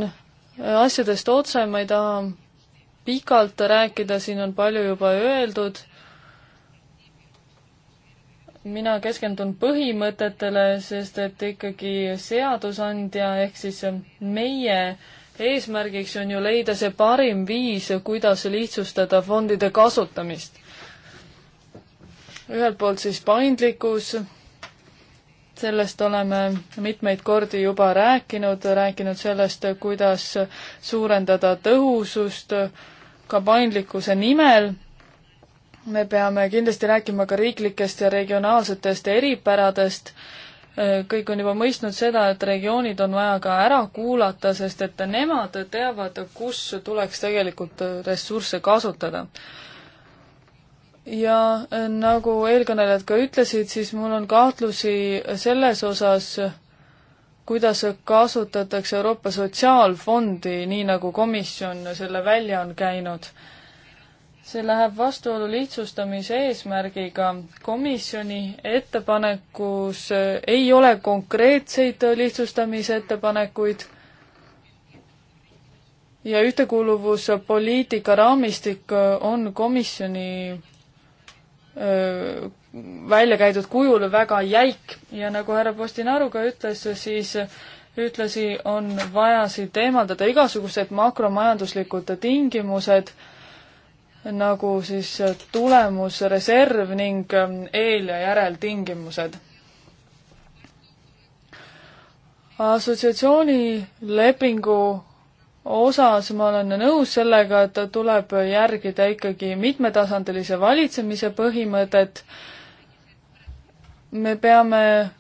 asjadest otse, ma ei taha pikalt rääkida, siin on palju juba öeldud. mina keskendun põhimõtetele, sest et ikkagi seadusandja ehk siis meie eesmärgiks on ju leida see parim viis, kuidas lihtsustada fondide kasutamist. ühelt poolt siis paindlikkus sellest oleme mitmeid kordi juba rääkinud, rääkinud sellest, kuidas suurendada tõhusust ka paindlikkuse nimel. me peame kindlasti rääkima ka riiklikest ja regionaalsetest eripäradest. kõik on juba mõistnud seda, et regioonid on vaja ka ära kuulata, sest et nemad teavad, kus tuleks tegelikult ressursse kasutada ja äh, nagu eelkõnelejad ka ütlesid, siis mul on kahtlusi selles osas, kuidas kasutatakse Euroopa Sotsiaalfondi, nii nagu komisjon selle välja on käinud. see läheb vastuolu lihtsustamise eesmärgiga. komisjoni ettepanekus ei ole konkreetseid lihtsustamise ettepanekuid ja ühtekuuluvuspoliitika raamistik on komisjoni välja käidud kujul väga jäik ja nagu härra Postinaru ka ütles, siis ühtlasi on vaja siit eemaldada igasugused makromajanduslikud tingimused, nagu siis tulemusreserv ning eel- ja järeltingimused. assotsiatsioonilepingu osas ma olen nõus sellega, et tuleb järgida ikkagi mitmetasandilise valitsemise põhimõtet. me peame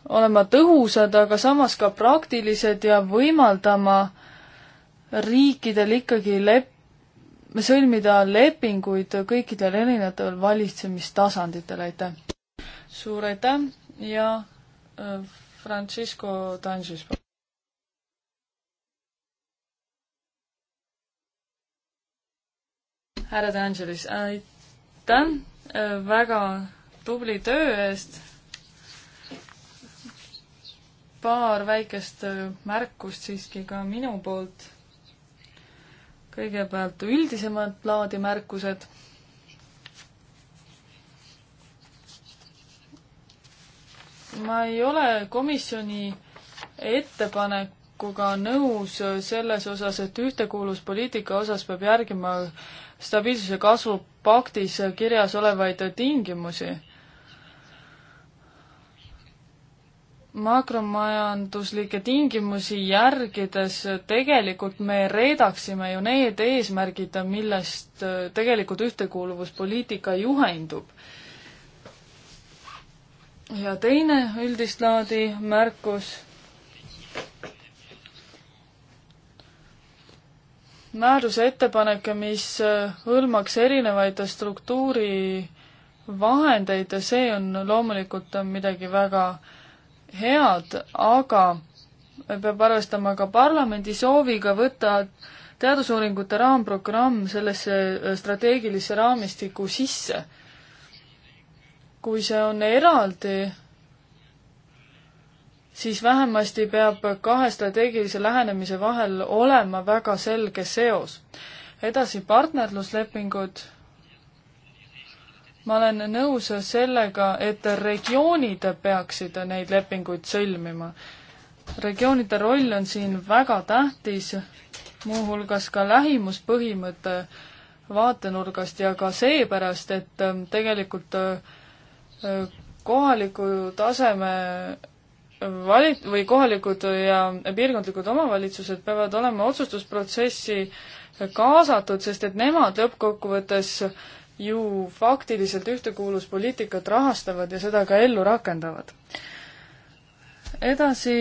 olema tõhusad, aga samas ka praktilised ja võimaldama riikidel ikkagi lep-, sõlmida lepinguid kõikidel erinevatel valitsemistasanditel, aitäh! suur aitäh ja äh, Francisco Tansis, palun! härra De Angelis, aitäh äh, väga tubli töö eest. paar väikest äh, märkust siiski ka minu poolt. kõigepealt üldisemad laadi märkused ma ei ole komisjoni ettepanek Tannokuga nõus selles osas, et ühtekuuluvuspoliitika osas peab järgima stabiilsuse kasvupaktis kirjas olevaid tingimusi. makromajanduslikke tingimusi järgides tegelikult me reedaksime ju need eesmärgid, millest tegelikult ühtekuuluvuspoliitika juhendub ja teine üldist laadi märkus. määruse ettepanek, mis äh, hõlmaks erinevaid struktuurivahendeid, see on loomulikult midagi väga head, aga peab arvestama ka parlamendi sooviga võtta teadusuuringute raamprogramm sellesse äh, strateegilisse raamistikku sisse. kui see on eraldi siis vähemasti peab kahe strateegilise lähenemise vahel olema väga selge seos. edasi partnerluslepingud. ma olen nõus sellega, et regioonid peaksid neid lepinguid sõlmima. regioonide roll on siin väga tähtis, muuhulgas ka lähimuspõhimõte vaatenurgast ja ka seepärast, et tegelikult äh, kohaliku taseme valit- või kohalikud ja piirkondlikud omavalitsused peavad olema otsustusprotsessi kaasatud, sest et nemad lõppkokkuvõttes ju faktiliselt ühtekuuluvuspoliitikat rahastavad ja seda ka ellu rakendavad. edasi,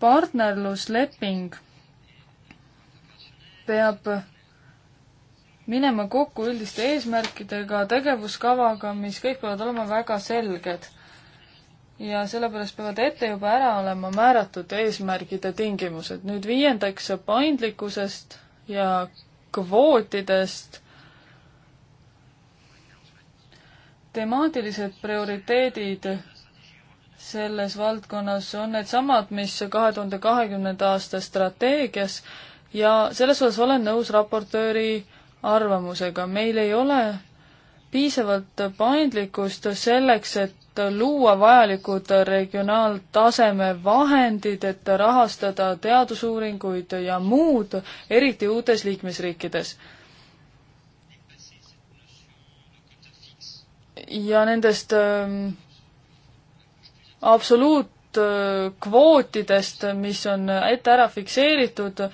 partnerlusleping peab minema kokku üldiste eesmärkidega, tegevuskavaga, mis kõik peavad olema väga selged ja sellepärast peavad ette juba ära olema määratud eesmärgid ja tingimused. nüüd viiendaks paindlikkusest ja kvootidest. temaatilised prioriteedid selles valdkonnas on needsamad, mis kahe tuhande kahekümnenda aasta strateegias ja selles osas olen nõus raportööri arvamusega. meil ei ole piisavalt paindlikkust selleks, et luua vajalikud regionaaltaseme vahendid, et rahastada teadusuuringuid ja muud, eriti uutes liikmesriikides. ja nendest ähm, absoluutkvootidest äh,, mis on ette ära fikseeritud äh,,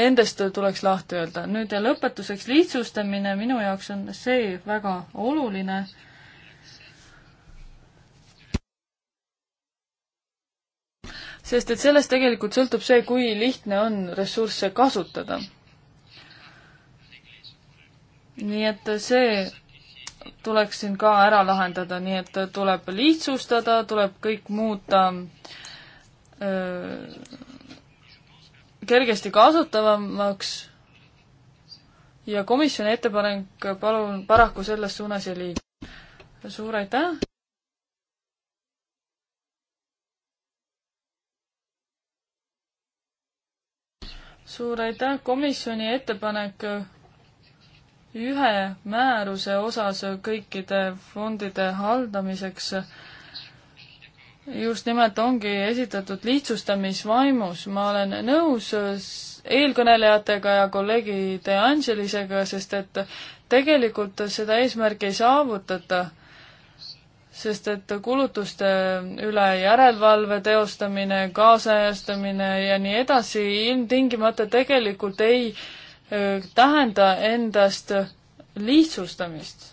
nendest tuleks lahti öelda. nüüd ja lõpetuseks lihtsustamine minu jaoks on see väga oluline äh, sest et sellest tegelikult sõltub see, kui lihtne on ressursse kasutada. nii et see tuleks siin ka ära lahendada, nii et tuleb lihtsustada, tuleb kõik muuta öö, äh, kergesti kasutavamaks ja komisjoni ettepanek palun paraku selles suunas ei liigu. suur aitäh! suur aitäh, komisjoni ettepanek ühe määruse osas kõikide fondide haldamiseks just nimelt ongi esitatud lihtsustamisvaimus, ma olen nõus eelkõnelejatega ja kolleegi De Angelisega, sest et tegelikult seda eesmärki ei saavutata sest et kulutuste üle järelevalve teostamine, kaasajastamine ja nii edasi ilmtingimata tegelikult ei äh, tähenda endast lihtsustamist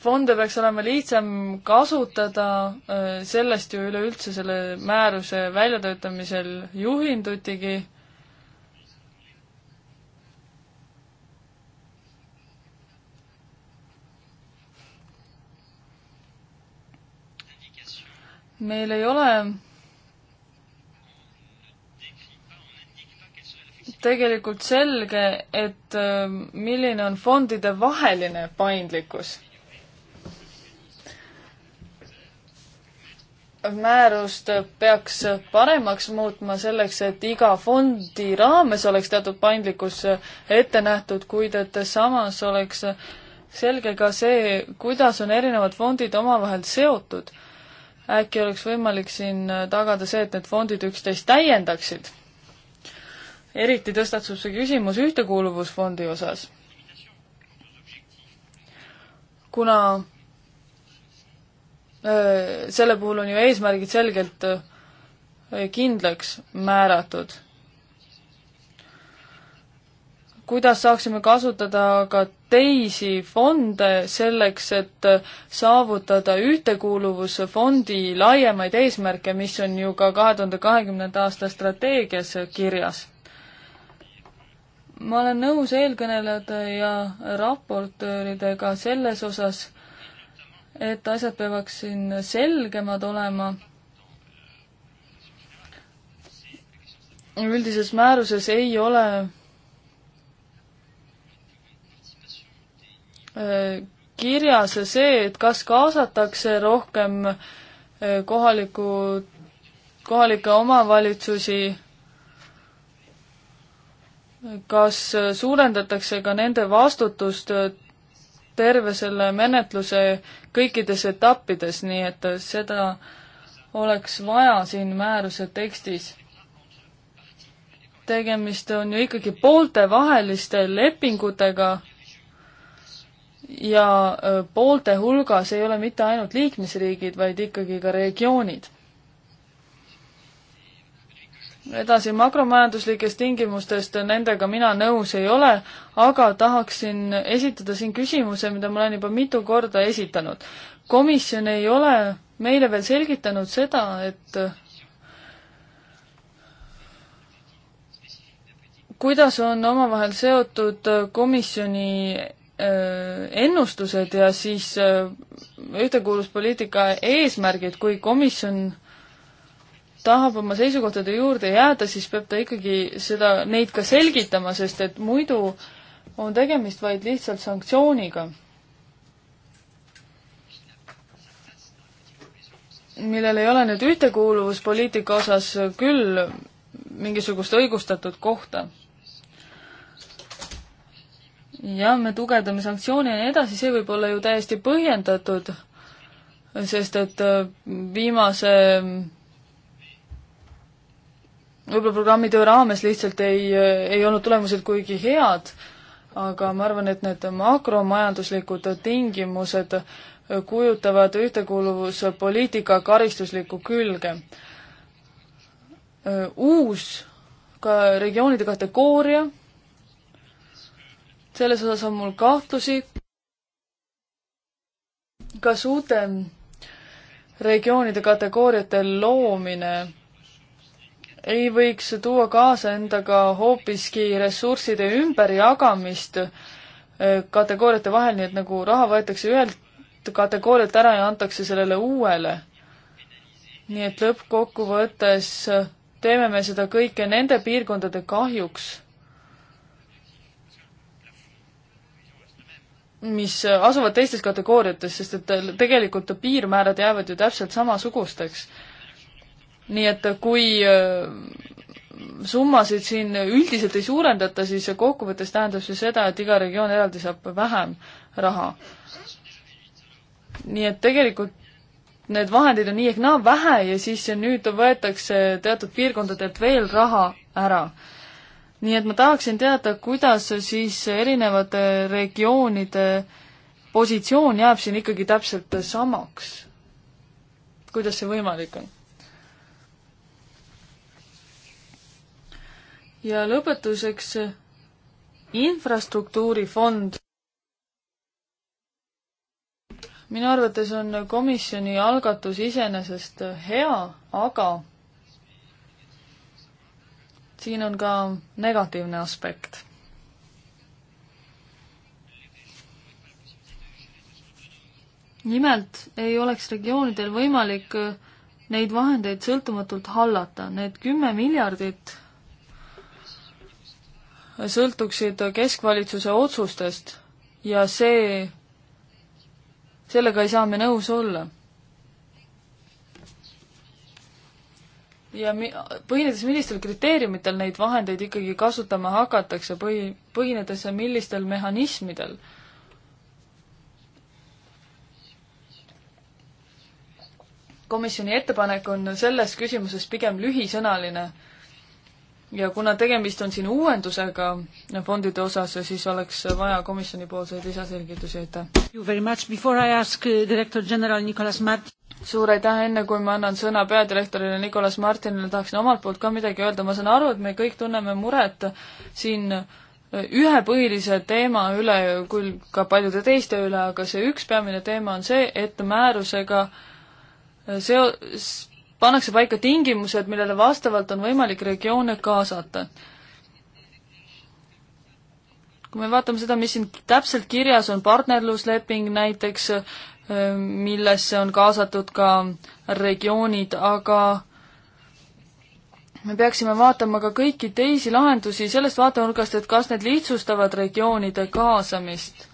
fonde peaks olema lihtsam kasutada, äh, sellest ju üleüldse selle määruse väljatöötamisel juhindutigi. meil ei ole tegelikult selge, et äh, milline on fondide vaheline paindlikkus määrust peaks paremaks muutma selleks, et iga fondi raames oleks teatud paindlikkus ette nähtud, kuid et samas oleks selge ka see, kuidas on erinevad fondid omavahel seotud. äkki oleks võimalik siin tagada see, et need fondid üksteist täiendaksid. eriti tõstatub see küsimus ühtekuuluvusfondi osas. kuna Äh, selle puhul on ju eesmärgid selgelt äh, kindlaks määratud. kuidas saaksime kasutada ka teisi fonde selleks, et äh, saavutada ühtekuuluvusfondi laiemaid eesmärke, mis on ju ka kahe tuhande kahekümnenda aasta strateegias kirjas? ma olen nõus eelkõnelejate ja raportööridega selles osas, et asjad peavad siin selgemad olema. üldises määruses ei ole äh, kirjas see, et kas kaasatakse rohkem äh, kohaliku, kohalikke omavalitsusi, kas suurendatakse ka nende vastutust äh, terve selle menetluse kõikides etappides, nii et seda oleks vaja siin määruse tekstis. tegemist on ju ikkagi pooltevaheliste lepingutega ja äh, poolte hulgas ei ole mitte ainult liikmesriigid, vaid ikkagi ka regioonid edasi makromajanduslikest tingimustest, nendega mina nõus ei ole, aga tahaksin esitada siin küsimuse, mida ma olen juba mitu korda esitanud. komisjon ei ole meile veel selgitanud seda, et kuidas on omavahel seotud komisjoni äh, ennustused ja siis äh, ühtekuuluvuspoliitika eesmärgid, kui komisjon tahab oma seisukohtade juurde jääda, siis peab ta ikkagi seda, neid ka selgitama, sest et muidu on tegemist vaid lihtsalt sanktsiooniga. millel ei ole nüüd ühtekuuluvuspoliitika osas küll mingisugust õigustatud kohta. ja me tugevdame sanktsioone ja nii edasi, see võib olla ju täiesti põhjendatud, sest et viimase võib-olla programmitöö raames lihtsalt ei, ei olnud tulemused kuigi head, aga ma arvan, et need makromajanduslikud tingimused kujutavad ühtekuuluvuspoliitika karistuslikku külge. uus ka regioonide kategooria, selles osas on mul kahtlusi, kas uute regioonide kategooriate loomine ei võiks tuua kaasa endaga hoopiski ressursside ümberjagamist äh, kategooriate vahel, nii et nagu raha võetakse ühelt kategoorialt ära ja antakse sellele uuele. nii et lõppkokkuvõttes äh, teeme me seda kõike nende piirkondade kahjuks, mis äh, asuvad teistes kategooriates, sest et tegelikult piirmäärad jäävad ju täpselt samasugusteks nii et kui äh, summasid siin üldiselt ei suurendata, siis see kokkuvõttes tähendab see seda, et iga regioon eraldi saab vähem raha. nii et tegelikult need vahendid on nii ehk naa vähe ja siis nüüd võetakse teatud piirkondadelt veel raha ära. nii et ma tahaksin teada, kuidas siis erinevate regioonide positsioon jääb siin ikkagi täpselt samaks. kuidas see võimalik on? ja lõpetuseks infrastruktuurifond. minu arvates on komisjoni algatus iseenesest hea, aga siin on ka negatiivne aspekt nimelt ei oleks regioonidel võimalik neid vahendeid sõltumatult hallata, need kümme miljardit sõltuksid keskvalitsuse otsustest ja see, sellega ei saa me nõus olla. ja mi-, põhinedes millistel kriteeriumitel neid vahendeid ikkagi kasutama hakatakse põhi, põhinedes millistel mehhanismidel komisjoni ettepanek on selles küsimuses pigem lühisõnaline ja kuna tegemist on siin uuendusega fondide osas, siis oleks vaja komisjonipoolseid lisaselgitusi, aitäh. Uh, suur aitäh, enne kui ma annan sõna peadirektorile Nicolas Martinile, tahaksin omalt poolt ka midagi öelda, ma saan aru, et me kõik tunneme muret siin uh, ühe põhilise teema üle, küll ka paljude teiste üle, aga see üks peamine teema on see, et määrusega uh, seo-, pannakse paika tingimused, millele vastavalt on võimalik regioone kaasata. kui me vaatame seda, mis siin täpselt kirjas on, partnerlusleping näiteks, millesse on kaasatud ka regioonid, aga me peaksime vaatama ka kõiki teisi lahendusi sellest vaatenurgast, et kas need lihtsustavad regioonide kaasamist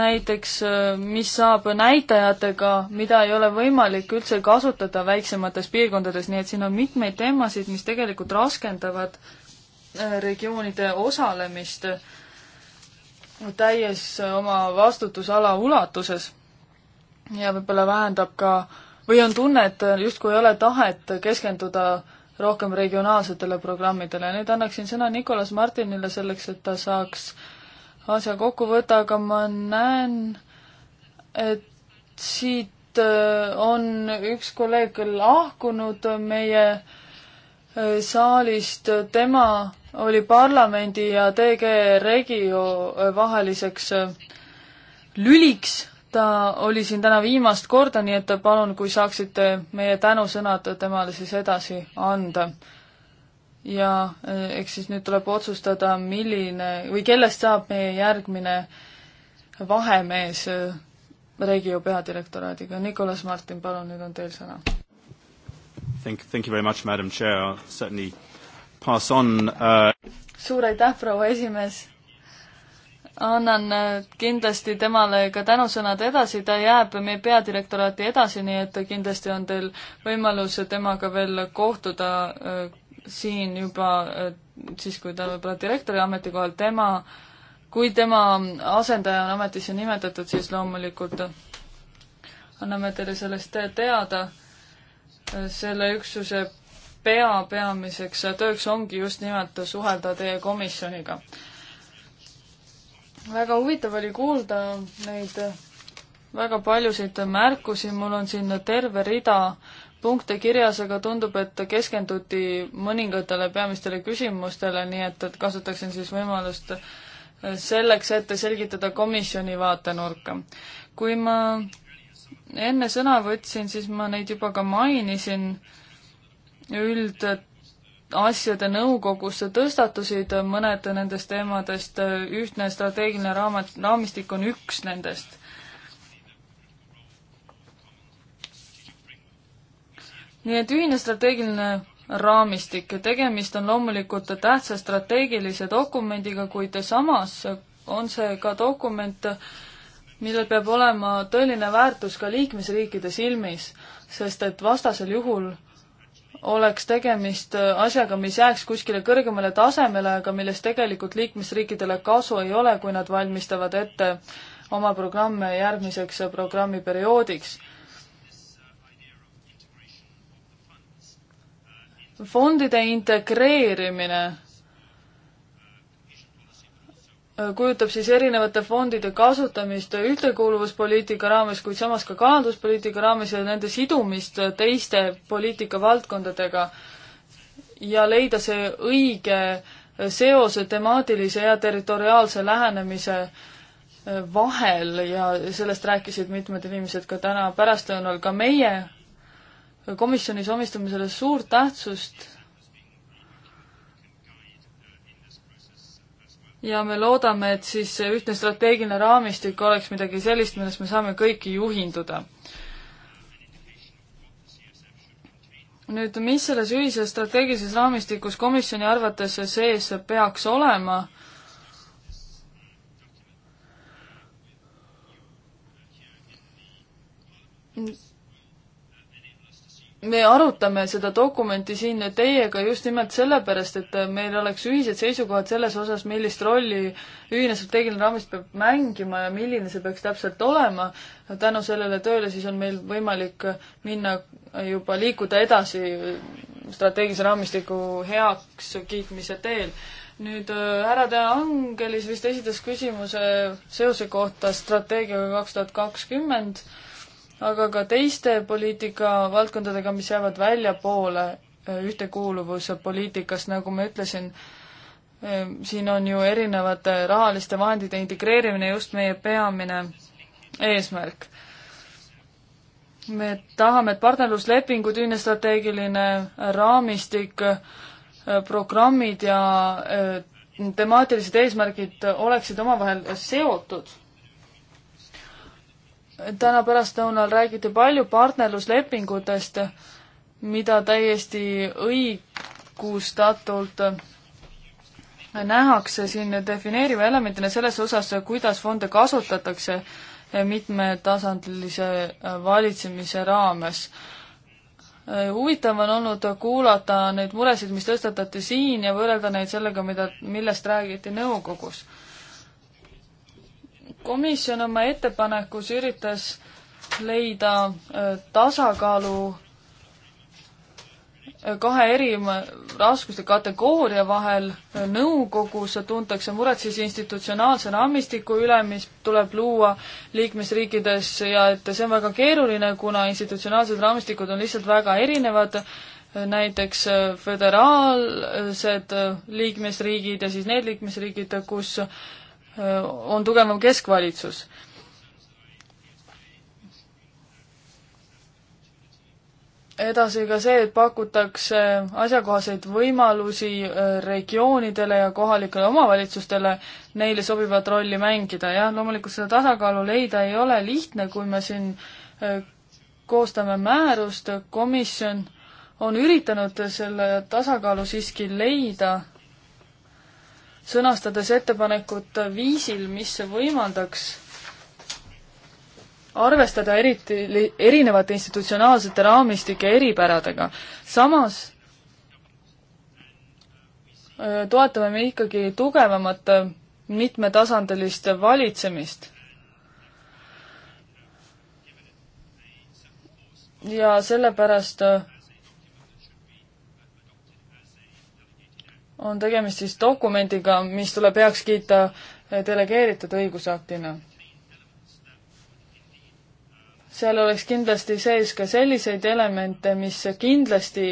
näiteks äh, mis saab näitajatega, mida ei ole võimalik üldse kasutada väiksemates piirkondades, nii et siin on mitmeid teemasid, mis tegelikult raskendavad äh, regioonide osalemist äh, täies oma vastutusala ulatuses ja võib-olla vähendab ka või on tunne, et justkui ei ole tahet keskenduda rohkem regionaalsetele programmidele. nüüd annaksin sõna Nikolas Martinile selleks, et ta saaks äh, asja kokku võtta, aga ma näen, et siit äh, on üks kolleeg küll lahkunud meie äh, saalist, tema oli parlamendi ja DG Regio äh, vaheliseks lüliks, ta oli siin täna viimast korda, nii et palun, kui saaksite meie tänusõnad temale siis edasi anda ja eh, eks siis nüüd tuleb otsustada, milline või kellest saab meie järgmine vahemees eh, Regio peadirektoraadiga. Nicolas Martin, palun, nüüd on teil sõna. Thank, thank you very much, madam chair, certainly pass on uh.... suur aitäh, proua esimees annan eh, kindlasti temale ka tänusõnad edasi, ta jääb meie peadirektoraati edasi, nii et kindlasti on teil võimalus temaga veel kohtuda siin juba siis, kui ta võib-olla direktori ametikohal, tema, kui tema asendaja on ametisse nimetatud, siis loomulikult anname teile sellest teada. selle üksuse pea peamiseks tööks ongi just nimelt suhelda teie komisjoniga. väga huvitav oli kuulda neid väga paljusid märkusi, mul on siin terve rida äh, punkte kirjas, aga tundub, et keskenduti mõningatele peamistele küsimustele, nii et, et kasutaksin siis võimalust äh, selleks, et selgitada komisjoni vaatenurka. kui ma enne sõna võtsin, siis ma neid juba ka mainisin, üldasjade nõukogusse tõstatusid mõned nendest teemadest, ühtne strateegiline raamat, raamistik on üks nendest nii et ühine strateegiline raamistik ja tegemist on loomulikult tähtsa strateegilise dokumendiga, kuid samas on see ka dokument, millel peab olema tõeline väärtus ka liikmesriikide silmis, sest et vastasel juhul oleks tegemist asjaga, mis jääks kuskile kõrgemale tasemele, aga millest tegelikult liikmesriikidele kasu ei ole, kui nad valmistavad ette oma programme järgmiseks programmiperioodiks. fondide integreerimine kujutab siis erinevate fondide kasutamist ühtekuuluvuspoliitika raames, kuid samas ka kalanduspoliitika raames ja nende sidumist teiste poliitikavaldkondadega ja leida see õige seose temaatilise ja territoriaalse lähenemise vahel ja sellest rääkisid mitmed inimesed ka täna pärastlõunal. ka meie komisjonis omistame sellele suurt tähtsust. ja me loodame, et siis see ühtne strateegiline raamistik oleks midagi sellist, millest me saame kõiki juhinduda. nüüd, mis selles ühises strateegilises raamistikus komisjoni arvates sees peaks olema me arutame seda dokumenti siin teiega just nimelt sellepärast, et meil oleks ühised seisukohad selles osas, millist rolli ühine strateegiline raamistik peab mängima ja milline see peaks täpselt olema. tänu sellele tööle siis on meil võimalik minna juba, liikuda edasi strateegilise raamistiku heakskiitmise teel. nüüd äh, härra De Angelis vist esitas küsimuse seose kohta strateegiaga kaks tuhat kakskümmend aga ka teiste poliitikavaldkondadega, mis jäävad väljapoole eh, ühtekuuluvuspoliitikast, nagu ma ütlesin, eh, siin on ju erinevate rahaliste vahendite integreerimine just meie peamine eesmärk. me tahame, et partnerluslepingud, ühine strateegiline raamistik, eh, programmid ja temaatilised eesmärgid oleksid omavahel seotud täna pärastlõunal räägiti palju partnerluslepingutest, mida täiesti õigustatult nähakse siin defineeriva elemendina selles osas, kuidas fonde kasutatakse mitmetasandilise valitsemise raames. huvitav on olnud kuulata neid muresid, mis tõstatati siin ja võrrelda neid sellega, mida, millest räägiti nõukogus komisjon oma ettepanekus üritas leida äh, tasakaalu äh, kahe eri raskuste kategooria vahel äh, nõukogus tuntakse muret siis institutsionaalse raamistiku üle, mis tuleb luua liikmesriikides ja et see on väga keeruline, kuna institutsionaalsed raamistikud on lihtsalt väga erinevad, näiteks föderaalsed liikmesriigid ja siis need liikmesriigid, kus on tugevam keskvalitsus. edasi ka see, et pakutakse asjakohaseid võimalusi regioonidele ja kohalikele omavalitsustele neile sobivat rolli mängida, jah, loomulikult seda tasakaalu leida ei ole lihtne, kui me siin koostame määrust, komisjon on üritanud selle tasakaalu siiski leida sõnastades ettepanekut viisil, mis võimaldaks arvestada eriti, erinevate institutsionaalsete raamistike eripäradega. samas äh, toetame me ikkagi tugevamat äh, mitmetasandilist valitsemist. ja sellepärast äh, on tegemist siis dokumendiga, mis tuleb heaks kiita eh, delegeeritud õigusaktina. seal oleks kindlasti sees ka selliseid elemente, mis kindlasti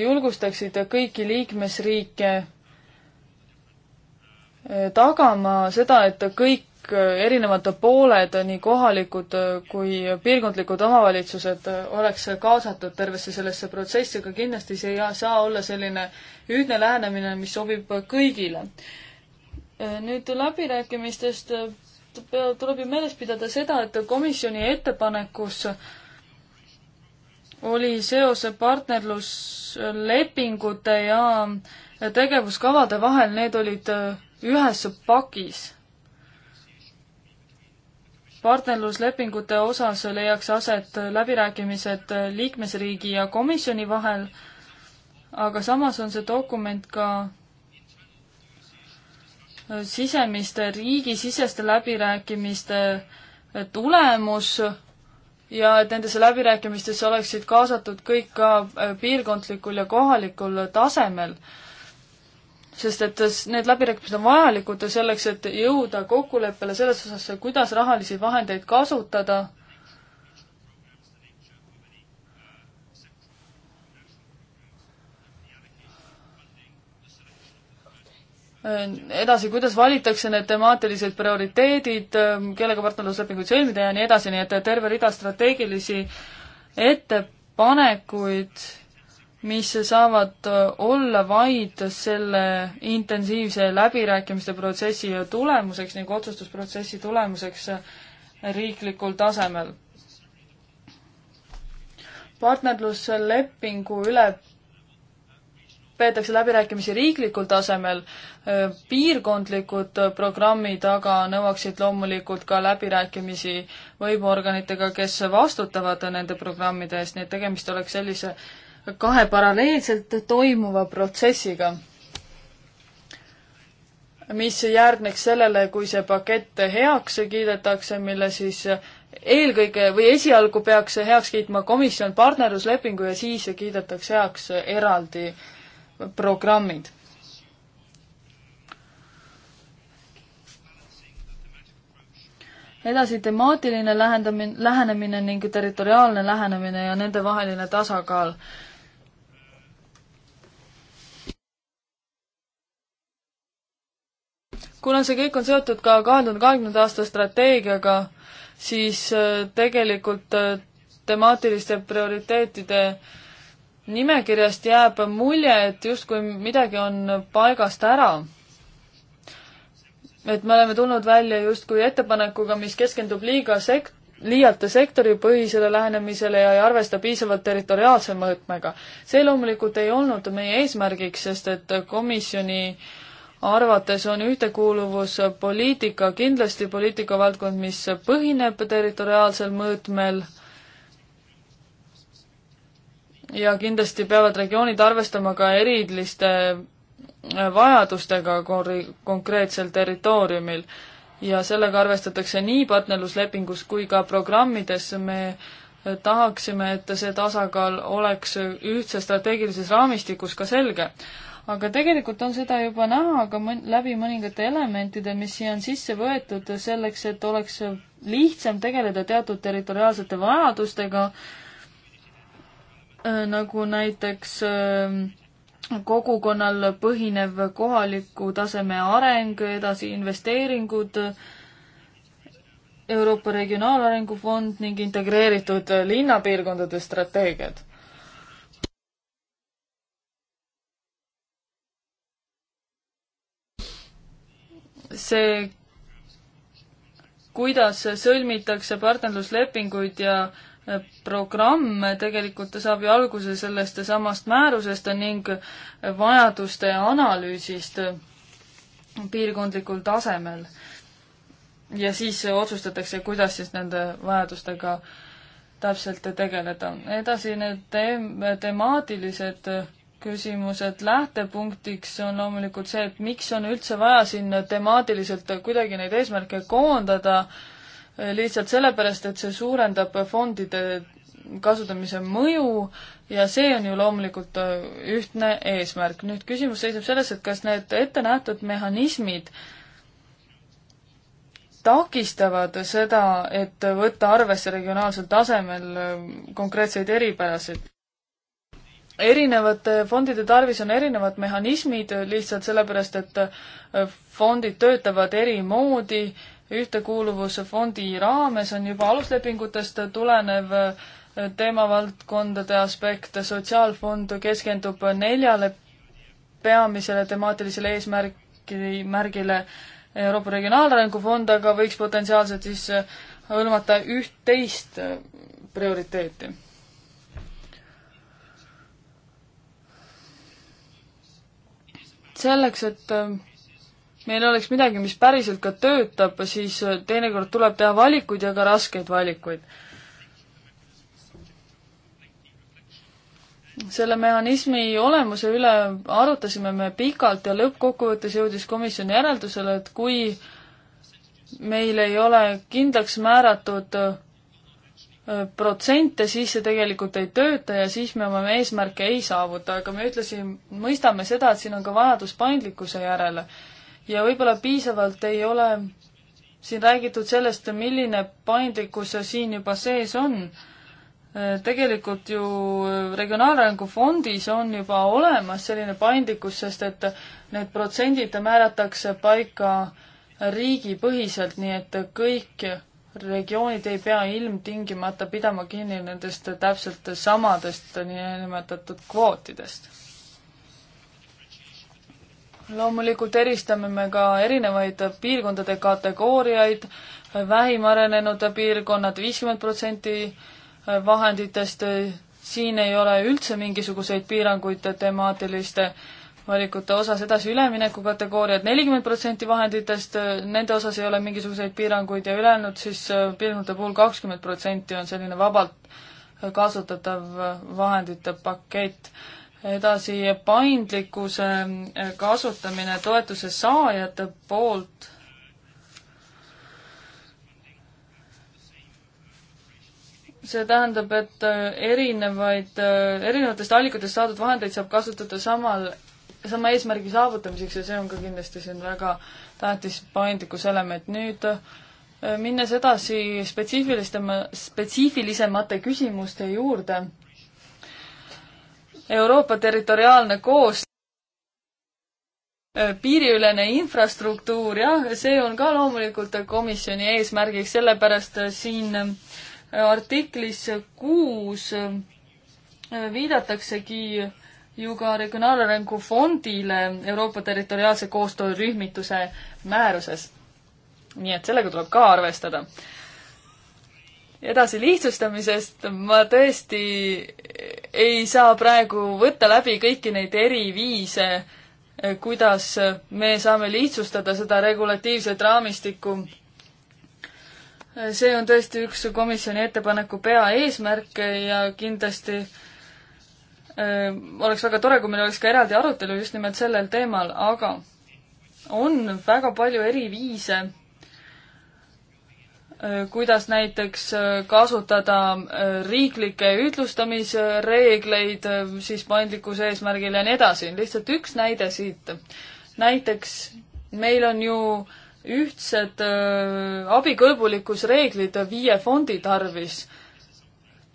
julgustaksid kõiki liikmesriike eh, tagama seda, et kõik kõik äh, erinevate pooled, äh, nii kohalikud äh, kui piirkondlikud omavalitsused oleks kaasatud tervesse sellesse protsessi, aga kindlasti see ei saa olla selline ühtne lähenemine, mis sobib kõigile. nüüd läbirääkimistest tuleb ju meeles pidada seda, et komisjoni ettepanekus oli seos partnerluslepingute ja tegevuskavade vahel, need olid ühes pakis partnerluslepingute osas leiaks aset läbirääkimised liikmesriigi ja komisjoni vahel, aga samas on see dokument ka sisemiste, riigisiseste läbirääkimiste tulemus ja et nendesse läbirääkimistesse oleksid kaasatud kõik ka piirkondlikul ja kohalikul tasemel sest et need läbirääkimised on vajalikud selleks, et jõuda kokkuleppele selles osas, kuidas rahalisi vahendeid kasutada. edasi, kuidas valitakse need temaatilised prioriteedid, kellega partnerluslepinguid sõlmida ja nii edasi, nii et terve rida strateegilisi ettepanekuid mis saavad äh, olla vaid selle intensiivse läbirääkimiste protsessi tulemuseks ning otsustusprotsessi tulemuseks äh, riiklikul tasemel. partnerluslepingu üle peetakse läbirääkimisi riiklikul tasemel, äh, piirkondlikud programmid aga nõuaksid loomulikult ka läbirääkimisi võimuorganitega, kes vastutavad nende programmide eest, nii et tegemist oleks sellise äh, kahe paralleelselt toimuva protsessiga, mis järgneks sellele, kui see pakett heaks kiidetakse, mille siis eelkõige või esialgu peaks heaks kiitma komisjon partnerluslepingu ja siis kiidetakse heaks eraldi programmid edasi temaatiline lähendamine, lähenemine ning territoriaalne lähenemine ja nende vaheline tasakaal. kuna see kõik on seotud ka kahe tuhande kahekümnenda aasta strateegiaga, siis äh, tegelikult äh, temaatiliste prioriteetide nimekirjast jääb mulje, et justkui midagi on paigast ära. et me oleme tulnud välja justkui ettepanekuga, mis keskendub liiga sekt-, liialt sektoripõhisele lähenemisele ja ei arvesta piisavalt territoriaalse mõõtmega. see loomulikult ei olnud meie eesmärgiks, sest et komisjoni äh, arvates on ühtekuuluvuspoliitika kindlasti poliitikavaldkond, mis põhineb territoriaalsel mõõtmel ja kindlasti peavad regioonid arvestama ka eriliste vajadustega konkreetsel territooriumil ja sellega arvestatakse nii partnerluslepingus kui ka programmides. me tahaksime, et see tasakaal oleks ühtse strateegilises raamistikus ka selge aga tegelikult on seda juba näha ka mõn-, läbi mõningate elementide, mis siia on sisse võetud selleks, et oleks lihtsam tegeleda teatud territoriaalsete vajadustega, äh, nagu näiteks äh, kogukonnal põhinev kohaliku taseme areng, edasi investeeringud, Euroopa Regionaalarengu Fond ning integreeritud linnapiirkondade strateegiad see, kuidas sõlmitakse partnerluslepinguid ja äh, programm tegelikult saab ju alguse sellest samast määrusest ning vajaduste analüüsist piirkondlikul tasemel. ja siis otsustatakse, kuidas siis nende vajadustega täpselt tegeleda. edasi need te-, temaatilised küsimused, lähtepunktiks on loomulikult see, et miks on üldse vaja siin temaatiliselt kuidagi neid eesmärke koondada, lihtsalt sellepärast, et see suurendab fondide kasutamise mõju ja see on ju loomulikult ühtne eesmärk. nüüd küsimus seisneb selles, et kas need ettenähtud mehhanismid takistavad seda, et võtta arvesse regionaalsel tasemel konkreetseid eripärasid? erinevate fondide tarvis on erinevad mehhanismid lihtsalt sellepärast, et äh, fondid töötavad eri moodi, ühtekuuluvusfondi raames on juba aluslepingutest tulenev äh, teemavaldkondade aspekt, sotsiaalfond keskendub neljale peamisele temaatilisele eesmärgi, märgile Euroopa Regionaalarengu Fond, aga võiks potentsiaalselt siis äh, hõlmata üht-teist prioriteeti selleks, et äh, meil oleks midagi, mis päriselt ka töötab, siis äh, teinekord tuleb teha valikuid ja ka raskeid valikuid. selle mehhanismi olemuse üle arutasime me pikalt ja lõppkokkuvõttes jõudis komisjon järeldusele, et kui meil ei ole kindlaks määratud äh, protsente, siis see tegelikult ei tööta ja siis me oma eesmärke ei saavuta, aga me ütlesin, mõistame seda, et siin on ka vajadus paindlikkuse järele. ja võib-olla piisavalt ei ole siin räägitud sellest, milline paindlikkus siin juba sees on. tegelikult ju Regionaalarengu fondis on juba olemas selline paindlikkus, sest et need protsendid määratakse paika riigipõhiselt, nii et kõik regioonid ei pea ilmtingimata pidama kinni nendest täpselt samadest niinimetatud kvootidest. loomulikult eristame me ka erinevaid piirkondade kategooriaid, vähim arenenud piirkonnad viiskümmend protsenti vahenditest, siin ei ole üldse mingisuguseid piiranguid temaatiliste äh, valikute osas, edasi ülemineku kategooriad, nelikümmend protsenti vahenditest, äh, nende osas ei ole mingisuguseid piiranguid ja ülejäänud siis äh, piirangute puhul kakskümmend protsenti on selline vabalt äh, kasutatav vahendite pakett. edasi paindlikkuse kasutamine toetuse saajate poolt see tähendab, et erinevaid, erinevatest allikatest saadud vahendeid saab kasutada samal sama eesmärgi saavutamiseks ja see on ka kindlasti siin väga tähtis paindlikkuselement. nüüd äh, minnes edasi spetsiifiliste, spetsiifilisemate küsimuste juurde. Euroopa territoriaalne koos-, äh, piiriülene infrastruktuur, jah, see on ka loomulikult komisjoni eesmärgiks, sellepärast äh, siin artiklis kuus viidataksegi ju ka Regionaalarengu Fondile Euroopa territoriaalse koostöö rühmituse määruses. nii et sellega tuleb ka arvestada. edasi lihtsustamisest, ma tõesti ei saa praegu võtta läbi kõiki neid eriviise, kuidas me saame lihtsustada seda regulatiivset raamistikku see on tõesti üks komisjoni ettepaneku peaeesmärke ja kindlasti Äh, oleks väga tore, kui meil oleks ka eraldi arutelu just nimelt sellel teemal, aga on väga palju eri viise, äh, kuidas näiteks äh, kasutada riiklikke ühtlustamisreegleid siis paindlikkuse eesmärgil ja nii edasi. lihtsalt üks näide siit. näiteks meil on ju ühtsed abikõlbulikkusreeglid viie fondi tarvis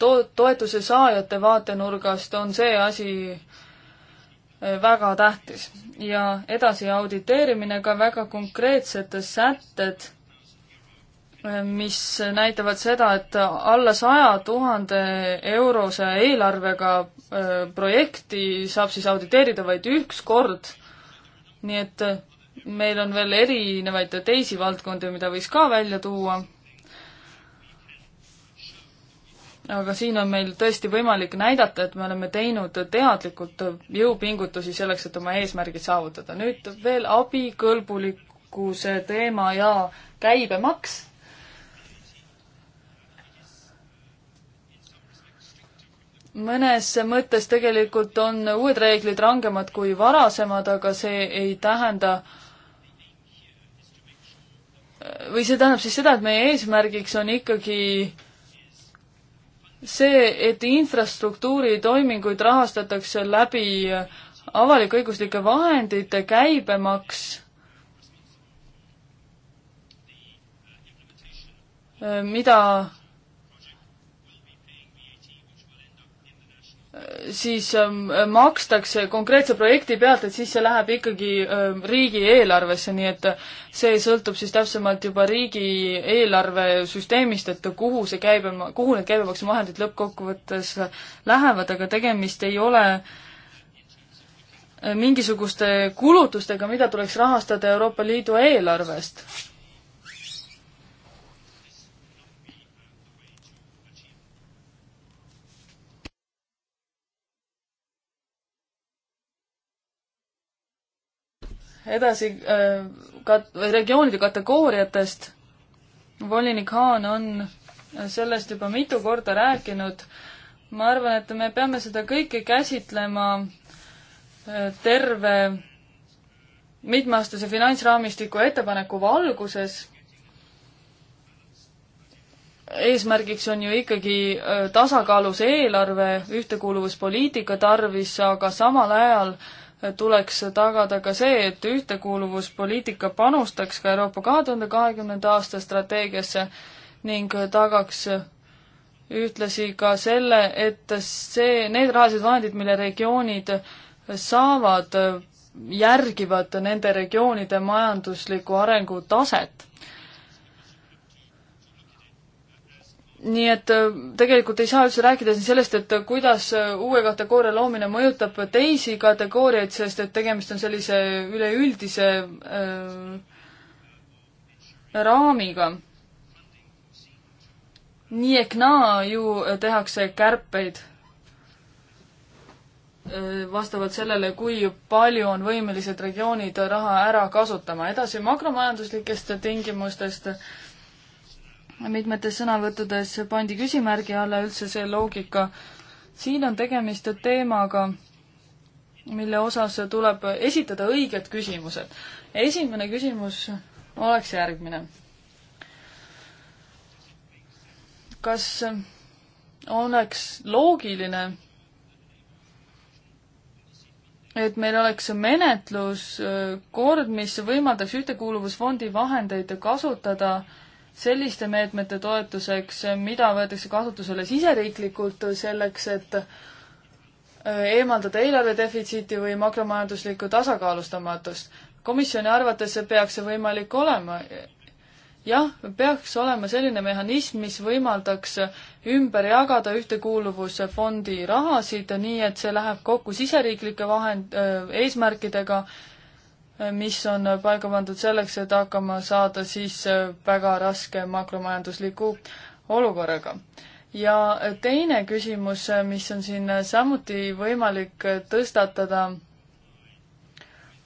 to-, toetuse saajate vaatenurgast on see asi eh, väga tähtis. ja edasi auditeerimine, ka väga konkreetsed sätted, eh, mis näitavad seda, et alla saja tuhande eurose eelarvega eh, projekti saab siis auditeerida vaid üks kord, nii et meil on veel erinevaid teisi valdkondi, mida võiks ka välja tuua aga siin on meil tõesti võimalik näidata, et me oleme teinud teadlikult jõupingutusi selleks, et oma eesmärgid saavutada. nüüd veel abikõlbulikkuse teema ja käibemaks. mõnes mõttes tegelikult on uued reeglid rangemad kui varasemad, aga see ei tähenda või see tähendab siis seda, et meie eesmärgiks on ikkagi äh, see, et infrastruktuuri toiminguid rahastatakse läbi avalik-õiguslike vahendite käibemaks, mida siis ähm, makstakse konkreetse projekti pealt, et siis see läheb ikkagi ähm, riigieelarvesse, nii et see sõltub siis täpsemalt juba riigieelarve süsteemist, et kuhu see käibe, kuhu need käibemaksuvahendid lõppkokkuvõttes lähevad, aga tegemist ei ole äh, mingisuguste kulutustega, mida tuleks rahastada Euroopa Liidu eelarvest edasi äh, kat-, regioonide kategooriatest. volinik Haan on sellest juba mitu korda rääkinud. ma arvan, et me peame seda kõike käsitlema äh, terve mitmeaastase finantsraamistiku ettepaneku valguses. eesmärgiks on ju ikkagi äh, tasakaalus eelarve ühtekuuluvuspoliitika tarvis, aga samal ajal äh, tuleks tagada ka see, et ühtekuuluvuspoliitika panustaks ka Euroopa kahe tuhande kahekümnenda aasta strateegiasse ning tagaks ühtlasi ka selle, et see, need rahalised vahendid, mille regioonid saavad, järgivad nende regioonide majanduslikku arengutaset nii et äh, tegelikult ei saa üldse rääkida siin sellest, et äh, kuidas äh, uue kategooria loomine mõjutab teisi kategooriaid, sest et tegemist on sellise üleüldise äh, raamiga. nii ehk naa ju tehakse kärpeid vastavalt sellele, kui palju on võimelised regioonid raha ära kasutama. edasi makromajanduslikest tingimustest äh, mitmetes sõnavõttudes pandi küsimärgi alla üldse see loogika. siin on tegemist teemaga, mille osas tuleb esitada õiged küsimused. esimene küsimus oleks järgmine. kas oleks loogiline, et meil oleks menetluskord, mis võimaldaks Ühtekuuluvusfondi vahendeid kasutada äh, selliste meetmete toetuseks, mida võetakse kasutusele siseriiklikult selleks, et äh, eemaldada eelarve defitsiiti või makromajanduslikku tasakaalustamatust. komisjoni arvates peaks see võimalik olema. jah, peaks olema selline mehhanism, mis võimaldaks ümber jagada ühtekuuluvusfondi rahasid, nii et see läheb kokku siseriiklike vahend, äh, eesmärkidega äh, mis on paika pandud selleks, et hakkama saada siis väga raske makromajandusliku olukorraga. ja teine küsimus, mis on siin samuti võimalik tõstatada,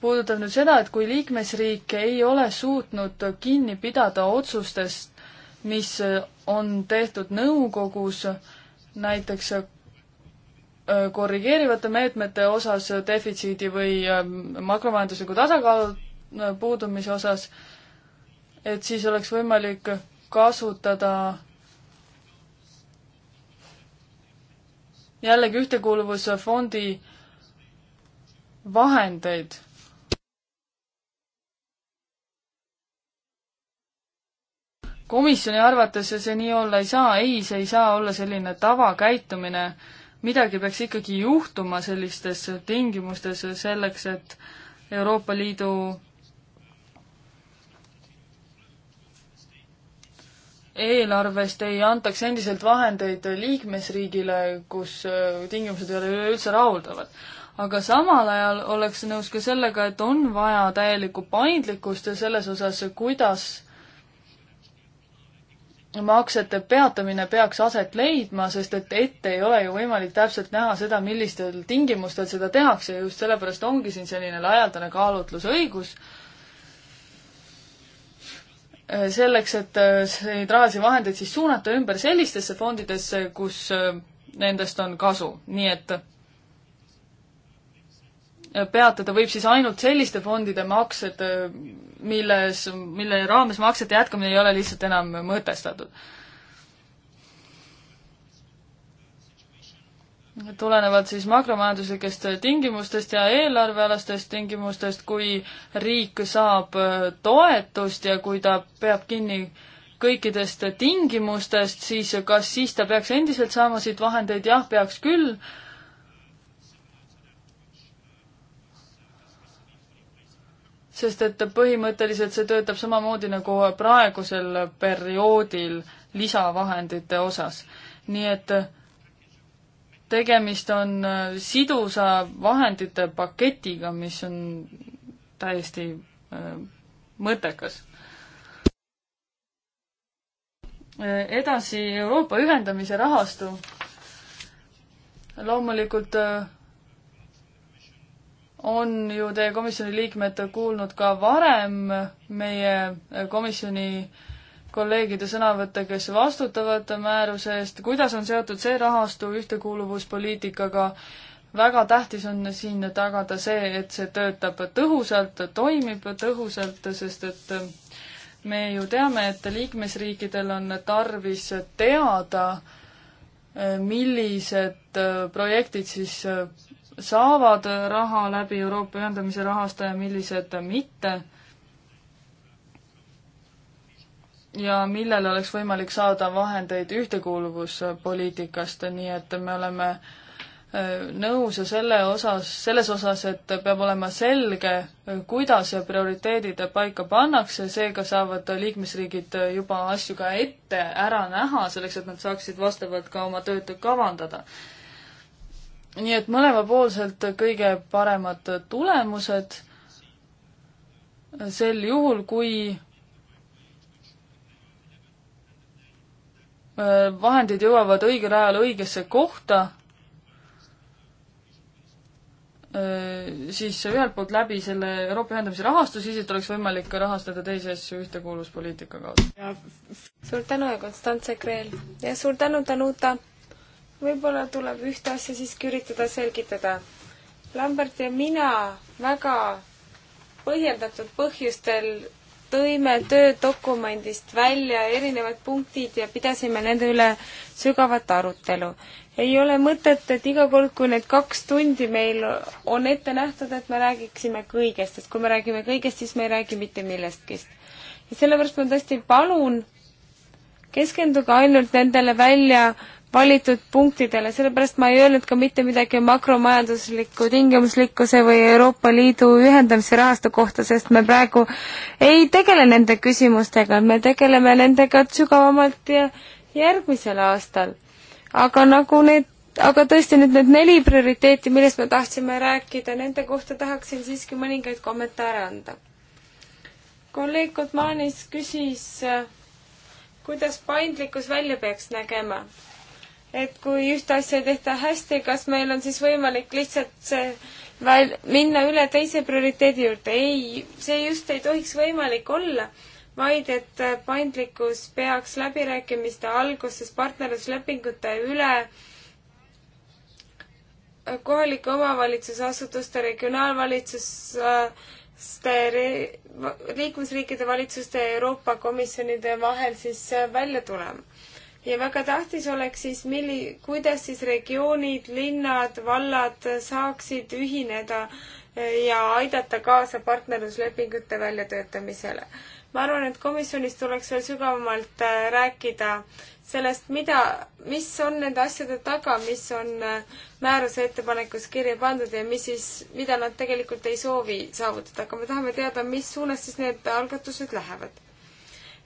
puudutab nüüd seda, et kui liikmesriik ei ole suutnud kinni pidada otsustest, mis on tehtud nõukogus, näiteks Äh, korrigeerivate meetmete osas äh, defitsiidi või ähm, makromajandusliku tasakaalu äh, puudumise osas, et siis oleks võimalik kasutada jällegi ühtekuuluvusfondi vahendeid komisjoni arvates see nii olla ei saa, ei, see ei saa olla selline tavakäitumine midagi peaks ikkagi juhtuma sellistes tingimustes selleks, et Euroopa Liidu eelarvest ei antaks endiselt vahendeid liikmesriigile, kus äh, tingimused ei ole üleüldse rahuldavad. aga samal ajal oleks nõus ka sellega, et on vaja täielikku paindlikkust ja selles osas, kuidas maksete peatamine peaks aset leidma, sest et ette ei ole ju võimalik täpselt näha seda, millistel tingimustel seda tehakse ja just sellepärast ongi siin selline laialdane kaalutlusõigus. selleks, et äh, neid rahalisi vahendeid siis suunata ümber sellistesse fondidesse, kus äh, nendest on kasu, nii et äh, peatada võib siis ainult selliste fondide maksed, milles, mille raames maksete jätkamine ei ole lihtsalt enam mõtestatud. tulenevalt siis makromajanduslikest tingimustest ja eelarvealastest tingimustest, kui riik saab toetust ja kui ta peab kinni kõikidest tingimustest, siis kas siis ta peaks endiselt saama siit vahendeid, jah, peaks küll äh,, sest et põhimõtteliselt see töötab samamoodi nagu praegusel perioodil lisavahendite osas. nii et tegemist on sidusa vahendite paketiga, mis on täiesti äh, mõttekas. edasi Euroopa ühendamise rahastu. loomulikult äh, on ju teie komisjoni liikmed kuulnud ka varem meie komisjoni kolleegide sõnavõtte, kes vastutavad määruse eest, kuidas on seotud see rahastu ühtekuuluvuspoliitikaga. väga tähtis on siin tagada see, et see töötab tõhusalt, toimib tõhusalt, sest et me ju teame, et liikmesriikidel on tarvis teada, millised projektid siis saavad raha läbi Euroopa ühendamise rahastaja, millised mitte. ja millele oleks võimalik saada vahendeid ühtekuuluvuspoliitikast, nii et me oleme äh, nõus ja selle osas, selles osas, et peab olema selge, kuidas prioriteedid paika pannakse, seega saavad liikmesriigid juba asju ka ette ära näha, selleks et nad saaksid vastavalt ka oma tööd kavandada nii et mõlemapoolselt kõige paremad tulemused sel juhul, kui äh, vahendid jõuavad õigel ajal õigesse kohta, äh, siis ühelt poolt läbi selle Euroopa ühendamise rahastu, siis et oleks võimalik ka rahastada teisi asju ühtekuuluvuspoliitika kaudu. suur tänu ja Konstantse Kreel ja suur tänu, Danuta! võib-olla tuleb ühte asja siiski üritada selgitada. Lambert ja mina väga põhjendatud põhjustel tõime töödokumendist välja erinevad punktid ja pidasime nende üle sügavat arutelu. ei ole mõtet, et iga kord, kui need kaks tundi meil on ette nähtud, et me räägiksime kõigest, sest kui me räägime kõigest, siis me ei räägi mitte millestki. ja sellepärast ma tõesti palun, keskenduge ainult nendele välja äh, valitud punktidele, sellepärast ma ei öelnud ka mitte midagi makromajandusliku tingimuslikkuse või Euroopa Liidu ühendamise rahastu kohta, sest me praegu ei tegele nende küsimustega, me tegeleme nendega sügavamalt järgmisel aastal. aga nagu need, aga tõesti nüüd need neli prioriteeti, millest me tahtsime rääkida, nende kohta tahaksin siiski mõningaid kommentaare anda. kolleeg Kotmanis küsis kuidas paindlikkus välja peaks nägema et kui ühte asja ei tehta hästi, kas meil on siis võimalik lihtsalt see väl-, minna üle teise prioriteedi juurde. ei, see just ei tohiks võimalik olla, vaid et paindlikkus peaks läbirääkimiste alguses partnerluslepingute üle kohalike omavalitsusasutuste, regionaalvalitsuste, liikmesriikide valitsuste ja Euroopa Komisjonide vahel siis välja tulema ja väga tähtis oleks siis, milli-, kuidas siis regioonid, linnad, vallad saaksid ühineda eh, ja aidata kaasa partnerluslepingute väljatöötamisele. ma arvan, et komisjonis tuleks veel sügavamalt eh, rääkida sellest, mida, mis on nende asjade taga, mis on eh, määruse ettepanekus kirja pandud ja mis siis, mida nad tegelikult ei soovi saavutada, aga me tahame teada, mis suunas siis need algatused lähevad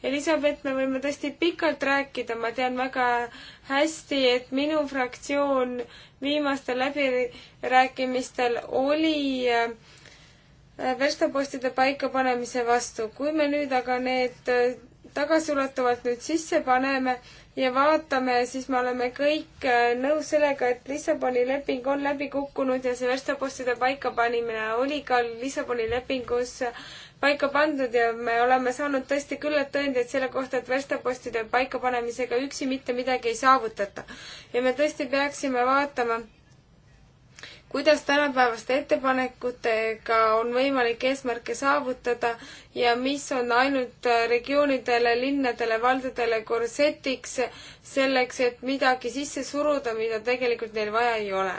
Elizabeth, me võime tõesti pikalt rääkida, ma tean väga hästi, et minu fraktsioon viimastel läbirääkimistel oli äh, verstapostide paikapanemise vastu. kui me nüüd aga need äh, tagasiulatuvalt nüüd sisse paneme ja vaatame, siis me oleme kõik äh, nõus sellega, et Lissaboni leping on läbi kukkunud ja see verstapostide paikapanemine oli ka Lissaboni lepingus paika pandud ja me oleme saanud tõesti küllalt tõendeid selle kohta, et verstapostide paikapanemisega üksi mitte midagi ei saavutata. ja me tõesti peaksime vaatama, kuidas tänapäevaste ettepanekutega on võimalik eesmärke saavutada ja mis on ainult regioonidele, linnadele, valdadele korsetiks selleks, et midagi sisse suruda, mida tegelikult neil vaja ei ole.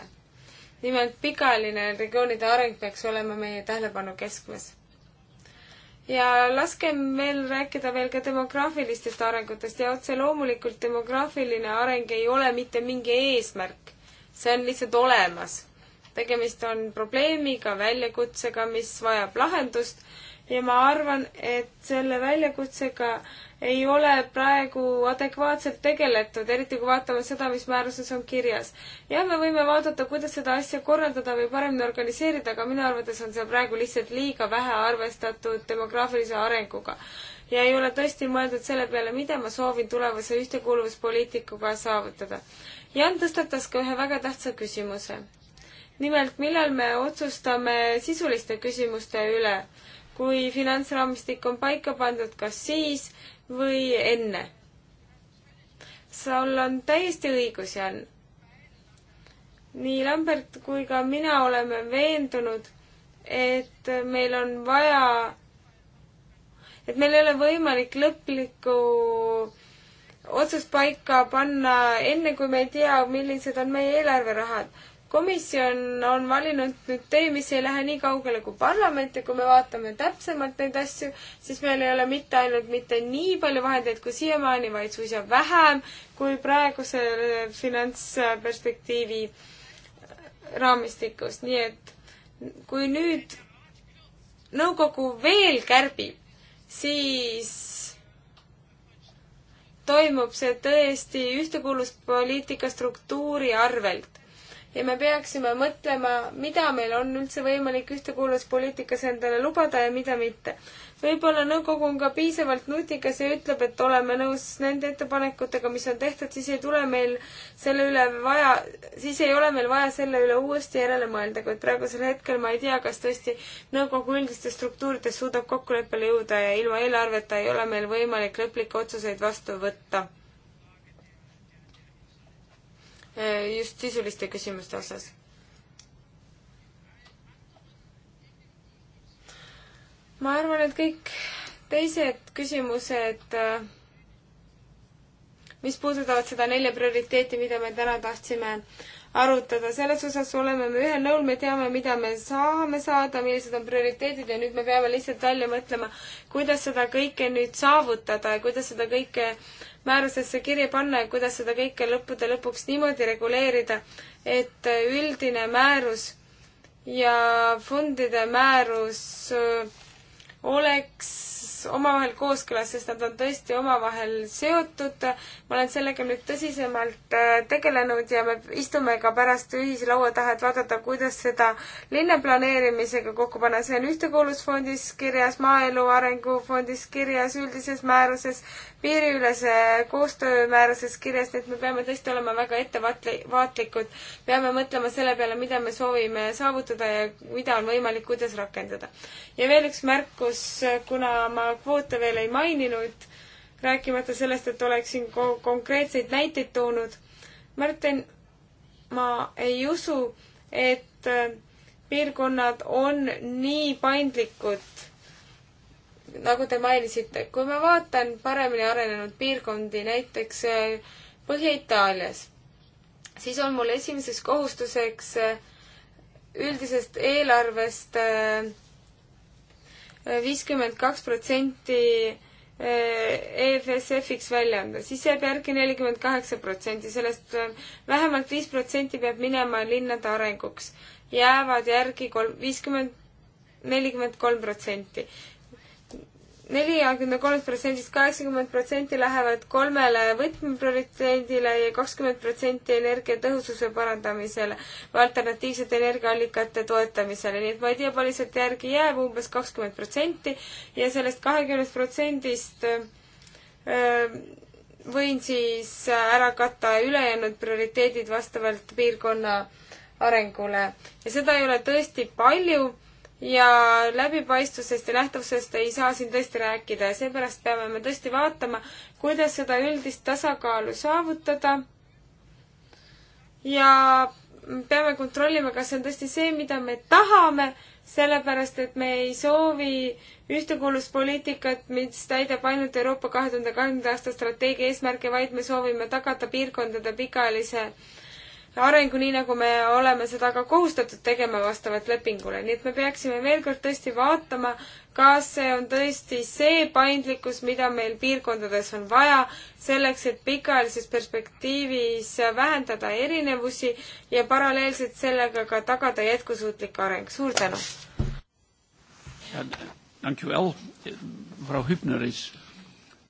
nimelt pikaajaline regioonide areng peaks olema meie tähelepanu keskmes ja laskem veel rääkida veel ka demograafilistest arengutest ja otse loomulikult demograafiline areng ei ole mitte mingi eesmärk, see on lihtsalt olemas. tegemist on probleemiga, väljakutsega, mis vajab lahendust ja ma arvan, et selle väljakutsega ei ole praegu adekvaatselt tegeletud, eriti kui vaatame seda, mis määruses on kirjas. jah, me võime vaadata, kuidas seda asja korraldada või paremini organiseerida, aga minu arvates on seal praegu lihtsalt liiga vähe arvestatud demograafilise arenguga. ja ei ole tõesti mõeldud selle peale, mida ma soovin tulevase ühtekuuluvuspoliitikuga saavutada. Jan tõstatas ka ühe väga tähtsa küsimuse. nimelt, millal me otsustame sisuliste küsimuste üle kui finantsraamistik on paika pandud, kas siis või enne? sul on täiesti õigus, Jan. nii Lambert kui ka mina oleme veendunud, et meil on vaja, et meil ei ole võimalik lõplikku otsust paika panna enne, kui me ei tea, millised on meie eelarverahad komisjon on valinud nüüd tee, mis ei lähe nii kaugele kui parlament ja kui me vaatame täpsemalt neid asju, siis meil ei ole mitte ainult mitte nii palju vahendeid kui siiamaani, vaid suisa vähem kui praeguse äh, finantsperspektiivi äh, raamistikus, nii et kui nüüd nõukogu veel kärbib, siis toimub see tõesti ühtekuuluvuspoliitika struktuuri arvelt ja me peaksime mõtlema, mida meil on üldse võimalik ühtekuuluvuspoliitikas endale lubada ja mida mitte. võib-olla nõukogu on ka piisavalt nutikas ja ütleb, et oleme nõus nende ettepanekutega, mis on tehtud, siis ei tule meil selle üle vaja, siis ei ole meil vaja selle üle uuesti järele mõelda, kuid praegusel hetkel ma ei tea, kas tõesti nõukogu üldistes struktuurides suudab kokkuleppele jõuda ja ilma eelarveta ei ole meil võimalik lõplikke otsuseid vastu võtta Eh, just sisuliste küsimuste osas. ma arvan, et kõik teised küsimused, eh, mis puudutavad seda nelja prioriteeti, mida me täna tahtsime arutada, selles osas oleme me ühel nõul, me teame, mida me saame saada, millised on prioriteedid ja nüüd me peame lihtsalt välja mõtlema, kuidas seda kõike nüüd saavutada ja kuidas seda kõike määrusesse kirja panna ja kuidas seda kõike lõppude lõpuks niimoodi reguleerida, et üldine määrus ja fondide määrus oleks omavahel kooskõlas, sest nad on tõesti omavahel seotud. ma olen sellega nüüd tõsisemalt äh, tegelenud ja me istume ka pärast ühislaua taha, et vaadata, kuidas seda linnaplaneerimisega kokku panna. see on Ühtekuuluvusfondis kirjas, Maaelu Arengufondis kirjas, üldises määruses piiriülese koostöö määrases kirjas, nii et me peame tõesti olema väga ettevaatlikud, peame mõtlema selle peale, mida me soovime saavutada ja mida on võimalik, kuidas rakendada. ja veel üks märkus, kuna ma kvoote veel ei maininud, rääkimata sellest, et oleksin ko-, konkreetseid näiteid toonud, Martin, ma ei usu, et äh, piirkonnad on nii paindlikud nagu te mainisite, kui ma vaatan paremini arenenud piirkondi, näiteks äh, Põhja-Itaalias, siis on mul esimeseks kohustuseks äh, üldisest eelarvest äh, viiskümmend kaks protsenti EFSF-iks välja anda, siis jääb järgi nelikümmend kaheksa protsenti, sellest vähemalt viis protsenti peab minema linnade arenguks. jäävad järgi kolm, viiskümmend, nelikümmend kolm protsenti neljakümne kolmest protsendist kaheksakümmend protsenti lähevad kolmele võtmeprioriteedile ja kakskümmend protsenti energiatõhususe parandamisele või alternatiivsete energiaallikate toetamisele, nii et ma ei tea, palju sealt järgi jääb, umbes kakskümmend protsenti ja sellest kahekümnest protsendist võin siis ära katta ülejäänud prioriteedid vastavalt piirkonna arengule ja seda ei ole tõesti palju ja läbipaistvusest ja lähtuvusest ei saa siin tõesti rääkida ja seepärast peame me tõesti vaatama, kuidas seda üldist tasakaalu saavutada. ja peame kontrollima, kas see on tõesti see, mida me tahame, sellepärast et me ei soovi ühtekuuluvuspoliitikat, mis täidab ainult Euroopa kahe tuhande kahekümnenda aasta strateegia eesmärke, vaid me soovime tagada piirkondade pikaajalise äh, arengu, nii nagu me oleme seda ka kohustatud tegema vastavalt lepingule, nii et me peaksime veel kord tõesti vaatama, kas see on tõesti see paindlikkus, mida meil piirkondades on vaja, selleks et pikaajalises perspektiivis vähendada erinevusi ja paralleelselt sellega ka tagada jätkusuutlik areng. suur tänu!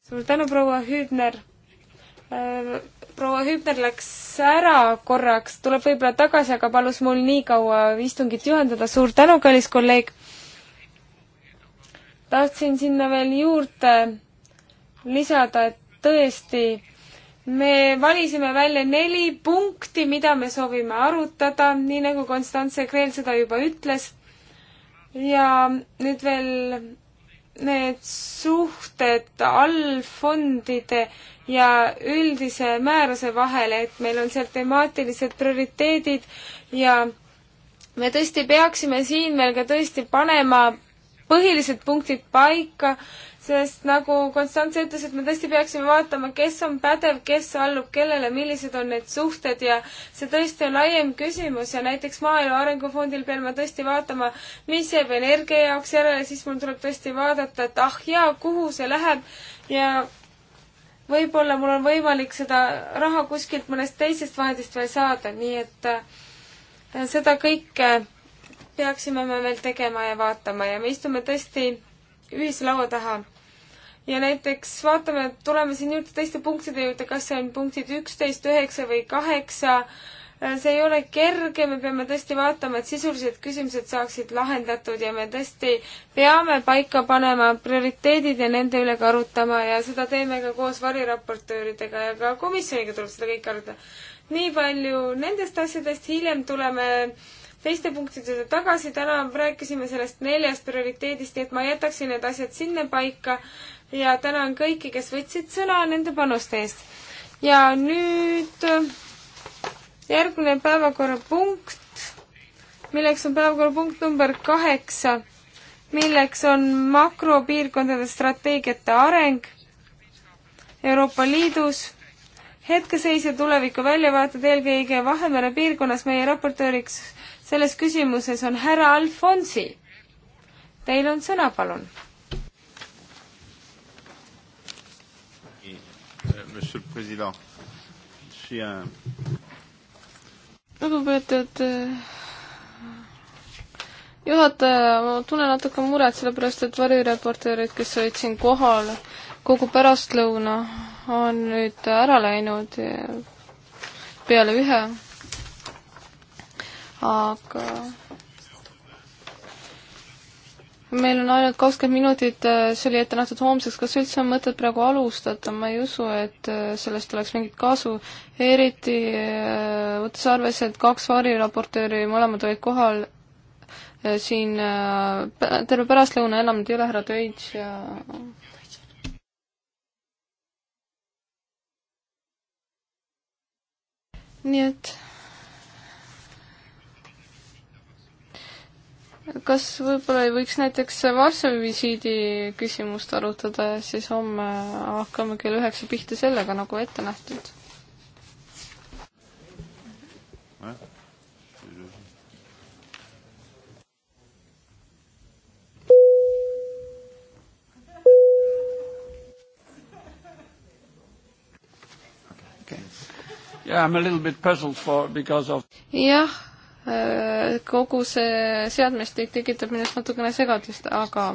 suur tänu, proua Hübner! proua Hübner läks ära korraks, tuleb võib-olla tagasi, aga palus mul nii kaua istungit juhendada, suur tänu, kallis kolleeg. tahtsin sinna veel juurde lisada, et tõesti, me valisime välja neli punkti, mida me soovime arutada, nii nagu Konstantse Kreel seda juba ütles. ja nüüd veel need suhted allfondide ja üldise määruse vahel, et meil on seal temaatilised prioriteedid ja me tõesti peaksime siin veel ka tõesti panema põhilised punktid paika sest nagu Konstantse ütles, et me tõesti peaksime vaatama, kes on pädev, kes allub kellele, millised on need suhted ja see tõesti on laiem küsimus ja näiteks Maaelu Arengufondil pean ma tõesti vaatama, mis jääb energia jaoks järele, siis mul tuleb tõesti vaadata, et ah jaa, kuhu see läheb ja võib-olla mul on võimalik seda raha kuskilt mõnest teisest vahendist veel saada, nii et äh, seda kõike peaksime me veel tegema ja vaatama ja me istume tõesti ühislaua taha ja näiteks vaatame, tuleme siin nüüd teiste punktide juurde, kas see on punktid üksteist, üheksa või kaheksa, äh, see ei ole kerge, me peame tõesti vaatama, et sisulised küsimused saaksid lahendatud ja me tõesti peame paika panema prioriteedid ja nende üle ka arutama ja seda teeme ka koos variraportööridega ja ka komisjoniga tuleb seda kõike arutada. nii palju nendest asjadest, hiljem tuleme teiste punktide tagasi, täna rääkisime sellest neljast prioriteedist, nii et ma jätaksin need asjad sinna paika ja tänan kõiki, kes võtsid sõna nende panuste eest. ja nüüd äh, järgmine päevakorrapunkt, milleks on päevakorrapunkt number kaheksa, milleks on makropiirkondade strateegiate areng Euroopa Liidus hetkeseis ja tuleviku väljavaated eelkõige Vahemere piirkonnas meie raportööriks selles küsimuses on härra Alfonsi. Teil on sõna, palun. Monsieur le Président. Un... lugupeetud eh, juhataja, ma tunnen natuke muret, sellepärast et varireporterid, kes olid siin kohal kogu pärastlõuna, on nüüd ära läinud eh, peale ühe. aga meil on ainult kakskümmend minutit, äh, see oli ette nähtud homseks, kas üldse on mõtet praegu alustada, ma ei usu, et äh, sellest oleks mingit kasu, eriti äh, võttes arvesse, et kaks variraportööri, mõlemad olid kohal siin terve pärastlõuna, enam ei ole härra Töits ja nii et kas võib-olla ei võiks näiteks Varssavi visiidi küsimust arutada ja siis homme hakkame kell üheksa pihta sellega, nagu ette nähtud? Yeah, I'm a little bit puzzled for because of jah Äh, kogu see seadmestik tekitab minust natukene segadust, aga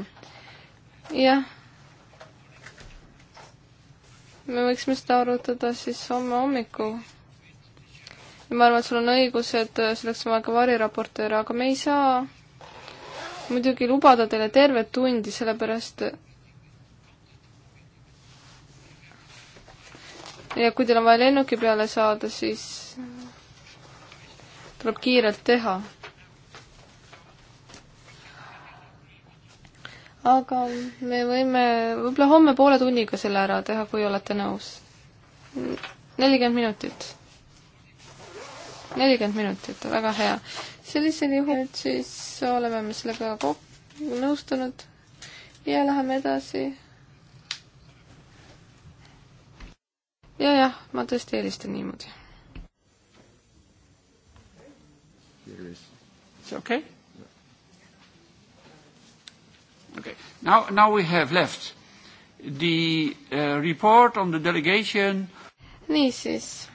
jah. me võiksime seda arutada siis homme hommikul. ja ma arvan, et sul on õigus, et äh, selleks on vaja ka variraportööre, aga me ei saa muidugi lubada teile tervet tundi, sellepärast ja kui teil on vaja lennuki peale saada, siis tuleb kiirelt teha. aga me võime võib-olla homme poole tunniga selle ära teha, kui olete nõus. nelikümmend minutit. nelikümmend minutit, väga hea. sellisel juhul siis oleme me sellega kokku nõustunud ja läheme edasi ja jah, ma tõesti eelistan niimoodi. degrees. It's okay? Okay. Now, now we have left the uh, report on the delegation. niisiis,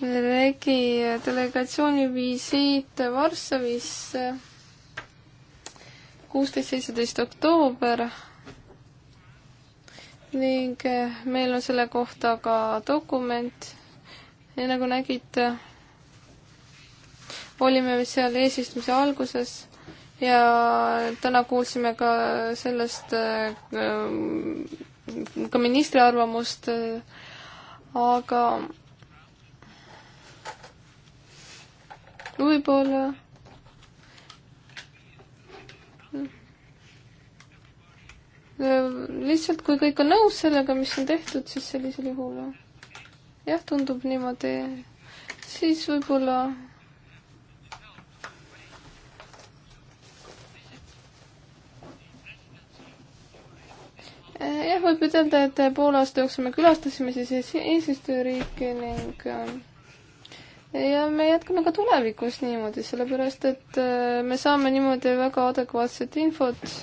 regi äh, delegatsiooni visiit Varssavisse, kuusteist, seitseteist oktoober ning äh, meil on selle kohta ka dokument ja nagu nägite, olime seal eesistumise alguses ja täna kuulsime ka sellest, äh, ka ministri arvamust, äh, aga võib-olla äh, lihtsalt kui kõik on nõus sellega, mis on tehtud, siis sellisel juhul jah, tundub niimoodi, siis võib-olla Äh, jah, võib ütelda, et äh, poole aasta jooksul me külastasime siis eesistujariiki ning äh, ja me jätkame ka tulevikus niimoodi, sellepärast et me saame niimoodi väga adekvaatset infot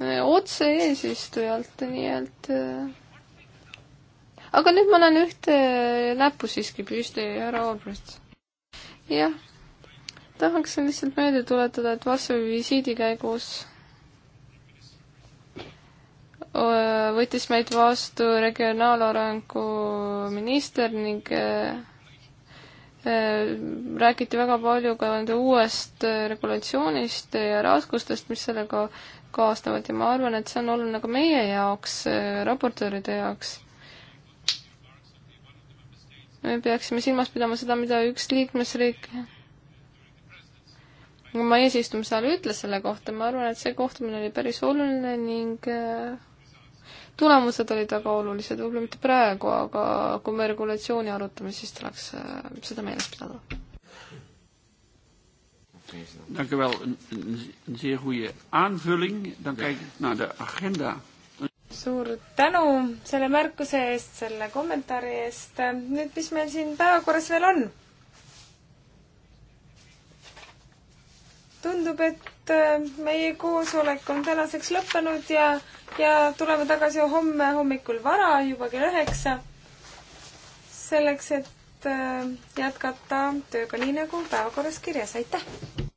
otse eesistujalt, nii et aga nüüd ma näen ühte näppu siiski püsti, härra Albrecht. jah, tahaksin lihtsalt meelde tuletada, et Varssavi visiidi käigus võttis meid vastu regionaalarengu minister ning e, e, räägiti väga palju ka nende uuest regulatsioonist ja raskustest, mis sellega kaasnevad ja ma arvan, et see on oluline nagu ka meie jaoks, e, raportööride jaoks. me peaksime silmas pidama seda, mida üks liikmesriik oma eesistumise ajal ütles selle kohta, ma arvan, et see kohtumine oli päris oluline ning tulemused olid väga olulised, võib-olla mitte praegu, aga kui me regulatsiooni arutame, siis tuleks äh, seda meeles pidada. Dank u wel. Een zeer goede aanvulling. Dan kijk ik naar de agenda. suur tänu selle märkuse eest, selle kommentaari eest. nüüd, mis meil siin päevakorras veel on? tundub, et et äh, meie koosolek on tänaseks lõppenud ja, ja tuleme tagasi homme hommikul vara, juba kell üheksa. selleks, et äh, jätkata tööga nii nagu päevakorras kirjas, aitäh!